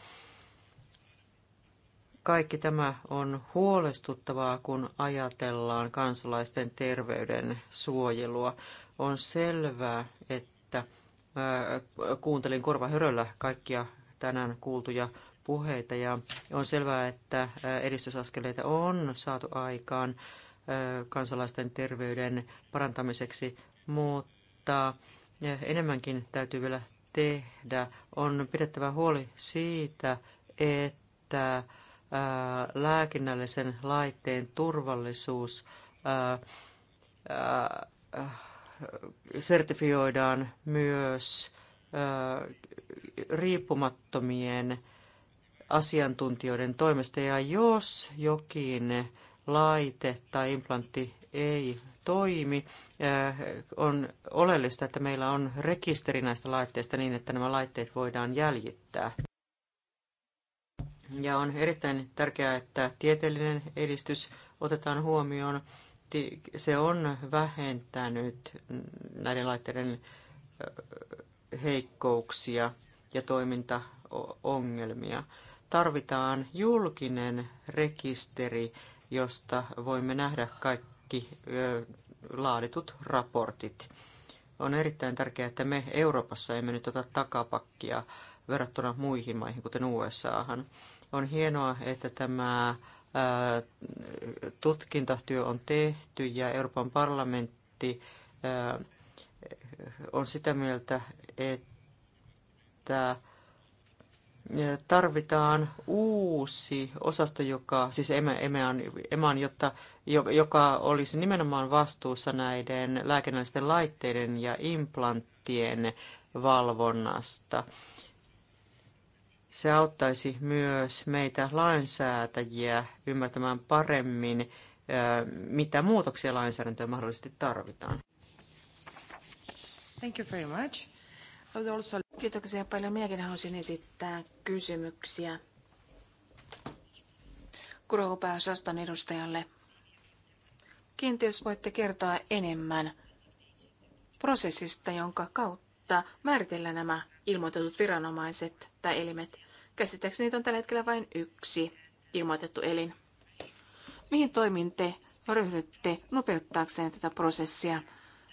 Kaikki tämä on huolestuttavaa, kun ajatellaan kansalaisten terveyden suojelua. On selvää, että kuuntelin korvahöröllä kaikkia tänään kuultuja puheita ja on selvää, että edistysaskeleita on saatu aikaan kansalaisten terveyden parantamiseksi, mutta enemmänkin täytyy vielä tehdä. On pidettävä huoli siitä, että että lääkinnällisen laitteen turvallisuus sertifioidaan myös riippumattomien asiantuntijoiden toimesta. Ja jos jokin laite tai implantti ei toimi, on oleellista, että meillä on rekisteri näistä laitteista niin, että nämä laitteet voidaan jäljittää. Ja on erittäin tärkeää, että tieteellinen edistys otetaan huomioon. Se on vähentänyt näiden laitteiden heikkouksia ja toimintaongelmia. Tarvitaan julkinen rekisteri, josta voimme nähdä kaikki laaditut raportit. On erittäin tärkeää, että me Euroopassa emme nyt ota takapakkia verrattuna muihin maihin, kuten USAhan. On hienoa, että tämä tutkintatyö on tehty ja Euroopan parlamentti on sitä mieltä, että tarvitaan uusi osasto, joka, siis EMEAN, EMEAN jotta, joka olisi nimenomaan vastuussa näiden lääkinnällisten laitteiden ja implanttien valvonnasta. Se auttaisi myös meitä lainsäätäjiä ymmärtämään paremmin, mitä muutoksia lainsäädäntöön mahdollisesti tarvitaan. Thank you very much. Also... Kiitoksia paljon. Minäkin haluaisin esittää kysymyksiä Kurokupääosaston edustajalle. Kenties voitte kertoa enemmän prosessista, jonka kautta määritellään nämä ilmoitetut viranomaiset tai elimet. Käsittääkseni niitä on tällä hetkellä vain yksi ilmoitettu elin. Mihin toimin te ryhdytte nopeuttaakseen tätä prosessia?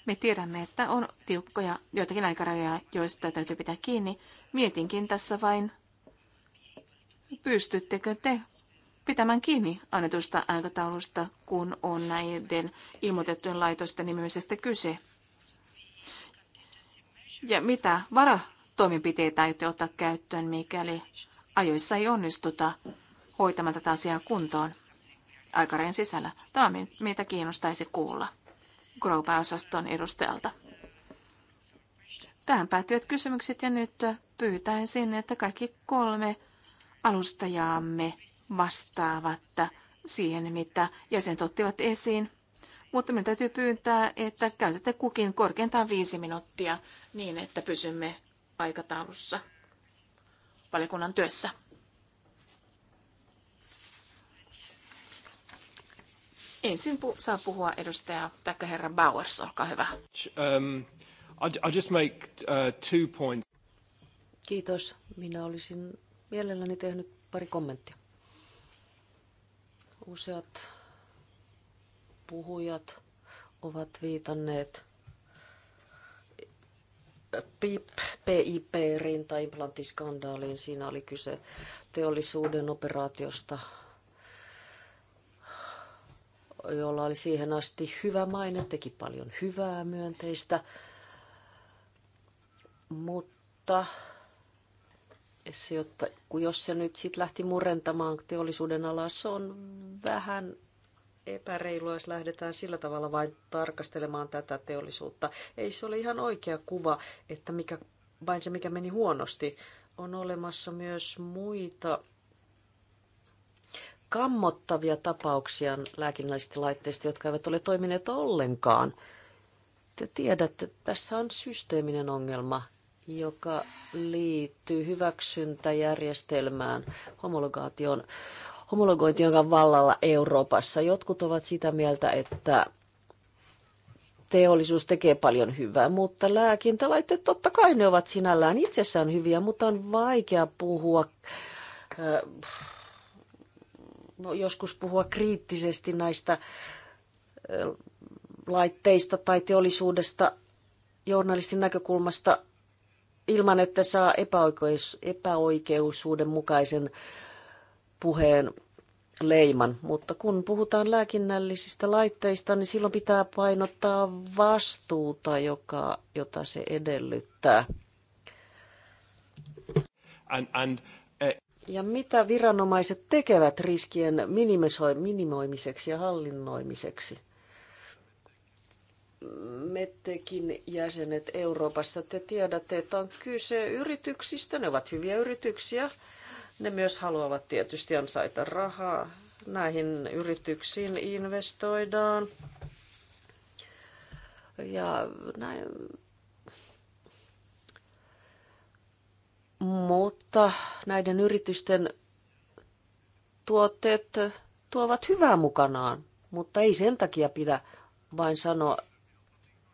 Me tiedämme, että on tiukkoja joitakin aikarajoja, joista täytyy pitää kiinni. Mietinkin tässä vain, pystyttekö te pitämään kiinni annetusta aikataulusta, kun on näiden ilmoitettujen laitosten nimimisestä kyse? Ja mitä varatoimenpiteitä aiotte ottaa käyttöön, mikäli ajoissa ei onnistuta hoitamaan tätä asiaa kuntoon aikarajan sisällä. Tämä meitä kiinnostaisi kuulla Grow-pääosaston edustajalta. Tähän päättyvät kysymykset ja nyt pyytäen sinne, että kaikki kolme alustajaamme vastaavat siihen, mitä jäsenet ottivat esiin. Mutta minun täytyy pyytää, että käytätte kukin korkeintaan viisi minuuttia niin, että pysymme aikataulussa valiokunnan työssä. Ensin pu- saa puhua edustaja Täkkä herra Bowers, olkaa hyvä. Um, I'll just make uh, two points. Kiitos. Minä olisin mielelläni tehnyt pari kommenttia. Useat puhujat ovat viitanneet PIP-rin tai implanttiskandaaliin. Siinä oli kyse teollisuuden operaatiosta, jolla oli siihen asti hyvä maine, teki paljon hyvää myönteistä, mutta se, jotta, kun jos se nyt sitten lähti murentamaan teollisuuden alaa, se on vähän epäreilua, jos lähdetään sillä tavalla vain tarkastelemaan tätä teollisuutta. Ei se ole ihan oikea kuva, että mikä, vain se mikä meni huonosti. On olemassa myös muita kammottavia tapauksia lääkinnällisistä laitteista, jotka eivät ole toimineet ollenkaan. Te tiedätte, tässä on systeeminen ongelma, joka liittyy hyväksyntäjärjestelmään, homologaation homologointi, jonka on vallalla Euroopassa. Jotkut ovat sitä mieltä, että teollisuus tekee paljon hyvää, mutta lääkintälaitteet totta kai ne ovat sinällään itsessään hyviä, mutta on vaikea puhua, no joskus puhua kriittisesti näistä äh, laitteista tai teollisuudesta journalistin näkökulmasta ilman, että saa epäoikeus, mukaisen puheen leiman, mutta kun puhutaan lääkinnällisistä laitteista, niin silloin pitää painottaa vastuuta, joka, jota se edellyttää. And, and, eh... Ja mitä viranomaiset tekevät riskien minimoimiseksi ja hallinnoimiseksi? me tekin jäsenet Euroopassa, te tiedätte, että on kyse yrityksistä, ne ovat hyviä yrityksiä, ne myös haluavat tietysti ansaita rahaa. Näihin yrityksiin investoidaan. Ja näin. Mutta näiden yritysten tuotteet tuovat hyvää mukanaan, mutta ei sen takia pidä vain sanoa,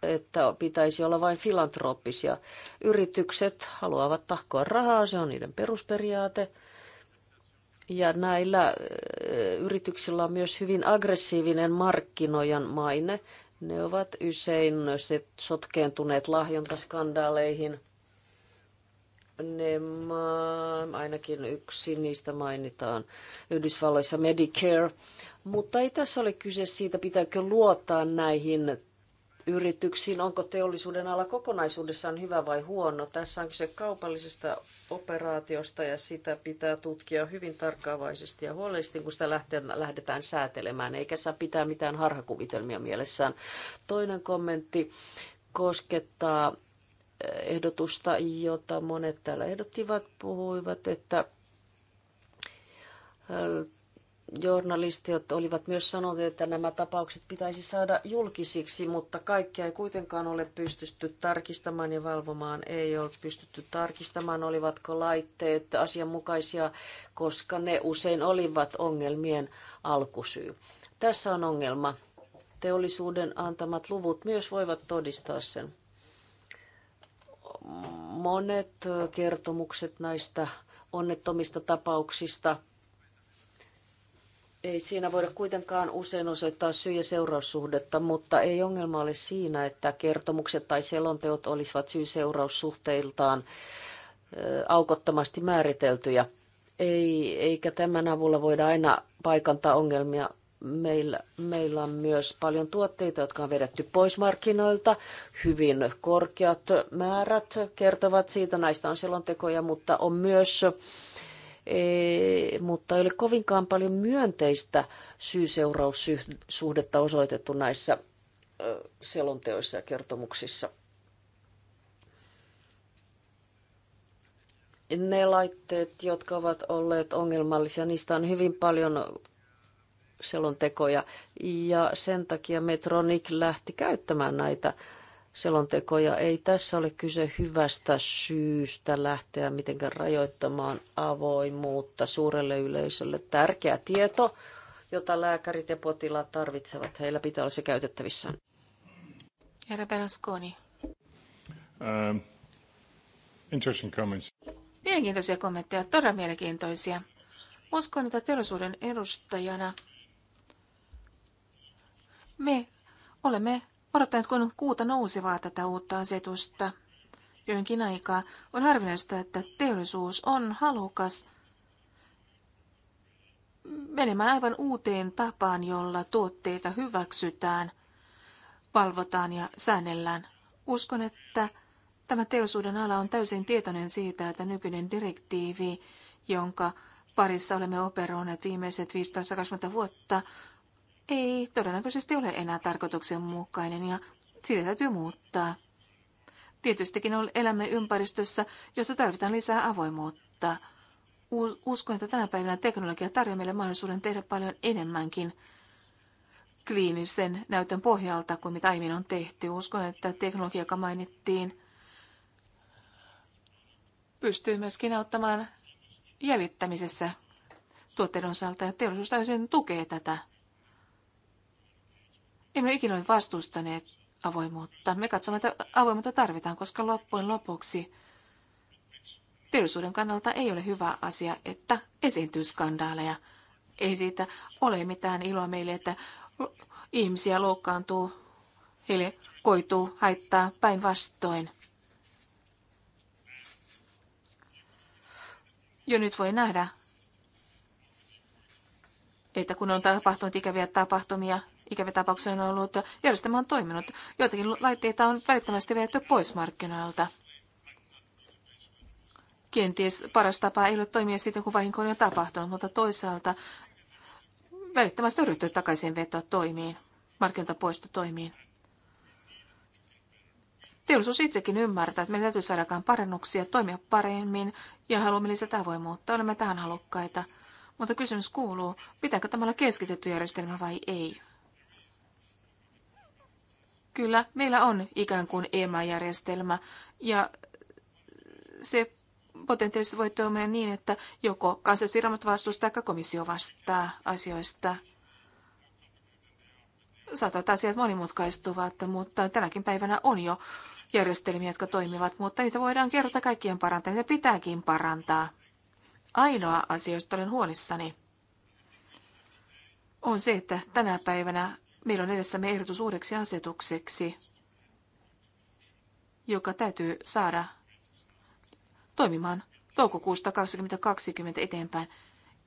että pitäisi olla vain filantrooppisia. Yritykset haluavat tahkoa rahaa, se on niiden perusperiaate – ja näillä eh, yrityksillä on myös hyvin aggressiivinen markkinoijan maine. Ne ovat usein sotkeentuneet lahjontaskandaaleihin. Ne, ainakin yksi niistä mainitaan Yhdysvalloissa Medicare. Mutta ei tässä ole kyse siitä, pitääkö luottaa näihin yrityksiin. Onko teollisuuden ala kokonaisuudessaan hyvä vai huono? Tässä on kyse kaupallisesta operaatiosta ja sitä pitää tutkia hyvin tarkkaavaisesti ja huolellisesti, kun sitä lähdetään säätelemään, eikä saa pitää mitään harhakuvitelmia mielessään. Toinen kommentti koskettaa eh, ehdotusta, jota monet täällä ehdottivat, puhuivat, että eh, journalistit olivat myös sanoneet, että nämä tapaukset pitäisi saada julkisiksi, mutta kaikkia ei kuitenkaan ole pystytty tarkistamaan ja valvomaan. Ei ole pystytty tarkistamaan, olivatko laitteet asianmukaisia, koska ne usein olivat ongelmien alkusyy. Tässä on ongelma. Teollisuuden antamat luvut myös voivat todistaa sen. Monet kertomukset näistä onnettomista tapauksista – ei siinä voida kuitenkaan usein osoittaa syy- ja seuraussuhdetta, mutta ei ongelma ole siinä, että kertomukset tai selonteot olisivat syy-seuraussuhteiltaan aukottomasti määriteltyjä. Ei, eikä tämän avulla voida aina paikantaa ongelmia. Meillä, meillä on myös paljon tuotteita, jotka on vedetty pois markkinoilta. Hyvin korkeat määrät kertovat siitä, näistä on selontekoja, mutta on myös äh, mutta ei ole kovinkaan paljon myönteistä syy-seuraussuhdetta osoitettu näissä selonteoissa ja kertomuksissa. Ne laitteet, jotka ovat olleet ongelmallisia, niistä on hyvin paljon selontekoja ja sen takia Metronik lähti käyttämään näitä selontekoja. Ei tässä ole kyse hyvästä syystä lähteä mitenkään rajoittamaan avoimuutta suurelle yleisölle. Tärkeä tieto, jota lääkärit ja potilaat tarvitsevat. Heillä pitää olla se käytettävissä. Herra Berlusconi. Um, interesting comments. Mielenkiintoisia kommentteja, todella mielenkiintoisia. Uskon, että teollisuuden edustajana me olemme odottanut, kun kuuta nousevaa tätä uutta asetusta joinkin aikaa. On harvinaista, että teollisuus on halukas menemään aivan uuteen tapaan, jolla tuotteita hyväksytään, valvotaan ja säännellään. Uskon, että tämä teollisuuden ala on täysin tietoinen siitä, että nykyinen direktiivi, jonka parissa olemme operoineet viimeiset 15-20 vuotta, ei todennäköisesti ole enää tarkoituksenmukainen ja sitä täytyy muuttaa. Tietystikin elämme ympäristössä, jossa tarvitaan lisää avoimuutta. Uskon, että tänä päivänä teknologia tarjoaa meille mahdollisuuden tehdä paljon enemmänkin kliinisen näytön pohjalta kuin mitä aiemmin on tehty. Uskon, että teknologia, joka mainittiin, pystyy myöskin auttamaan jäljittämisessä tuotteiden osalta ja teollisuus täysin tukee tätä emme ole ikinä ole vastustaneet avoimuutta. Me katsomme, että avoimuutta tarvitaan, koska loppujen lopuksi teollisuuden kannalta ei ole hyvä asia, että esiintyy skandaaleja. Ei siitä ole mitään iloa meille, että ihmisiä loukkaantuu, heille koituu haittaa päinvastoin. Jo nyt voi nähdä, että kun on tapahtunut ikäviä tapahtumia, ikävä tapauksia on ollut. Järjestelmä on toiminut. Joitakin laitteita on välittömästi vedetty pois markkinoilta. Kenties paras tapa ei ole toimia sitten, kun vahinko on jo tapahtunut, mutta toisaalta välittömästi on ryhtynyt takaisin vetoa toimiin, markkinoilta toimiin. Teollisuus itsekin ymmärtää, että meidän täytyy saadakaan parannuksia, toimia paremmin ja haluamme lisätä avoimuutta. Olemme tähän halukkaita. Mutta kysymys kuuluu, pitääkö tämä olla keskitetty järjestelmä vai ei? Kyllä, meillä on ikään kuin EMA-järjestelmä ja se potentiaalisesti voi toimia niin, että joko kansallisviranomaiset vastustaa tai komissio vastaa asioista. Saatavat asiat monimutkaistuvat, mutta tänäkin päivänä on jo järjestelmiä, jotka toimivat, mutta niitä voidaan kerta kaikkien parantaa, niitä pitääkin parantaa. Ainoa asia, josta olen huolissani, on se, että tänä päivänä Meillä on edessämme ehdotus uudeksi asetukseksi, joka täytyy saada toimimaan toukokuusta 2020 eteenpäin.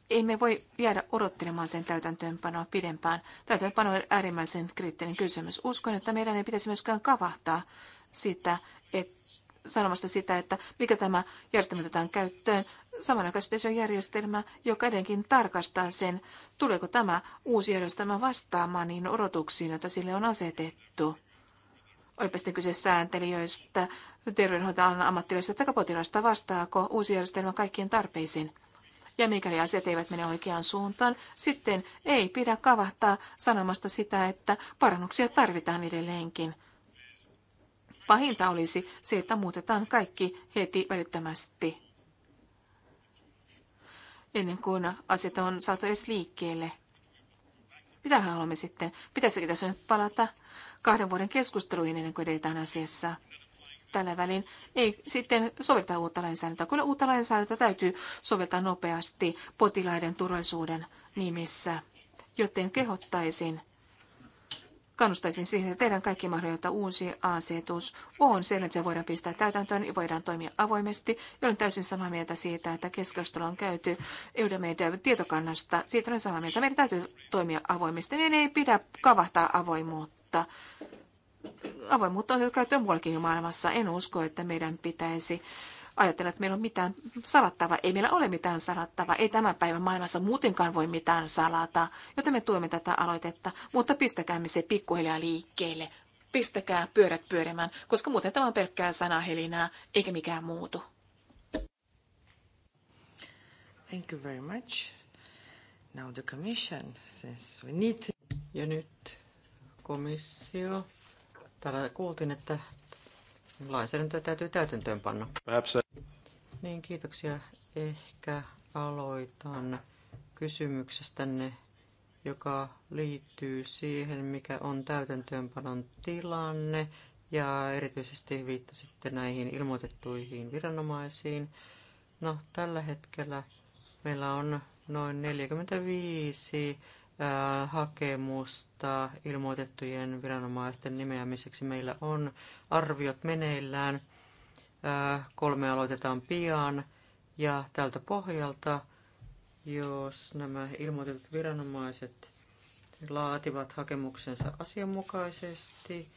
Emme voi jäädä odottelemaan sen täytäntöönpanoa pidempään. Täytäntöönpano on äärimmäisen kriittinen kysymys. Uskon, että meidän ei pitäisi myöskään kavahtaa sitä, että sanomasta sitä, että mikä tämä järjestelmä otetaan käyttöön, samanaikaisesti on järjestelmä, joka edenkin tarkastaa sen, tuleeko tämä uusi järjestelmä vastaamaan niin odotuksiin, joita sille on asetettu. Olipa sitten kyse sääntelijöistä, terveydenhoitajan ammattilaisista tai potilaista, vastaako uusi järjestelmä kaikkien tarpeisiin. Ja mikäli asiat eivät mene oikeaan suuntaan, sitten ei pidä kavahtaa sanomasta sitä, että parannuksia tarvitaan edelleenkin. Pahinta olisi se, että muutetaan kaikki heti välittömästi ennen kuin asiat on saatu edes liikkeelle. Mitä haluamme sitten? Pitäisikö tässä nyt palata kahden vuoden keskusteluihin ennen kuin edetään asiassa? Tällä välin ei sitten sovelta uutta lainsäädäntöä. Kyllä uutta lainsäädäntöä täytyy soveltaa nopeasti potilaiden turvallisuuden nimissä, joten kehottaisin kannustaisin siihen, että tehdään kaikki mahdollista uusi asetus on sen, että se voidaan pistää täytäntöön ja niin voidaan toimia avoimesti. Ja olen täysin samaa mieltä siitä, että keskustelu on käyty meidän tietokannasta. Siitä olen samaa mieltä. Meidän täytyy toimia avoimesti. Meidän ei pidä kavahtaa avoimuutta. Avoimuutta on käyttöön muuallakin maailmassa. En usko, että meidän pitäisi ajatella, että meillä on mitään salattavaa. Ei meillä ole mitään salattavaa. Ei tämän päivän maailmassa muutenkaan voi mitään salata, joten me tuemme tätä aloitetta. Mutta pistäkäämme se pikkuhiljaa liikkeelle. Pistäkää pyörät pyörimään, koska muuten tämä on pelkkää sanahelinää, eikä mikään muutu. Thank you very much. Now the commission, since we need to... Ja nyt komissio. Täällä kuultiin, että lainsäädäntöä täytyy täytäntöönpanna. Uh, niin, kiitoksia. Ehkä aloitan kysymyksestänne, joka liittyy siihen, mikä on täytäntöönpanon tilanne, ja erityisesti viittasitte näihin ilmoitettuihin viranomaisiin. No, tällä hetkellä meillä on noin 45 hakemusta ilmoitettujen viranomaisten nimeämiseksi. Meillä on arviot meneillään, kolme aloitetaan pian ja tältä pohjalta, jos nämä ilmoitetut viranomaiset laativat hakemuksensa asianmukaisesti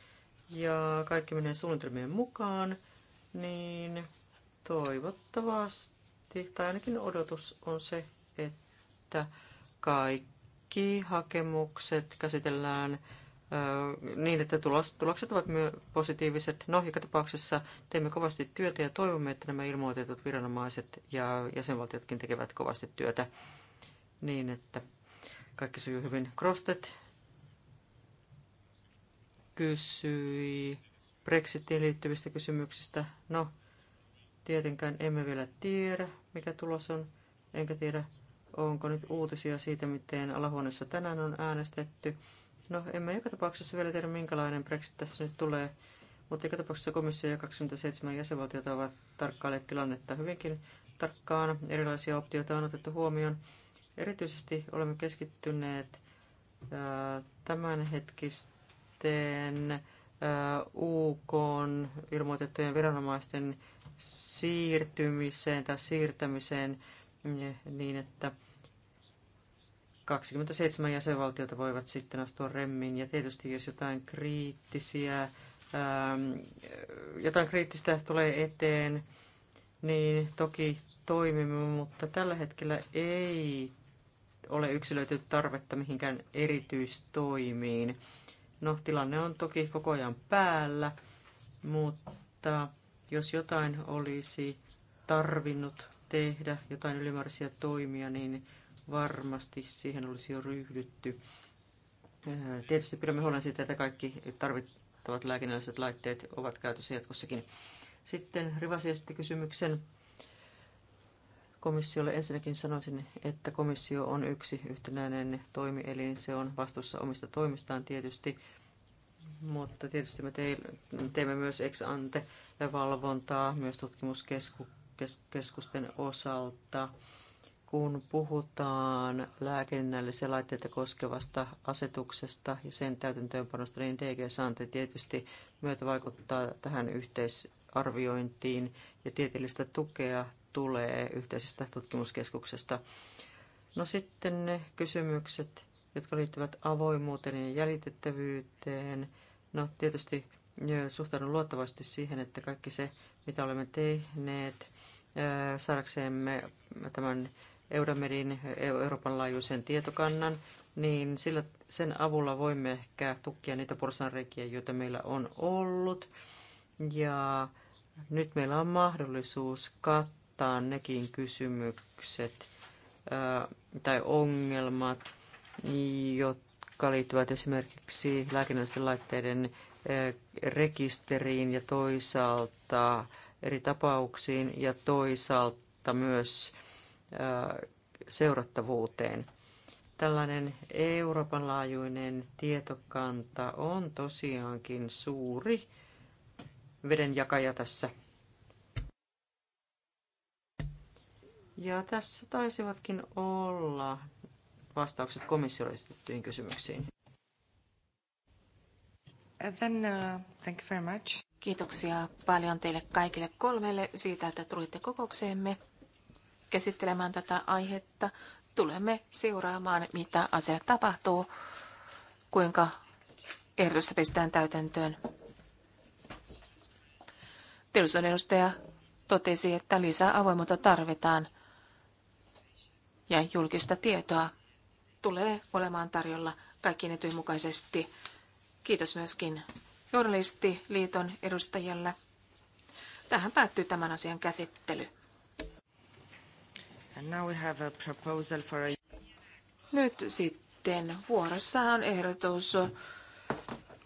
ja kaikki menee suunnitelmien mukaan, niin toivottavasti, tai ainakin odotus on se, että kaikki kaikki hakemukset käsitellään niin, että tulokset ovat myös positiiviset. No, joka tapauksessa teemme kovasti työtä ja toivomme, että nämä ilmoitetut viranomaiset ja jäsenvaltiotkin tekevät kovasti työtä niin, että kaikki sujuu hyvin. Krostet kysyi Brexitiin liittyvistä kysymyksistä. No, tietenkään emme vielä tiedä, mikä tulos on, enkä tiedä, Onko nyt uutisia siitä, miten alahuoneessa tänään on äänestetty? No, emme joka tapauksessa vielä tiedä, minkälainen Brexit tässä nyt tulee, mutta joka tapauksessa komissio ja 27 jäsenvaltiota ovat tarkkailleet tilannetta hyvinkin tarkkaan. Erilaisia optioita on otettu huomioon. Erityisesti olemme keskittyneet tämänhetkisten UK ilmoitettujen viranomaisten siirtymiseen tai siirtämiseen niin, niin että – 27 jäsenvaltiota voivat sitten astua remmin, ja tietysti jos jotain kriittisiä, ähm, jotain kriittistä tulee eteen, niin toki toimimme, mutta tällä hetkellä ei ole yksilöity tarvetta mihinkään erityistoimiin. No, tilanne on toki koko ajan päällä, mutta jos jotain olisi tarvinnut tehdä, jotain ylimääräisiä toimia, niin varmasti siihen olisi jo ryhdytty. Tietysti pidämme huolen siitä, että kaikki tarvittavat lääkinnälliset laitteet ovat käytössä jatkossakin. Sitten Rivasi esitti kysymyksen komissiolle. Ensinnäkin sanoisin, että komissio on yksi yhtenäinen toimielin. Se on vastuussa omista toimistaan tietysti, mutta tietysti me teemme myös ex ante valvontaa myös tutkimuskeskusten osalta kun puhutaan lääkinnällisiä laitteita koskevasta asetuksesta ja sen täytäntöönpanosta, niin DG Sante tietysti myötä vaikuttaa tähän yhteisarviointiin ja tieteellistä tukea tulee yhteisestä tutkimuskeskuksesta. No sitten ne kysymykset, jotka liittyvät avoimuuteen ja jäljitettävyyteen. No tietysti suhtaudun luottavasti siihen, että kaikki se, mitä olemme tehneet, saadaksemme tämän Euromedin e, Euroopan laajuisen tietokannan, niin sillä, sen avulla voimme ehkä tukkia niitä porsanreikiä, joita meillä on ollut. Ja nyt meillä on mahdollisuus kattaa nekin kysymykset ää, tai ongelmat, jotka liittyvät esimerkiksi lääkinnällisten laitteiden rekisteriin ja toisaalta eri tapauksiin ja toisaalta myös seurattavuuteen. Tällainen Euroopan laajuinen tietokanta on tosiaankin suuri vedenjakaja tässä. Ja tässä taisivatkin olla vastaukset komissiolle esitettyihin kysymyksiin. Uh, then, uh, thank you very much. Kiitoksia paljon teille kaikille kolmelle siitä, että tulitte kokoukseemme käsittelemään tätä aihetta. Tulemme seuraamaan, mitä asiat tapahtuu, kuinka ehdotusta pistetään täytäntöön. Teollisuuden edustaja totesi, että lisää avoimuutta tarvitaan ja julkista tietoa tulee olemaan tarjolla kaikkien etujen mukaisesti. Kiitos myöskin Journalistiliiton edustajalle. Tähän päättyy tämän asian käsittely. A... Nyt sitten vuorossa on ehdotus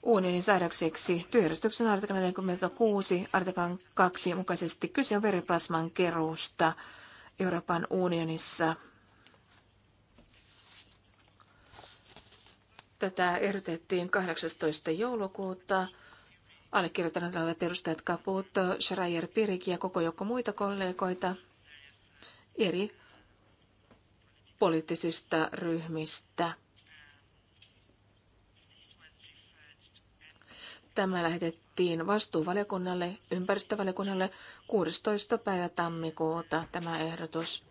unionin säädökseksi työjärjestyksen artikla 46 artiklan 2 mukaisesti kyse on veriplasman keruusta Euroopan unionissa. Tätä ehdotettiin 18. joulukuuta. Allekirjoittaneet olivat edustajat Kaput, Schreier Pirik ja koko joukko muita kollegoita eri poliittisista ryhmistä. Tämä lähetettiin vastuuvaliokunnalle, ympäristövaliokunnalle 16. päivä tammikuuta tämä ehdotus.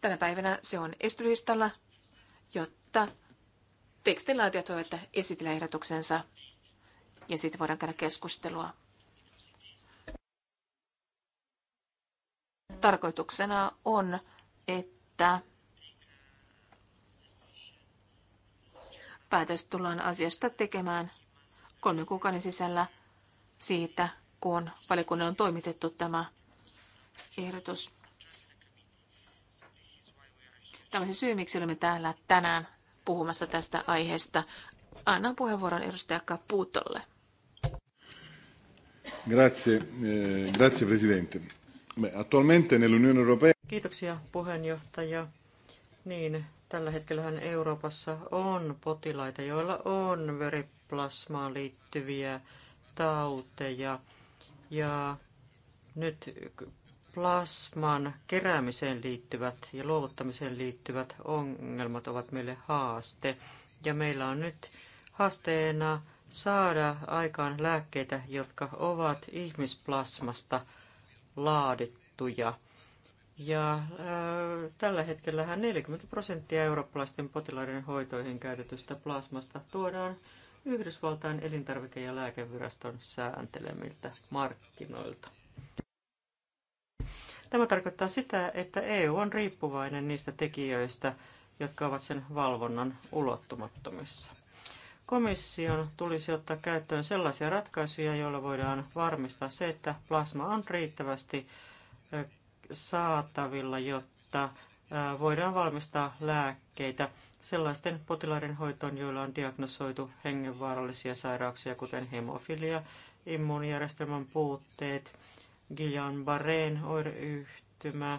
Tänä päivänä se on estylistalla, jotta tekstinlaatijat voivat esitellä ehdotuksensa ja siitä voidaan käydä keskustelua. tarkoituksena on, että päätös tullaan asiasta tekemään kolmen kuukauden sisällä siitä, kun valiokunnan on toimitettu tämä ehdotus. Tämä on se syy, miksi olemme täällä tänään puhumassa tästä aiheesta. Annan puheenvuoron edustaja Kaputolle. Grazie, eh, grazie presidente. Attualmente nell'Unione Europea... Kiitoksia puheenjohtaja. Niin, tällä hetkellähän Euroopassa on potilaita, joilla on veriplasmaan liittyviä tauteja. Ja nyt plasman keräämiseen liittyvät ja luovuttamiseen liittyvät ongelmat ovat meille haaste. Ja meillä on nyt haasteena saada aikaan lääkkeitä, jotka ovat ihmisplasmasta – laadittuja. Ja äh, tällä hetkellä 40 prosenttia eurooppalaisten potilaiden hoitoihin käytetystä plasmasta tuodaan Yhdysvaltain elintarvike- ja lääkeviraston sääntelemiltä markkinoilta. Tämä tarkoittaa sitä, että EU on riippuvainen niistä tekijöistä, jotka ovat sen valvonnan ulottumattomissa. Komission tulisi ottaa käyttöön sellaisia ratkaisuja, joilla voidaan varmistaa se, että plasma on riittävästi saatavilla, jotta voidaan valmistaa lääkkeitä sellaisten potilaiden hoitoon, joilla on diagnosoitu hengenvaarallisia sairauksia, kuten hemofilia, immuunijärjestelmän puutteet, Guillain-Barreen oireyhtymä,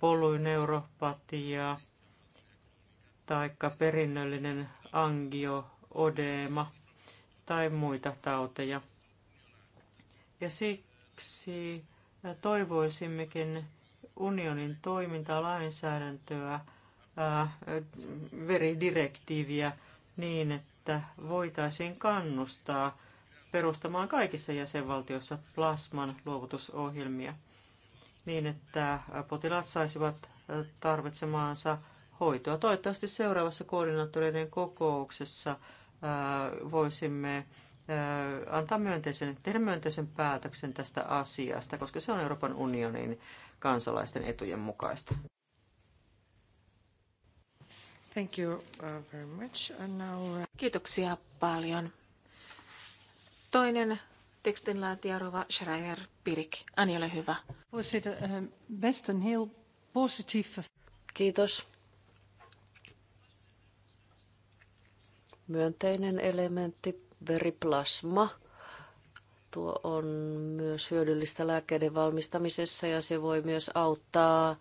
polyneuropatia, taikka perinnöllinen angio, odeema tai muita tauteja. Ja siksi toivoisimmekin unionin toimintalainsäädäntöä, veridirektiiviä niin, että voitaisiin kannustaa perustamaan kaikissa jäsenvaltioissa plasman luovutusohjelmia niin, että potilaat saisivat tarvitsemaansa hoitoa. Toivottavasti seuraavassa koordinaattoreiden kokouksessa voisimme antaa myönteisen, tehdä myönteisen päätöksen tästä asiasta, koska se on Euroopan unionin kansalaisten etujen mukaista. Thank you uh, very much. And now... Uh, Kiitoksia paljon. Toinen tekstinlaatija Rova Schreier Pirik. Ani, ole hyvä. Ehm, Kiitos. myönteinen elementti, veriplasma. Tuo on myös hyödyllistä lääkkeiden valmistamisessa ja se voi myös auttaa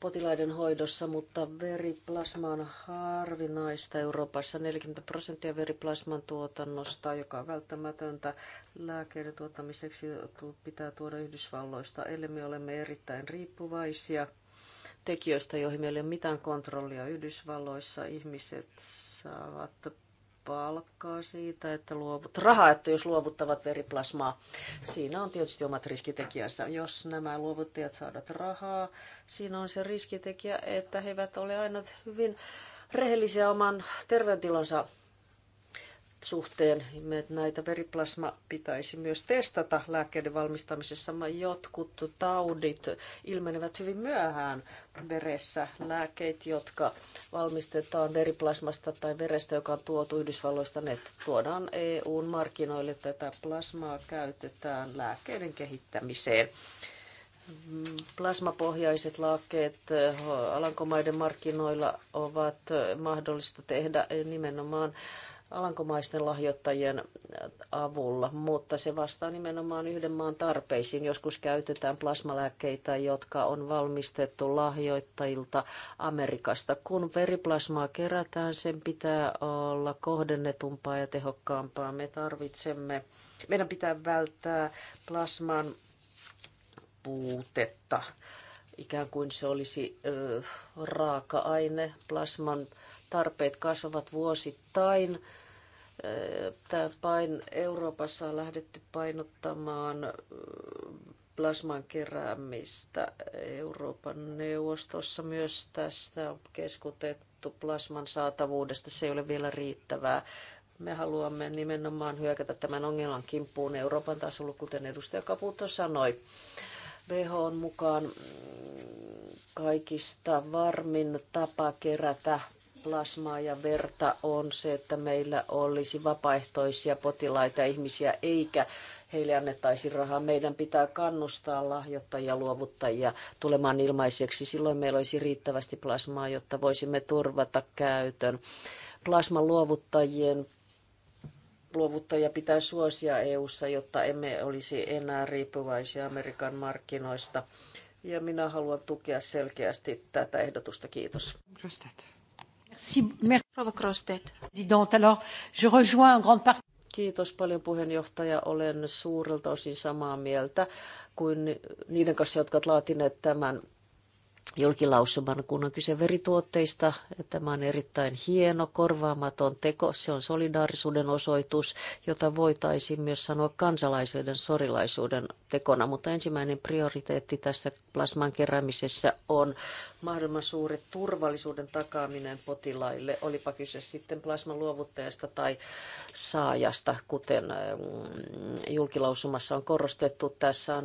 potilaiden hoidossa, mutta veriplasma on harvinaista Euroopassa. 40 prosenttia veriplasman tuotannosta, joka on välttämätöntä lääkkeiden tuottamiseksi, pitää tuoda Yhdysvalloista. Eli me olemme erittäin riippuvaisia tekijöistä, joihin meillä ei ole mitään kontrollia Yhdysvalloissa. Ihmiset saavat palkkaa siitä, että luovut, rahaa, että jos luovuttavat veriplasmaa. Siinä on tietysti omat riskitekijänsä. Jos nämä luovuttajat saavat rahaa, siinä on se riskitekijä, että he eivät ole aina hyvin rehellisiä oman terveydentilansa suhteen. Näitä veriplasma pitäisi myös testata lääkkeiden valmistamisessa. Jotkut taudit ilmenevät hyvin myöhään veressä. Lääkkeet, jotka valmistetaan veriplasmasta tai verestä, joka on tuotu Yhdysvalloista, ne tuodaan EUn markkinoille. Tätä plasmaa käytetään lääkkeiden kehittämiseen plasmapohjaiset lääkkeet eh, Alankomaiden markkinoilla ovat eh, mahdollista tehdä eh, nimenomaan alankomaisten lahjoittajien avulla, mutta se vastaa nimenomaan yhden maan tarpeisiin. Joskus käytetään plasmalääkkeitä, jotka on valmistettu lahjoittajilta Amerikasta. Kun veriplasmaa kerätään, sen pitää olla kohdennetumpaa ja tehokkaampaa. Me tarvitsemme, meidän pitää välttää plasman puutetta. Ikään kuin se olisi ö, raaka-aine. Plasman tarpeet kasvavat vuosittain Tää pain, Euroopassa on lähdetty painottamaan plasman keräämistä. Euroopan neuvostossa myös tästä on keskutettu plasman saatavuudesta. Se ei ole vielä riittävää. Me haluamme nimenomaan hyökätä tämän ongelman kimppuun Euroopan tasolla, kuten edustaja Kaputo sanoi. WHO on mukaan kaikista varmin tapa kerätä plasmaa ja verta on se, että meillä olisi vapaaehtoisia potilaita ihmisiä, eikä heille annettaisi rahaa. Meidän pitää kannustaa lahjoittajia, luovuttajia tulemaan ilmaiseksi. Silloin meillä olisi riittävästi plasmaa, jotta voisimme turvata käytön. Plasman luovuttajien luovuttajia pitää suosia EU:ssa, jotta emme olisi enää riippuvaisia Amerikan markkinoista. Ja minä haluan tukea selkeästi tätä ehdotusta. Kiitos. Grostet. Kiitos paljon puheenjohtaja. Olen suurelta osin samaa mieltä kuin niiden kanssa, jotka ovat laatineet tämän julkilausuman, kun on kyse verituotteista. Tämä on erittäin hieno, korvaamaton teko. Se on solidaarisuuden osoitus, jota voitaisiin myös sanoa kansalaisuuden sorilaisuuden tekona. Mutta ensimmäinen prioriteetti tässä plasman keräämisessä on mahdollisimman suuri turvallisuuden takaaminen potilaille, olipa kyse sitten plasman luovuttajasta tai saajasta, kuten mm, julkilausumassa on korostettu. Tässä on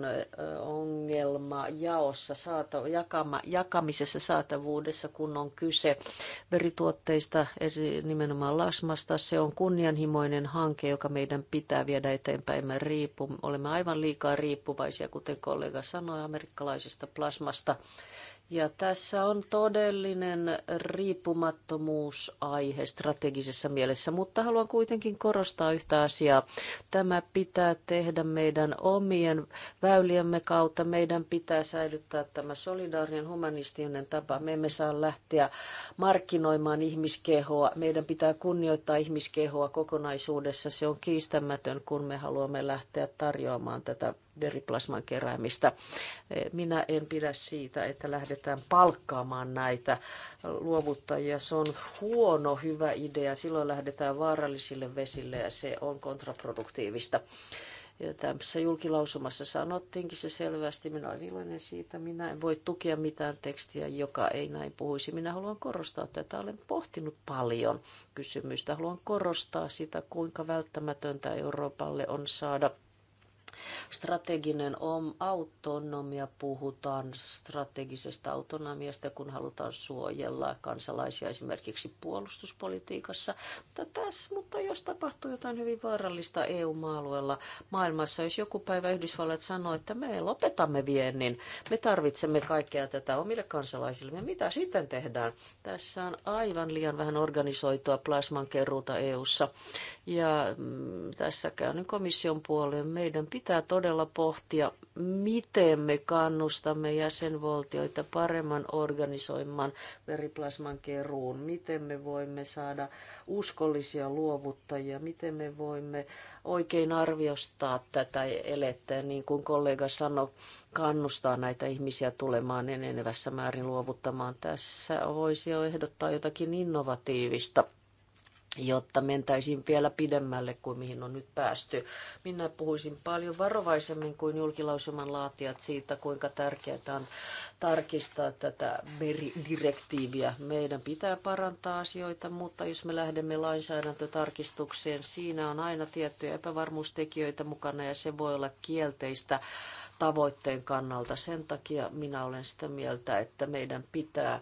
ongelma jaossa, saata, jakama, jakamisessa saatavuudessa, kun on kyse verituotteista, nimenomaan lasmasta. Se on kunnianhimoinen hanke, joka meidän pitää viedä eteenpäin. Me riippu, olemme aivan liikaa riippuvaisia, kuten kollega sanoi, amerikkalaisesta plasmasta. Ja tässä on todellinen riippumattomuusaihe strategisessa mielessä, mutta haluan kuitenkin korostaa yhtä asiaa. Tämä pitää tehdä meidän omien väyliemme kautta. Meidän pitää säilyttää tämä solidaarinen humanistinen tapa. Me emme saa lähteä markkinoimaan ihmiskehoa. Meidän pitää kunnioittaa ihmiskehoa kokonaisuudessa. Se on kiistämätön, kun me haluamme lähteä tarjoamaan tätä veriplasman keräämistä. Eh, minä en pidä siitä, että lähdetään palkkaamaan näitä luovuttajia. Se on huono, hyvä idea. Silloin lähdetään vaarallisille vesille ja se on kontraproduktiivista. Ja tässä julkilausumassa sanottiinkin se selvästi. Minä olen iloinen siitä. Minä en voi tukea mitään tekstiä, joka ei näin puhuisi. Minä haluan korostaa tätä. Olen pohtinut paljon kysymystä. Haluan korostaa sitä, kuinka välttämätöntä Euroopalle on saada – Strateginen autonomia, puhutaan strategisesta autonomiasta, kun halutaan suojella kansalaisia esimerkiksi puolustuspolitiikassa. Mutta, tässä, mutta jos tapahtuu jotain hyvin vaarallista EU-maalueella maailmassa, jos joku päivä Yhdysvallat sanoo, että me lopetamme viennin, me tarvitsemme kaikkea tätä omille kansalaisillemme, mitä sitten tehdään? Tässä on aivan liian vähän organisoitua plasman keruuta EU:ssa. Ja mm, tässä käyn komission puoleen. Meidän pitää todella pohtia, miten me kannustamme jäsenvaltioita paremman organisoimaan veriplasman keruun, miten me voimme saada uskollisia luovuttajia, miten me voimme oikein arviostaa tätä elettä, niin kuin kollega sanoi, kannustaa näitä ihmisiä tulemaan enenevässä määrin luovuttamaan. Tässä voisi jo ehdottaa jotakin innovatiivista jotta mentäisiin vielä pidemmälle kuin mihin on nyt päästy. Minä puhuisin paljon varovaisemmin kuin julkilausuman laatijat siitä, kuinka tärkeää on tarkistaa tätä meridirektiiviä. Meidän pitää parantaa asioita, mutta jos me lähdemme lainsäädäntötarkistukseen, siinä on aina tiettyjä epävarmuustekijöitä mukana ja se voi olla kielteistä tavoitteen kannalta. Sen takia minä olen sitä mieltä, että meidän pitää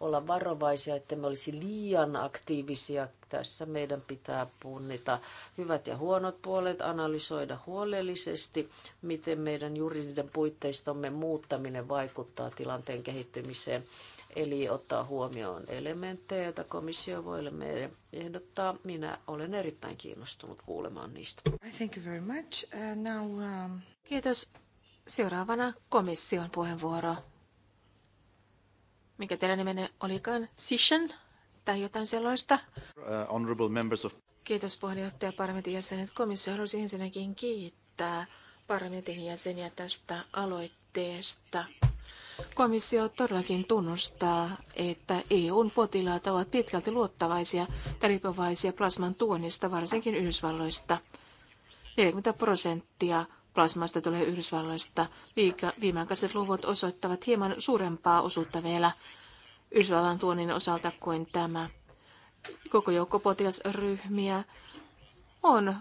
olla varovaisia, että me olisi liian aktiivisia. Tässä meidän pitää punnita hyvät ja huonot puolet, analysoida huolellisesti, miten meidän juridinen puitteistomme muuttaminen vaikuttaa tilanteen kehittymiseen. Eli ottaa huomioon elementtejä, joita komissio voi meille ehdottaa. Minä olen erittäin kiinnostunut kuulemaan niistä. Thank you very much. Uh, now, um... Kiitos. Seuraavana komission puheenvuoro mikä teidän nimenne olikaan, Sishan tai jotain sellaista. Uh, of... Kiitos puheenjohtaja parlamentin jäsenet. Komissio haluaisi ensinnäkin kiittää parlamentin jäseniä tästä aloitteesta. Komissio todellakin tunnustaa, että EUn potilaat ovat pitkälti luottavaisia ja riippuvaisia plasman tuonnista, varsinkin Yhdysvalloista. 40 prosenttia plasmasta tulee Yhdysvalloista. Viimeaikaiset luvut osoittavat hieman suurempaa osuutta vielä Yhdysvallan tuonnin osalta kuin tämä. Koko joukko potilasryhmiä on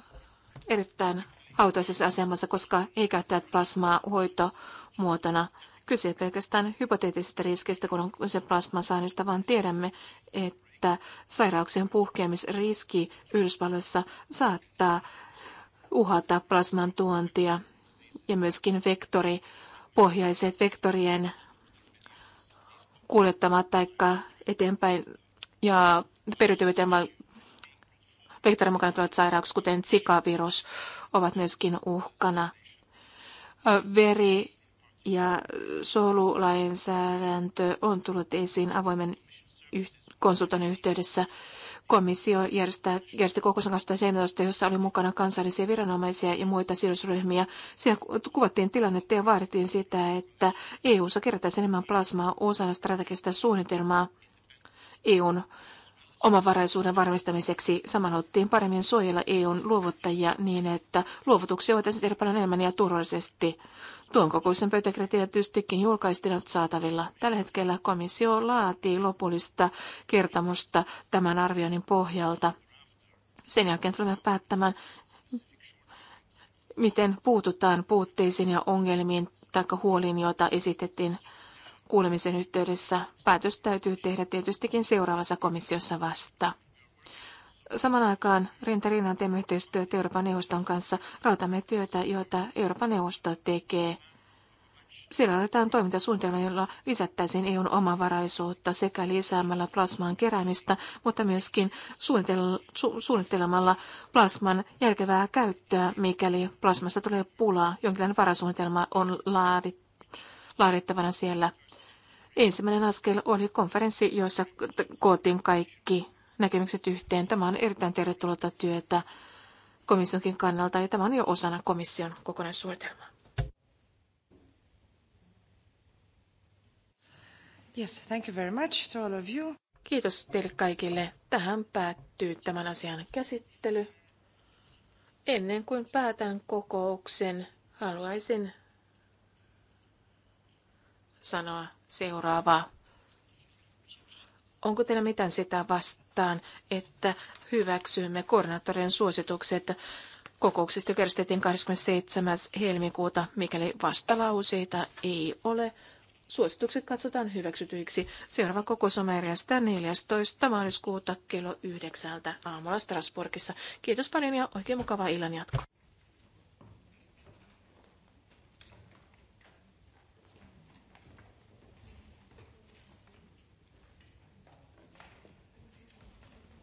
erittäin autoisessa asemassa, koska ei käyttää plasmaa hoitomuotona. Kyse ei pelkästään hypoteettisesta riskistä, kun on kyse plasmasaannista, vaan tiedämme, että sairauksien puhkeamisriski Yhdysvalloissa saattaa uhata plasman tuontia ja myöskin vektori, pohjaiset vektorien kuljettamat tai eteenpäin ja periytyvät vektorin mukana tulevat sairaukset, kuten Zika-virus, ovat myöskin uhkana. Veri- ja solulainsäädäntö on tullut esiin avoimen konsultan yhteydessä. Komissio järjestää, järjesti kokouksen 2017, jossa oli mukana kansallisia viranomaisia ja muita sidosryhmiä. Siellä kuvattiin tilannetta ja vaadittiin sitä, että EU-ssa kerätään enemmän plasmaa osana strategista suunnitelmaa EUn omavaraisuuden varmistamiseksi. Samalla ottiin paremmin suojella EUn luovuttajia niin, että luovutuksia voitaisiin tehdä paljon enemmän ja turvallisesti. Tuon kokoisen pöytäkirjakirja tietystikin julkaistiin saatavilla. Tällä hetkellä komissio laatii lopullista kertomusta tämän arvioinnin pohjalta. Sen jälkeen tulemme päättämään, miten puututaan puutteisiin ja ongelmiin tai huoliin, joita esitettiin kuulemisen yhteydessä. Päätös täytyy tehdä tietystikin seuraavassa komissiossa vasta. Saman aikaan rinta rinnan teemme yhteistyötä Euroopan neuvoston kanssa. Rautamme työtä, jota Euroopan neuvosto tekee. Siellä annetaan toimintasuunnitelma, jolla lisättäisiin EUn omavaraisuutta sekä lisäämällä plasman keräämistä, mutta myöskin su- suunnittelemalla plasman järkevää käyttöä, mikäli plasmasta tulee pulaa. Jonkinlainen varasuunnitelma on laadit- laadittavana siellä. Ensimmäinen askel oli konferenssi, jossa koottiin kaikki näkemykset yhteen. Tämä on erittäin tervetullutta työtä komissionkin kannalta ja tämä on jo osana komission kokonaissuunnitelmaa. Yes, thank you very much to all of you. Kiitos teille kaikille. Tähän päättyy tämän asian käsittely. Ennen kuin päätän kokouksen, haluaisin sanoa seuraavaa. Onko teillä mitään sitä vastaan? ehdottaan, että hyväksymme koordinaattorien suositukset kokouksesta järjestettiin 27. helmikuuta, mikäli vastalauseita ei ole. Suositukset katsotaan hyväksytyiksi. Seuraava kokous on 14. maaliskuuta kello 9 aamulla Strasbourgissa. Kiitos paljon ja oikein mukavaa illan jatkoa.